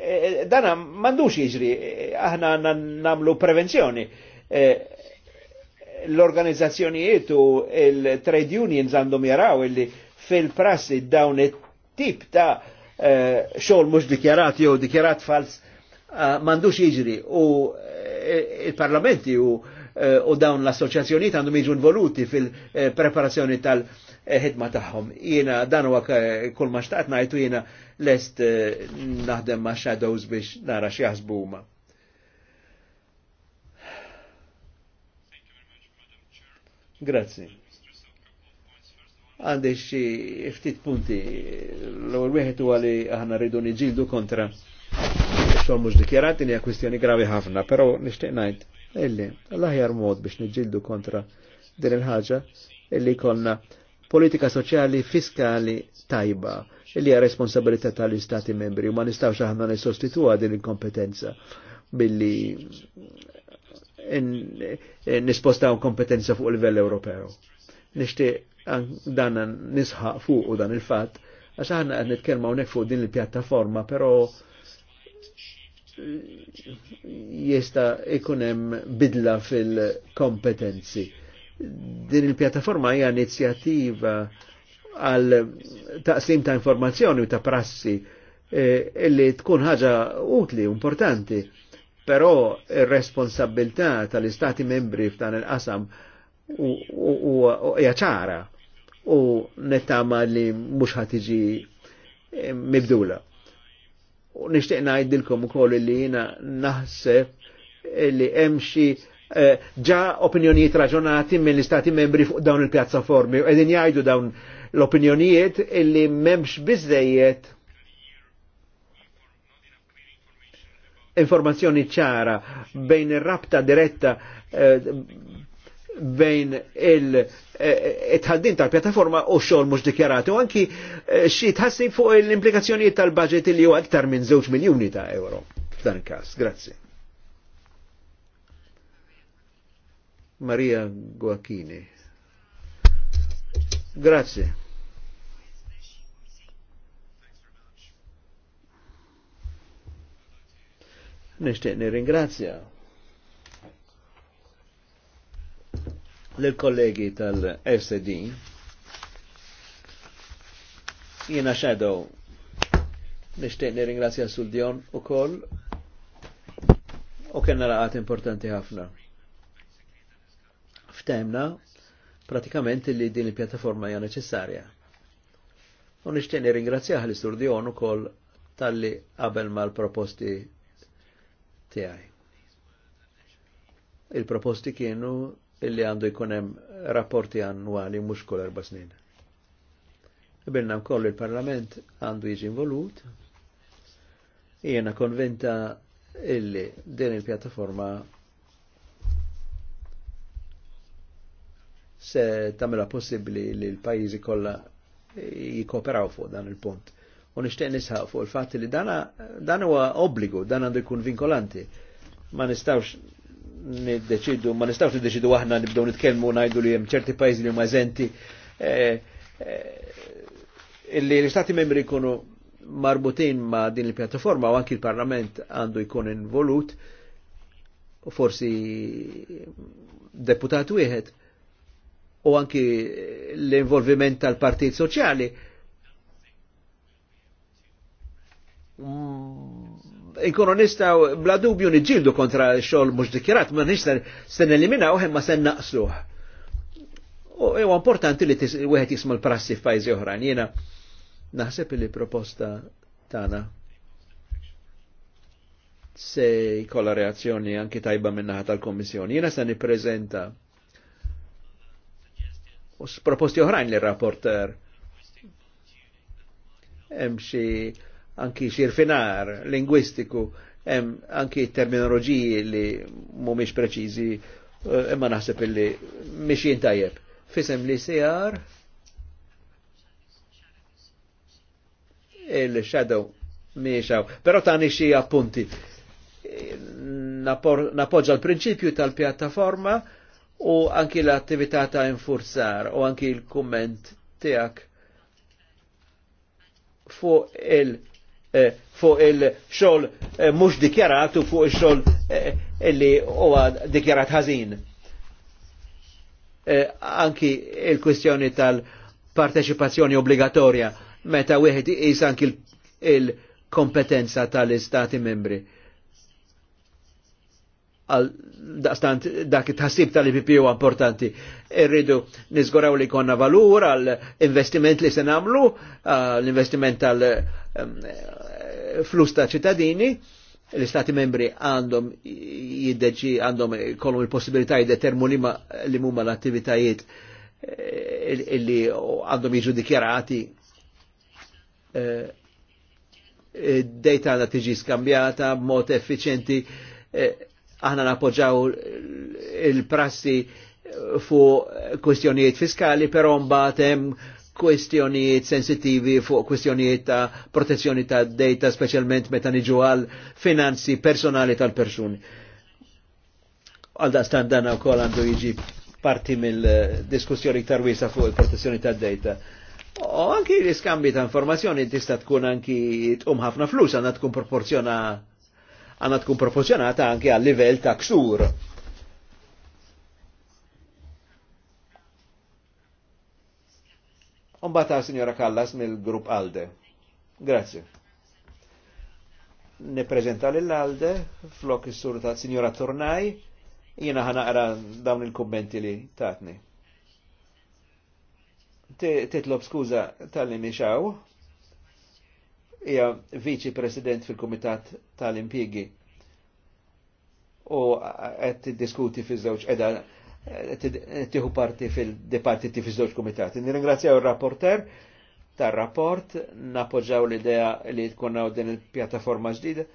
eh, dana m'għandux jiġri, aħna għandna nagħmlu prevenzjoni l-organizzazzjonijiet u il-trade unions għandhom jaraw illi fil-prassi dawn it-tip ta' eh, xogħol mhux dikjarat jew dikjarat fals eh, m'għandux jiġri u eh, il-parlamenti u u dawn l-assoċjazzjonijiet għandhom jiġu involuti fil-preparazzjoni tal-ħidma tagħhom. Jiena dan huwa kull ma xtaqt ngħidu jiena lest naħdem ma' shadows biex nara x'jaħsbu huma. Grazzi. Għandi xie ftit punti l għol wieħed u għali aħna rridu niġildu kontra xogħol mhux dikjarati li kwistjoni gravi ħafna, però nixtieq ngħid illi l-aħjar mod biex niġildu kontra din il-ħaġa illi konna politika soċjali fiskali tajba illi hija responsabilità tal-istati membri u ma nistgħux aħna nisostitua din il-kompetenza billi Eh, nispostaw kompetenza fuq livell Ewropew. Nixtieq dan nisħaq fuq u dan il-fatt għax aħna qed nitkellmu hawnhekk fuq din il-pjattaforma, però eh, jista ikun hemm bidla fil-kompetenzi. Din il-pjattaforma hija inizjattiva għal taqsim ta' informazzjoni u ta' prassi eh, illi tkun ħaġa utli, importanti Però ir-responsabilità tal-Istati membri f'dan il-qasam u jaċara u nettama li mux ħatiġi eh, mibdula. U nishtiq najdilkom u koll li jina naħseb li emxi eh, ġa opinjonijiet raġonati mill istati membri fuq dawn il-pjazzaformi u edin jajdu dawn l-opinjonijiet illi memx bizzejiet informazzjoni ċara bejn ir-rabta diretta eh, bejn il-tħaddin eh, tal-pjattaforma u xogħol mhux dikjarati u anki eh, xi tħassib fuq l-implikazzjonijiet tal-budget li huwa aktar minn żewġ miljuni ta' euro f'dan każ. Grazzi. Maria Guacchini. Grazie. Nishtiq nirringrazzja l-kollegi tal-SD jena shadow nishtiq nirringrazzja sul Dion u koll u kena laqat importanti ħafna. Ftemna pratikament li din il-pjattaforma hija neċessarja. U nixtieq nirringrazzjah l-Sur Dion ukoll tal-li qabel mal-proposti tiegħi. Il-proposti kienu illi għandu jkunem rapporti annuali mhux kull erba' snin. Ibilna wkoll il-Parlament għandu jiġi involut. Jiena konvinta illi din il-pjattaforma se tamela possibbli li l-pajjiżi kollha jikoperaw fuq dan il-punt. U nishtiq nisħaq fuq il-fatt li dan huwa obbligu, dan għandu jkun vinkolanti. Ma nistawx niddeċidu, ma nistawx niddeċidu aħna nibdew nitkellmu ngħidu li hemm ċerti pajjiżi li huma eżenti e, e, illi l-istati membri jkunu marbutin ma din il-pjattaforma u anki il-parlament għandu jkun involut u forsi deputat wieħed u anki l-involviment tal-Partit Soċjali Mm. Inkunu nistaw bla dubju niġildu kontra xol mhux dikjarat, ma nista sen elimina uħem ma sen naqsuh. U huwa importanti li t-wihet jisma' l-prassi f-fajzi uħran. Jena naħseb li proposta tana se jkolla reazzjoni anki tajba minnaħa tal Jena sen i-prezenta u s proposti uħran li rapporter Emxie anki xirfinar lingwistiku, hemm anki terminoloġiji li mhumiex preċiżi eh, imma naħseb illi mixjien tajjeb. Fisem li sejar il-shadow miexaw, pero ta' xi appunti. Napoġġa l-prinċipju tal-pjattaforma u anki l-attività ta' infurzar u anki l-komment tijak fuq il- Eh, fuq il-xol eh, mux dikjarat u fuq il-xol eh, illi huwa dikjarat ħażin. Anki il-kwistjoni tal-parteċipazzjoni obbligatorja meta wieħed is anki il-kompetenza tal-istati membri għal daqstant dak it-ħassib tal-IPP u importanti. Irridu nizgoraw li konna valur għal investiment li se namlu, l-investiment tal flus ta' ċittadini, l-istati membri għandhom jiddeġi, għandhom kollu il-possibilità jiddetermu li li mumma l-attivitajiet illi eh, għandhom jiġu dikjarati eh, eh, data għandha tiġi skambjata b'mod effiċenti aħna napoġaw il-prassi fuq kwestjonijiet fiskali, però mbagħad hemm kwestjonijiet sensitivi fuq kwestjonijiet ta' protezzjoni ta' data, specialment meta niġu għal finanzi personali tal-persuni. Għalda standana dan u kol għandu jiġi parti mill-diskussjoni tarwisa fuq il-protezzjoni ta' data. U anki l-iskambi ta' informazzjoni tista' tkun anki tqum ħafna flus għanna tkun proporzjona għanna tkun proporzjonata anke għal livell ta' ksur. Umbata signora Kallas mill-grupp Alde. Grazie. Neprezenta l-Alde, flok is-sur ta' signora Tornaj, jiena ħanaqra dawn il-kommenti li tatni. Titlob skuza tal-li mixaw, hija viċi president fil-Kumitat tal-Impjigi u qed diskuti fi żewġ qiegħda tieħu parti fil-dipartiti fi żewġ kumitati. Nirringrazzjaw ir-rapporter tar-rapport, napoġġaw l-idea li tkunnaw din il-pjattaforma ġdida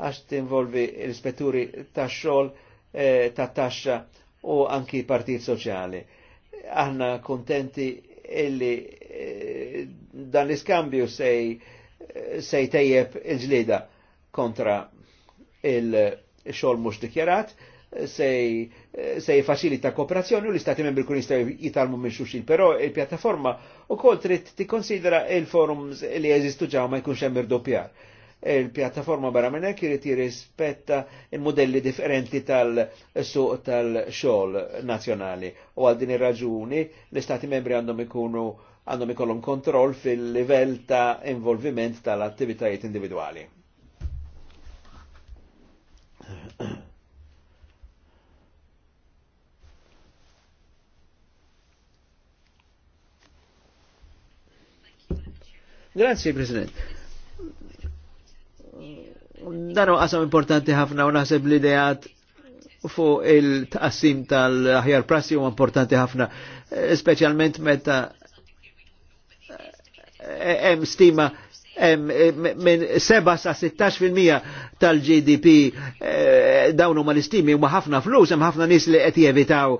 għax tinvolvi l-ispetturi tax-xogħol eh, ta' taxxa u anki partit soċjali. Aħna kontenti illi eh, dan l-iskambju sej sejtejjeb il-ġlida kontra il-xol mux dikjerat, sej, se jfaċilita kooperazzjoni u l-istati membri kun jistaw jitalmu minn xuxin, pero il-pjattaforma u kol trid tikkonsidra il-forums li jeżistu ġaw ma jkunx hemm irdoppjar. Il-pjattaforma barra minn hekk irid jirrispetta il-modelli differenti tal-suq tal-xogħol nazzjonali u għal din ir-raġuni l-istati membri għandhom ikunu għandhom ikollhom kontroll fil-livell ta' involviment tal-attivitajiet individwali. Grazie, President. Dan qasam importanti ħafna u naħseb l-idejat fu il-tqassim tal-ħjar prassi u importanti ħafna, eh, specialment meta hemm stima eh, minn 7 sa 16% tal-GDP eh, dawn huma l-istimi huma ħafna flus, hemm ħafna nies li qed jevitaw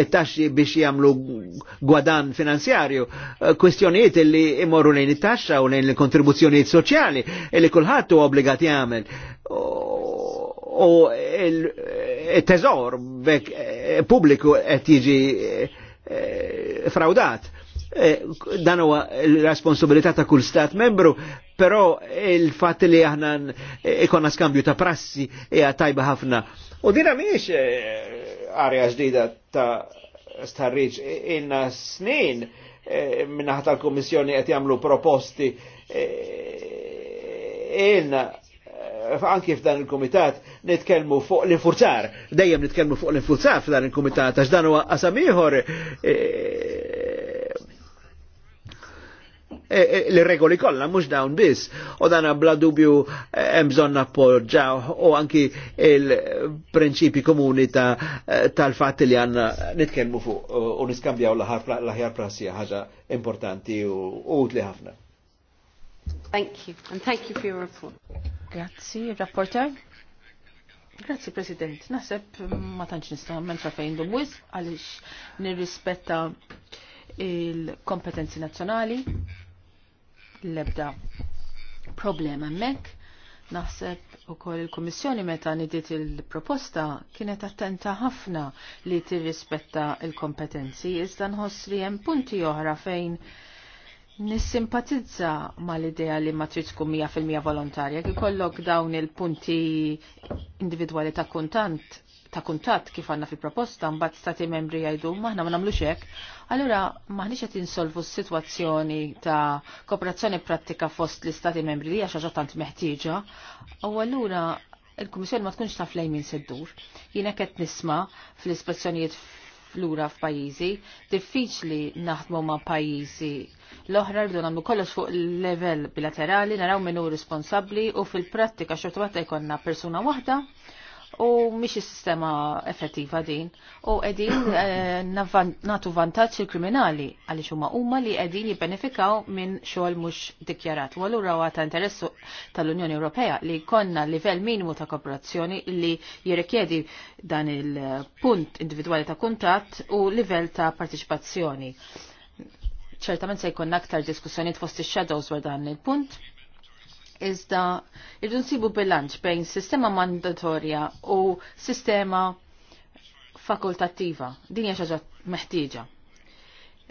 it-taxxi eh, biex jagħmlu gwadan finanzjarju, kwestjonijiet li imorru lejn it-taxxa u lejn il-kontribuzzjonijiet soċjali li kulħadd huwa obbligat jagħmel. U il-teżor pubbliku qed jiġi fraudat. Eh, dan huwa responsabilità ta' kull stat membru, però il-fatt li aħna ikonna skambju ta' prassi hija tajba ħafna. U dina miex eh, area ġdida ta' starriġ inna snin eh, minna tal-Komissjoni qed jagħmlu proposti inna anki f'dan il-komitat nitkellmu fuq l-infurzar, dejjem nitkellmu fuq l-infurzar f'dan il-komitat, għax dan huwa qasam ieħor E, e, l-regoli kollha mhux dawn biss. U dan bla dubju e, hemm bżonn appoġġaw u anki il-prinċipi komuni tal-fatt li għandna nitkellmu fuq u niskambjaw l-aħjar prassija ħaġa importanti u utli ħafna. Thank you, and thank you for your report. Grazzi, rapporter. Grazzi, President. Naseb ma tanċ nista' men fejn dumwis għaliex nirrispetta il-kompetenzi nazjonali l-ebda problema mek. Naħseb u koll il-Komissjoni meta nidiet il-proposta kienet attenta ħafna li tirrispetta il-kompetenzi, iżda nħossri li hemm punti oħra fejn nissimpatizza mal-idea li ma trid tkun 100% volontarja, Kikollok dawn il-punti individwali ta' kuntant ta' kuntatt kif għandna fil-proposta mbagħad stati membri jgħidu maħna ma nagħmlux hekk, allura maħniex qed insolvu s-sitwazzjoni ta' kooperazzjoni prattika fost l-istati membri li hija xi tant meħtieġa, u allura il-Kummissjoni ma tkunx taf lejn min seddur. Jiena qed nisma' fl-ispezzjonijiet flura f'pajjiżi, diffiċli naħdmu ma' pajjiżi l-oħra rridu nagħmlu kollox fuq il-level bilaterali, naraw min hu responsabbli u fil-prattika xorta jkollna persuna waħda u mhix is-sistema effettiva din. U qegħdin eh, nagħtu vantaġġ il-kriminali għaliex huma umma li qegħdin jibbenefikaw minn xogħol mhux dikjarat. U allura huwa ta' interess tal-Unjoni Ewropea li konna livell minimu ta' kooperazzjoni li jirrikjedi dan il-punt individwali ta' kuntatt u livell ta' partiċipazzjoni. ċertament se jkun aktar diskussjoni fost ix-shadows dwar dan il-punt Iżda irridu nsibu bilanċ bejn sistema mandatorja u sistema fakultattiva. Din hija xi ħaġa meħtieġa.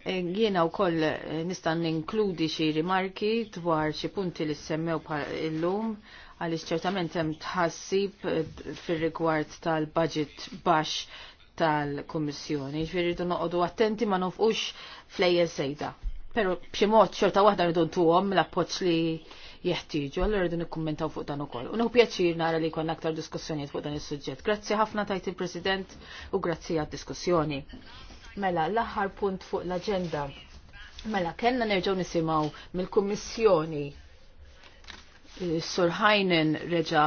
E, jiena wkoll e, nista' ninkludi xi rimarki dwar xi punti li semmew illum għaliex ċertament hemm tħassib e, fir-rigward tal-budget baxx tal-Kummissjoni. Ġifieri rridu noqogħdu attenti ma nofqux flejjer sejda. Però b'xi mod xorta waħda rridu ntuhom l-appoġġ li jeħtieġu, allora rridu nikkummentaw fuq dan ukoll. U Unhu pjaċir nara li jkollna aktar diskussjonijiet fuq dan is-suġġett. Grazzi ħafna tajt il-President u grazzi għad-diskussjoni. Mela, l-aħħar punt fuq l-aġenda. Mela, kellna nerġgħu nisimgħu mill-Kummissjoni Sur Heinen reġa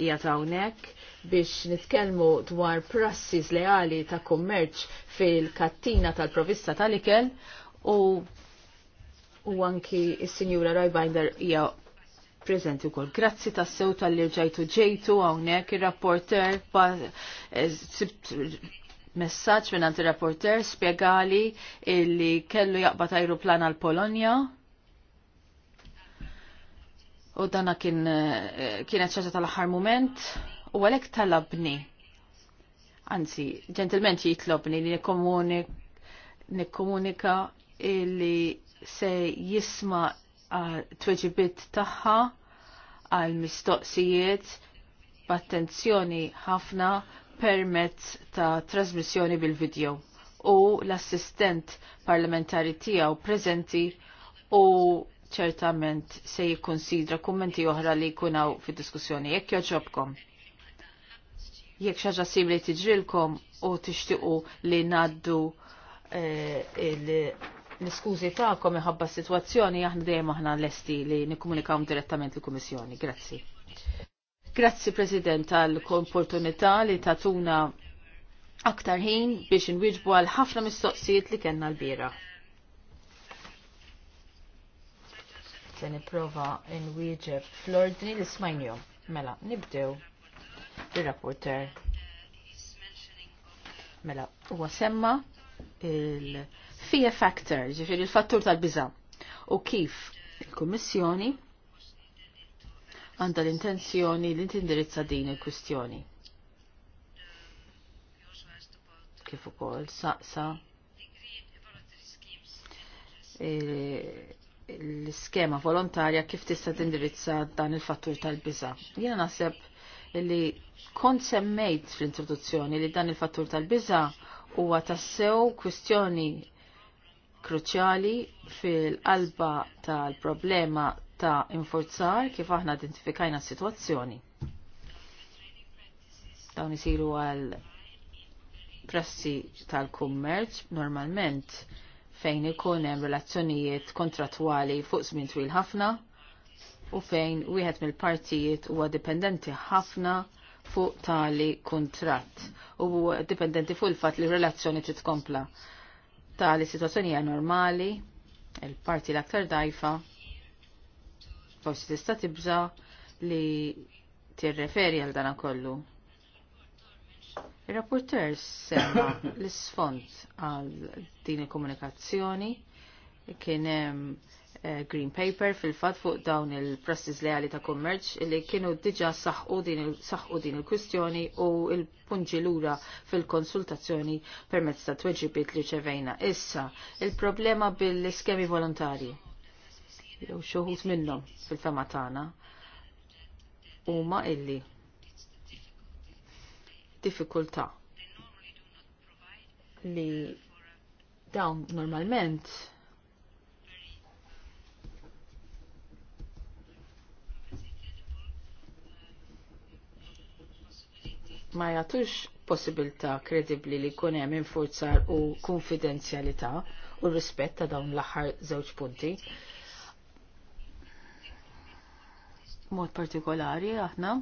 jgħat eh, hawnhekk biex nitkellmu dwar prassis leali ta' kummerċ fil-kattina tal-provista tal-ikel u u anki il-Sinjura Rajbinder hija prezenti u kol. Grazzi ta' sew tal-li ġajtu ġejtu għawnek il-rapporter eh, messaċ minn għanti rapporter spiegali illi kellu jaqbat aeroplan għal Polonja. U dana kien eh, kienet ċaġa tal-aħħar moment u għalek talabni. Anzi, ġentilment jitlobni li nekomunika illi se jisma tweġibit taħħa għal mistoqsijiet b'attenzjoni ħafna permezz ta' trasmissjoni bil-video u l-assistent parlamentari tiegħu preżenti u ċertament se jikkonsidra kummenti oħra li jkunaw fid-diskussjoni jekk joġobkom. Jekk xaġa simli tiġrilkom u tixtiequ li naddu eh, il l takom tagħkom iħabba s-sitwazzjoni aħna dejjem aħna lesti li nikkomunikaw direttament il kummissjoni Grazzi. Grazzi President tal-opportunità li tatuna aktar ħin biex inwiġbu għal ħafna mistoqsijiet li kellna l-bira. Se nipprova nwieġeb fl-ordni li smajnjom. Mela, nibdew il-rapporter. Mela, huwa semma il-fear factor, ġifiri il-fattur tal biza u kif il-Kummissjoni għandha l-intenzjoni li tindirizza din il-kwistjoni. Kif ukoll saqsa l-iskema volontarja kif tista' tindirizza dan il-fattur tal-biża. Jiena naħseb li kont semmejt fl-introduzzjoni li dan il-fattur tal-biża huwa tassew kwistjoni kruċjali fil-qalba tal-problema ta' infurzar kif aħna identifikajna s-sitwazzjoni. Dawn isiru għal prassi tal-kummerċ normalment fejn ikun hemm relazzjonijiet kontratwali fuq żmien twil ħafna u fejn wieħed mill-partijiet huwa dipendenti ħafna fuq tali kuntratt u dipendenti fuq il-fat li relazzjoni trid tkompla. Tali situazzjoni normali, il-parti l-aktar dajfa, forsi tista' tibża li tirreferi għal dan kollu. Il-rapporter semma l-sfond għal din il-komunikazzjoni kien hemm Eh, green Paper fil-fat fuq dawn il-prassis leali ta' kommerċ li kienu diġa saħqu din il kustjoni u il-punġilura fil-konsultazzjoni permezz ta' tweġibiet li ċevejna. Issa, il-problema bil-iskemi volontari, jew xoħut minnhom fil-fema tagħna, ma illi diffikultà li dawn normalment ma jagħtux possibilità kredibbli li jkun hemm infurzar u konfidenzjalità u rispett ta' dawn l-aħħar żewġ punti. Mod partikolari aħna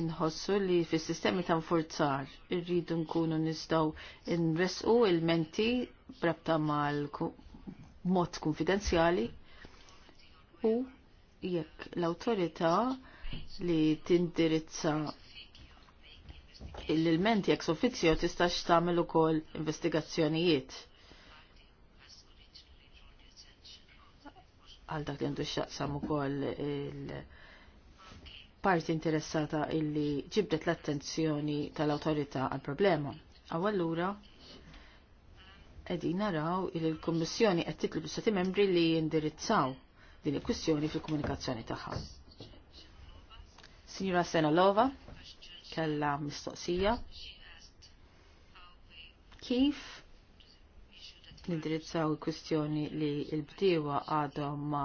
inħossu li fis sistemi ta' nfurzar irridu nkunu nistgħu nresqu il-menti brabta mal mod konfidenzjali u jekk l-awtorità li tindirizza l-ilment jek soffizzjo tistax tagħmel ukoll investigazzjonijiet. Għal dak li għandu xaqsam ukoll il-parti interessata illi ġibdet l-attenzjoni tal autorita għal problema. Għallura, edin naraw il-Kommissjoni qed titlu sati membri li jindirizzaw din il-kwistjoni fil-komunikazzjoni tagħha. Signora Senalova kellha mistoqsija. Kif nindirizzaw il-kwistjoni li l-bdiewa għadhom ma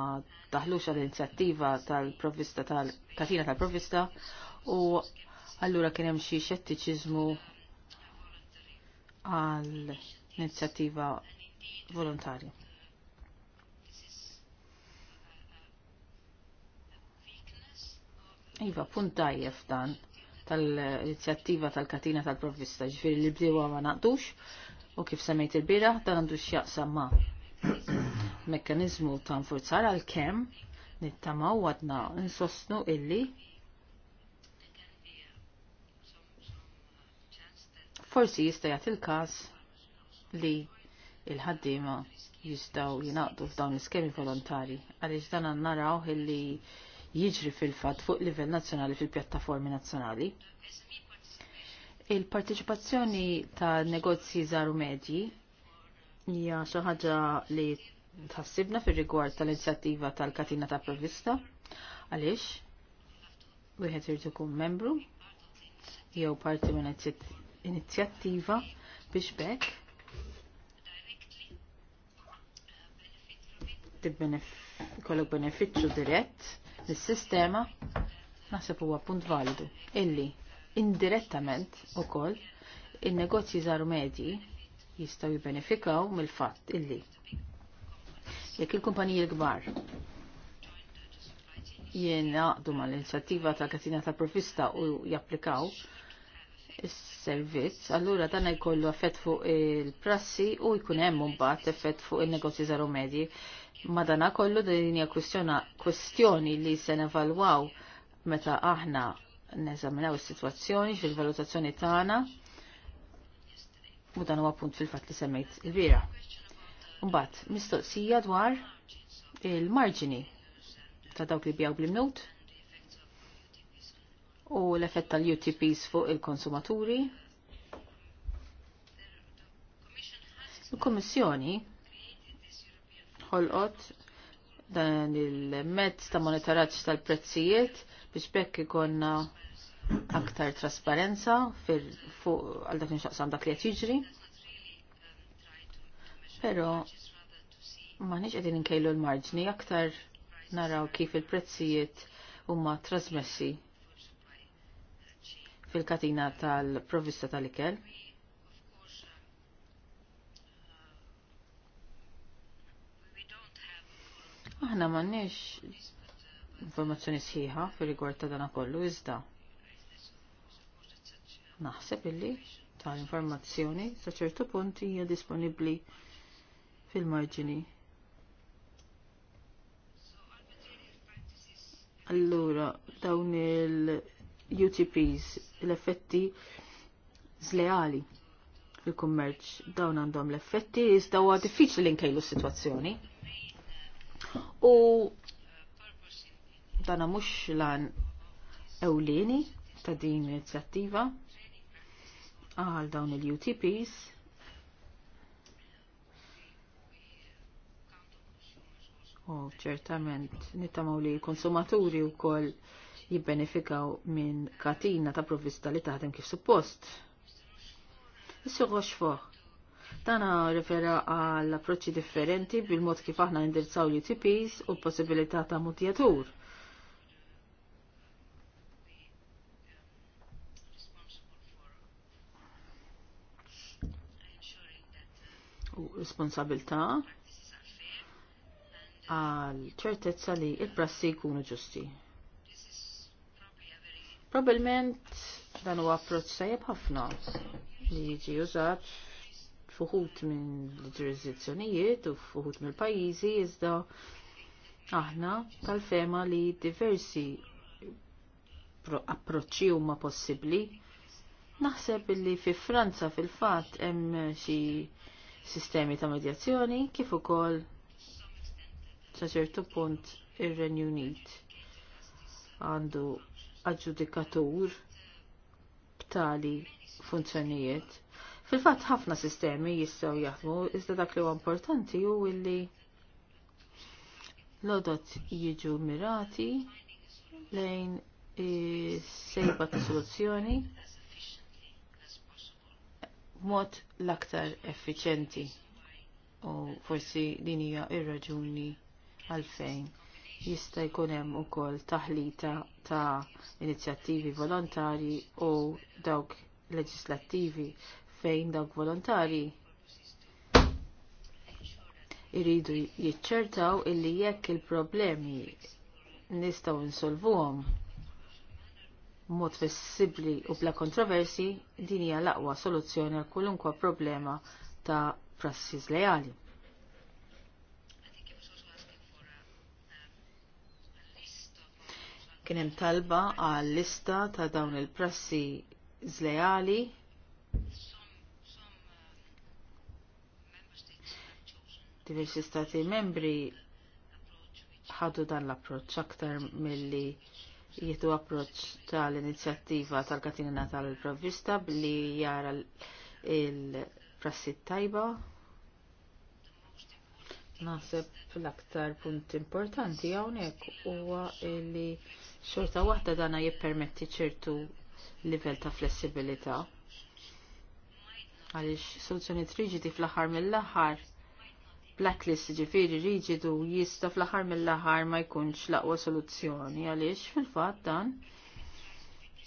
taħlux għall-inizjattiva tal-provvista tal-katina tal-provvista u allura kien hemm xi xettiċiżmu għall inizjattiva volontarja. Iva, punt tajjeb dan tal-inizjattiva tal-katina tal-provvista ġifiri li bdewa ma naqdux u kif semmejt il-bira dan għandu x'jaqsam ma mekkanizmu ta' nfurzar għal kem nittamaw għadna nsostnu illi forsi jista' jagħti il-każ li il-ħaddiema jistgħu jingħaqdu f'dawn l-iskemi volontari għaliex dan naraw illi jiġri fil-fat fuq livell nazzjonali fil-pjattaformi nazzjonali. il parteċipazzjoni ta' negozji żaru medji hija xi ħaġa li tħassibna fir-rigward tal-inizjattiva tal-katina ta' provvista għaliex wieħed irid ikun membru jew parti minn inizjattiva biex bekk kollok benefiċċju dirett l-sistema naħseb huwa punt validu illi indirettament ukoll in-negozji żaru medji jistgħu jibbenefikaw mill-fatt illi jekk il-kumpaniji l-kbar jingħaqdu mal-inizjattiva ta' katina tal Profista' u japplikaw is servizz, allura dan jkollu effett fuq il-prassi u jkun hemm mbagħad effett fuq in-negozji żaru medji. Madana kollu din hija kwestjoni li se nevalwaw meta aħna neżaminaw is-sitwazzjoni fil-valutazzjoni tagħna. U dan huwa punt fil-fatt li semmejt il-bira. Mbagħad mistoqsija dwar il-marġini ta' dawk li bjaw bl-imnut u l-effett tal-UTPs fuq il-konsumaturi. Il-Kommissjoni ħolqot dan il-mezz ta' monitoraġġ tal-prezzijiet biex bekk ikonna aktar trasparenza fuq għal dak nixtaqsam dak li qed jiġri. Però m'aħniex qegħdin inkejlu l-marġni aktar naraw kif il-prezzijiet huma trasmessi fil-katina tal-provvista tal-ikel. Aħna m'għandniex informazzjoni sħiħa fil rigward ta' dana kollu iżda. Naħseb illi tal-informazzjoni sa' ċertu punt hija disponibbli fil-marġini. Allura, dawn il- UTPs, l-effetti zleali il-kummerċ dawn għandhom l-effetti, iżda diffiċ diffiċli li nkejlu s-sitwazzjoni. U dana mhux lan ewlini ta' din l-inizjattiva għal dawn il-UTPs U ċertament nittamaw li konsumaturi u koll jibbenefikaw minn katina ta' provvista li taħdem kif suppost. Issu fuq. Tana refera għal approċċi differenti bil-mod kif aħna indirizzaw UTPs u possibilità ta' mutjatur. u responsabilta għal ċertezza li il-prassi jkunu ġusti. Probabilment dan huwa approċċ tajjeb ħafna li jiġi użat fuħut minn ġurisdizzjonijiet u fuħut mill pajjiżi iżda aħna tal-fema li diversi approċċi huma possibbli. Naħseb li fi Franza fil-fatt hemm xi sistemi ta' medjazzjoni kif ukoll sa ċertu punt ir-Renju Unit għandu aġġudikatur b'tali funzjonijiet. Fil-fatt ħafna sistemi jistgħu jaħdmu iżda dak li huwa importanti hu li l-odot jiġu mirati lejn sejba ta' soluzzjoni mod l-aktar effiċenti u forsi din hija ir-raġuni għalfejn jista' jkun hemm ukoll taħlita ta' inizjattivi volontari u dawk leġislattivi fejn dawk volontari iridu jiċċertaw illi jekk il-problemi nistaw insolvuhom mod flessibbli u bla kontroversi din hija l-aqwa soluzzjoni għal kulunkwa problema ta' prassi lejali. Kien hemm talba għal lista ta' dawn il-prassi zlejali diversi stati membri ħadu dan l-approċċ aktar milli jietu approċċ tal-inizjattiva tal-katina tal-provvista billi jara il-prassi tajba. Naseb l-aktar punt importanti għawnek huwa li Xorta waħda dana jippermetti ċertu livell ta' flessibilità. Għaliex soluzzjoniet riġidi fl-aħħar mill-aħħar blacklist ġifiri riġidu jista fl-aħħar mill-aħħar ma jkunx laqwa soluzzjoni għaliex fil-fatt dan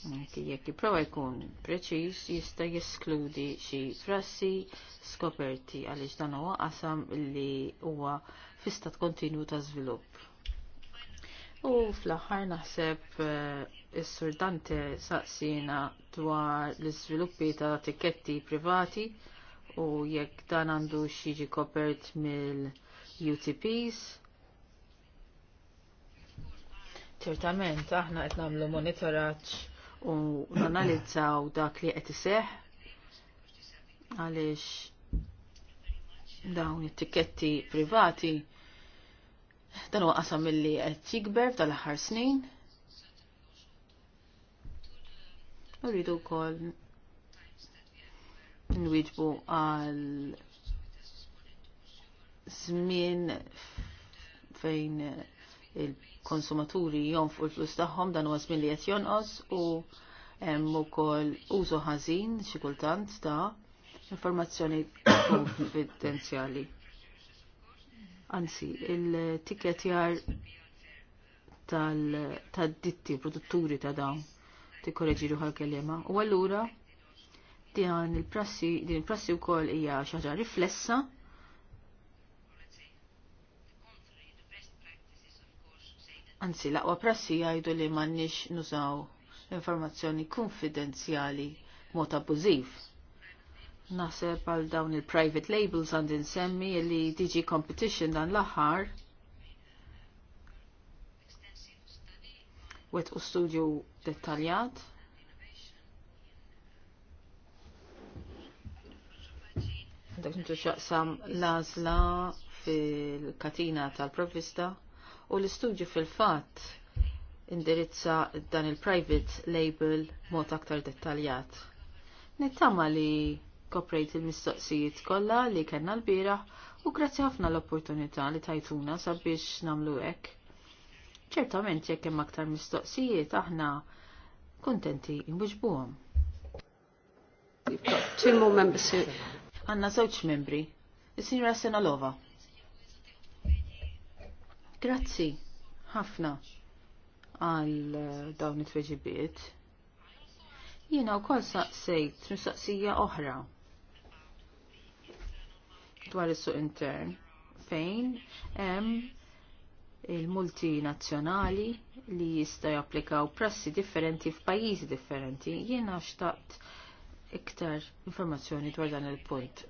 jekk jipprova jkun preċiż jista' jeskludi xi frassi skoperti għaliex dan huwa qasam li huwa fi stat kontinu ta' żvilupp. U fl-aħħar naħseb eh, is-Sur Dante saqsina dwar l-iżviluppi ta' tiketti privati u jekk dan għandu xiġi kopert mill-UTPs. Ċertament aħna qed nagħmlu monitoraġġ u nanalizzaw dak li qed iseħħ għaliex dawn it-tiketti privati Dan huwa qasam milli qed jikber tal aħħar snin. Rridu wkoll nwieġbu għal żmien fejn il-konsumaturi jonfqu l-flus tagħhom dan huwa żmien li qed jonqos u hemm ukoll użu ħażin xi kultant ta' informazzjoni konfidenzjali anzi il-ticket jar tal-ditti produtturi ta' dawn tikkoreġi ruħal kelima. U allura din il-prassi din il-prassi wkoll hija xi ħaġa riflessa Anzi, l-aqwa prassi jgħidu li m'għandniex nużaw informazzjoni konfidenzjali mod abbużiv Naseb għal dawn il-private labels għand insemmi li DG Competition dan l-aħħar wet u studju dettaljat. Dak intu xaqsam lazla fil-katina tal provista u l-istudju fil-fatt indirizza dan il-private label mod aktar dettaljat. Nittama li skoprejt il-mistoqsijiet kollha li kellna l-bieraħ u grazzi ħafna l-opportunità li tajtuna sabiex nagħmlu hekk. Ċertament jekk hemm aktar mistoqsijiet aħna kuntenti nwiġbuhom. Two more members Għanna żewġ membri. Is-sinjora Senalova. Grazzi, ħafna, għal eh, dawn it-tweġibiet. Jiena wkoll saqsejt mistoqsija oħra dwar is-suq intern fejn hemm il-multinazzjonali li jista' japplikaw prassi differenti f'pajjiżi differenti. Jiena xtaqt iktar informazzjoni dwar dan il-punt.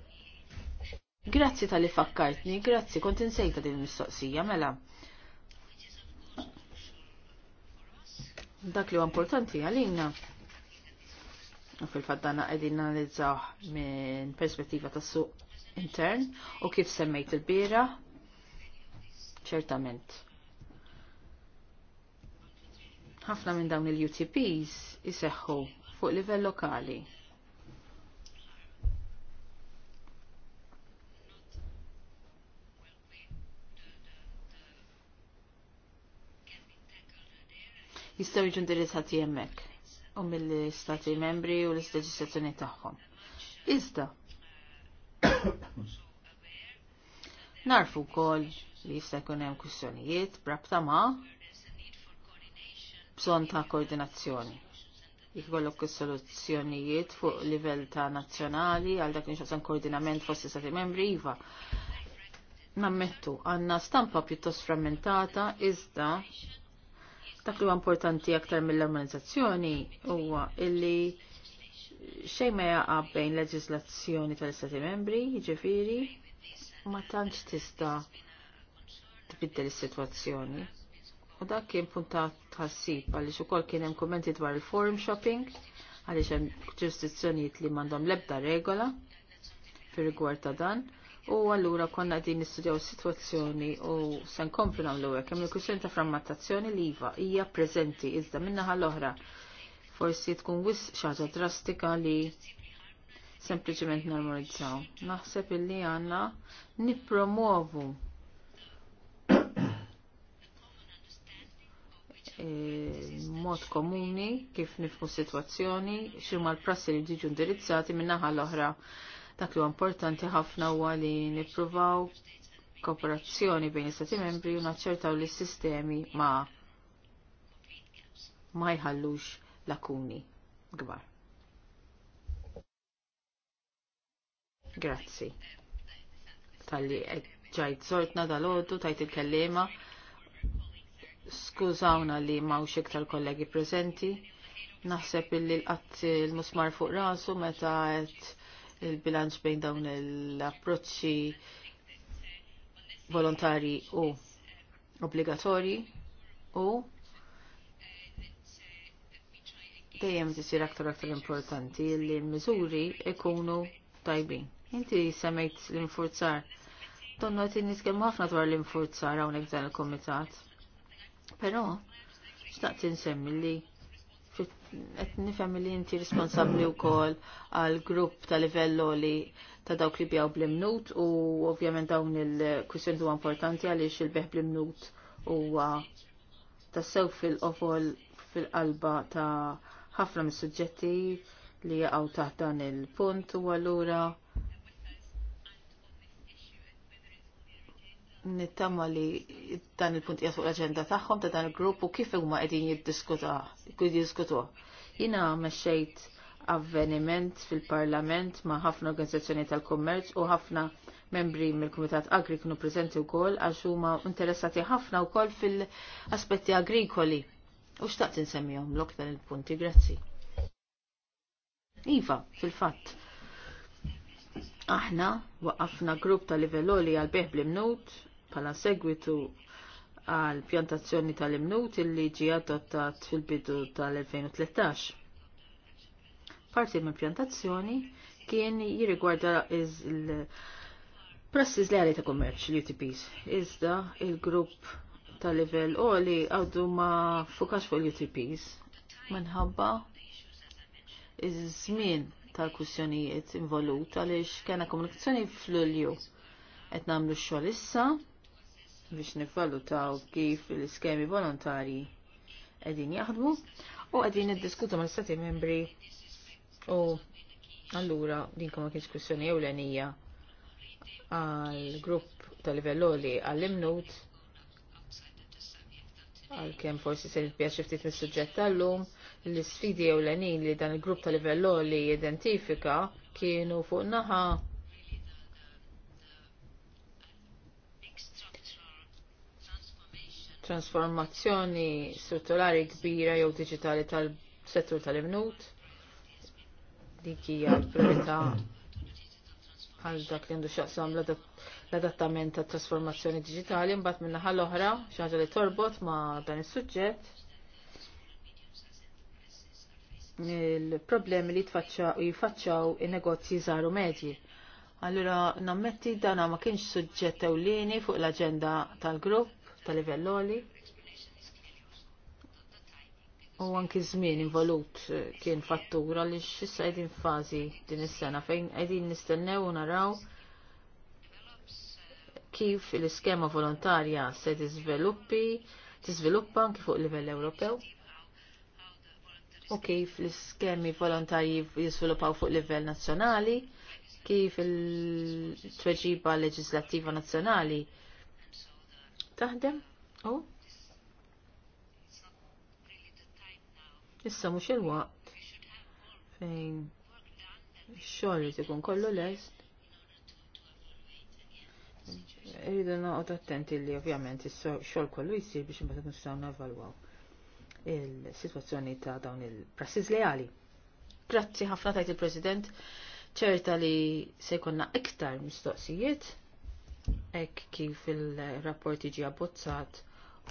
Grazzi tal-li fakkartni, grazzi, kont insejta din il-mistoqsija, mela. Dak li huwa importanti għalina. U fil-fatt dan qegħdin analizzaw minn perspettiva tas-suq intern u kif semmejt il-bira, ċertament. Ħafna minn dawn il-UTPs jiseħħu fuq livell lokali. jistaw jiġu dirizzati jemmek u mill-istati membri u l sezzjoni tagħhom. Iżda, Narfu wkoll li jista' jkun hemm kwistjonijiet brabta ma' bżonn ta' koordinazzjoni. Jikollok soluzzjonijiet fuq livell ta' nazzjonali għal dak nixħasan koordinament fost sati membri iva. Nammettu, għanna stampa pjuttost frammentata iżda dak li huwa importanti aktar mill organizzazzjoni huwa illi xejn ma jaqab bejn leġislazzjoni tal-Istati Membri, jiġifieri, ma tantx tista' tbiddel is-sitwazzjoni. U dak kien puntat tħassib għaliex ukoll kien hemm kummenti dwar il-forum shopping għaliex hemm ġurisdizzjonijiet li m'għandhom l-ebda regola fir-rigward ta' dan. U allura konna din nistudjaw situazzjoni u sen komplu namlu għek, kemm il ta' frammattazzjoni li iva hija preżenti iżda minna l-oħra. Forsi tkun wis xaġa drastika li sempliċement normalizzaw. Naħseb illi għanna nipromovu e, mod komuni kif nifmu situazzjoni, xirma l-prassi li ġiġu indirizzati minnaħa l-oħra. Dak li importanti ħafna huwa li nippruvaw kooperazzjoni bejn istati membri u naċċertaw li s-sistemi ma ma jħallux lakuni gbar. Grazzi. Talli ġajt zortna dal-ordu tajt il kelliema Skużawna li mawx iktar kollegi prezenti. Naħseb illi l-qatt il-musmar fuq rasu meta qed il-bilanċ bejn dawn l-approċċi volontari u obbligatorji u dejjem tisir aktar aktar importanti li l-miżuri ikunu tajbin. Inti semmejt l-infurzar. Donna għati niskem ħafna dwar l-infurzar għawnek dan il-komitat. Pero, xtaqt insemmi li għet nifhem li inti responsabbli wkoll għal grupp ta' livello li ta' dawk li bjaw bl-imnut u ovvjament dawn il-kwistjoni huwa importanti għaliex il-beħ bl-imnut huwa tassew fil ofol fil-qalba ta' ħafna mis-suġġetti li jaqgħu taħt dan il-punt u allura nittama li dan il-punt fuq l-agenda tagħhom ta' dan il-grupp u kif huma qegħdin jiddiskutaw, jiddiskutuh. Jiena mexxejt avveniment fil-Parlament ma' ħafna organizzazzjoni tal-kummerċ u ħafna membri mill-Kumitat Agri kienu preżenti wkoll għax huma interessati ħafna wkoll fil-aspetti agrikoli. U xtaqt insemmihom lok dan il-punti, grazzi. Iva, fil-fatt aħna waqafna grupp ta' livelloli għal beħ bl-imnut, bħala segwitu għal pjantazzjoni tal-imnut illi ġi adottat fil-bidu tal-2013. Parti minn pjantazzjoni kien jirrigwarda il-prassis leali ta' kummerċ, l-UTPs. Iżda il-grupp ta' level u li għaddu ma' fukax fuq l-UTPs minħabba iż-żmien tal-kussjonijiet involuta għaliex kena komunikazzjoni fl-ulju. Qed nagħmlu x-xogħol issa biex nivvalutaw kif l-iskemi volontari qegħdin jaħdmu u qegħdin niddiskutu mal-Stati membri u allura din ma kienx l ewlenija għall grupp tal-livelloli għall-imnut għal-kem forsi se nitpjaċi ftit mis-suġġett tal-lum, l-sfidi ewlenin li dan il-grupp tal livelloli li kienu fuq naħa transformazzjoni strutturali kbira jew digitali tal-settur tal-imnut. Dik hija priorità għal dak li għandu xaqsam l-adattament tat trasformazzjoni digitali mbagħad min-naħa l-oħra xi ħaġa li torbot ma' dan is-suġġett il-problemi li jfaċċaw in-negozji żaru medji. Allura nammetti dan ma kienx suġġett ewlieni fuq l-aġenda tal-grupp ta' livell oli. U anki żmien involut eh, kien fattura li xissa qegħdin fażi din is-sena fejn qegħdin nistennew u naraw kif l-iskema volontarja se tiżviluppi, tiżviluppa anki fuq livell Ewropew. U kif l-iskemi volontarji jiżviluppaw fuq livell nazzjonali, kif il-tweġiba leġislattiva nazzjonali taħdem u issa mhux il-waqt fejn xogħol li ikun kollu lest Irridu naqgħod attenti li ovvjament is xogħol kollu jsir biex imbagħad nistgħu navalwaw il-sitwazzjoni ta' dawn il-prassis leali. Grazzi ħafna tajt il-President ċerta li se jkollna iktar mistoqsijiet ek kif il-rapport iġi abbozzat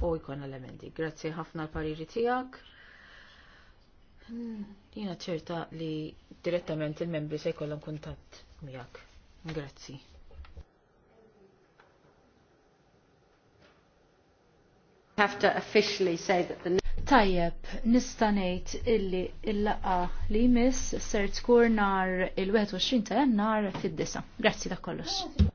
u jkun elementi. Grazzi ħafna l-pariri tijak. Jina ċerta li direttament il-membri se jkollhom kuntatt miegħek. Grazzi. Have to officially say that the Tajjeb, nista' ngħid illi l-laqgħa li jmiss ser tkun nar il-21 ta' jannar fid-disa. Grazzi dak kollox.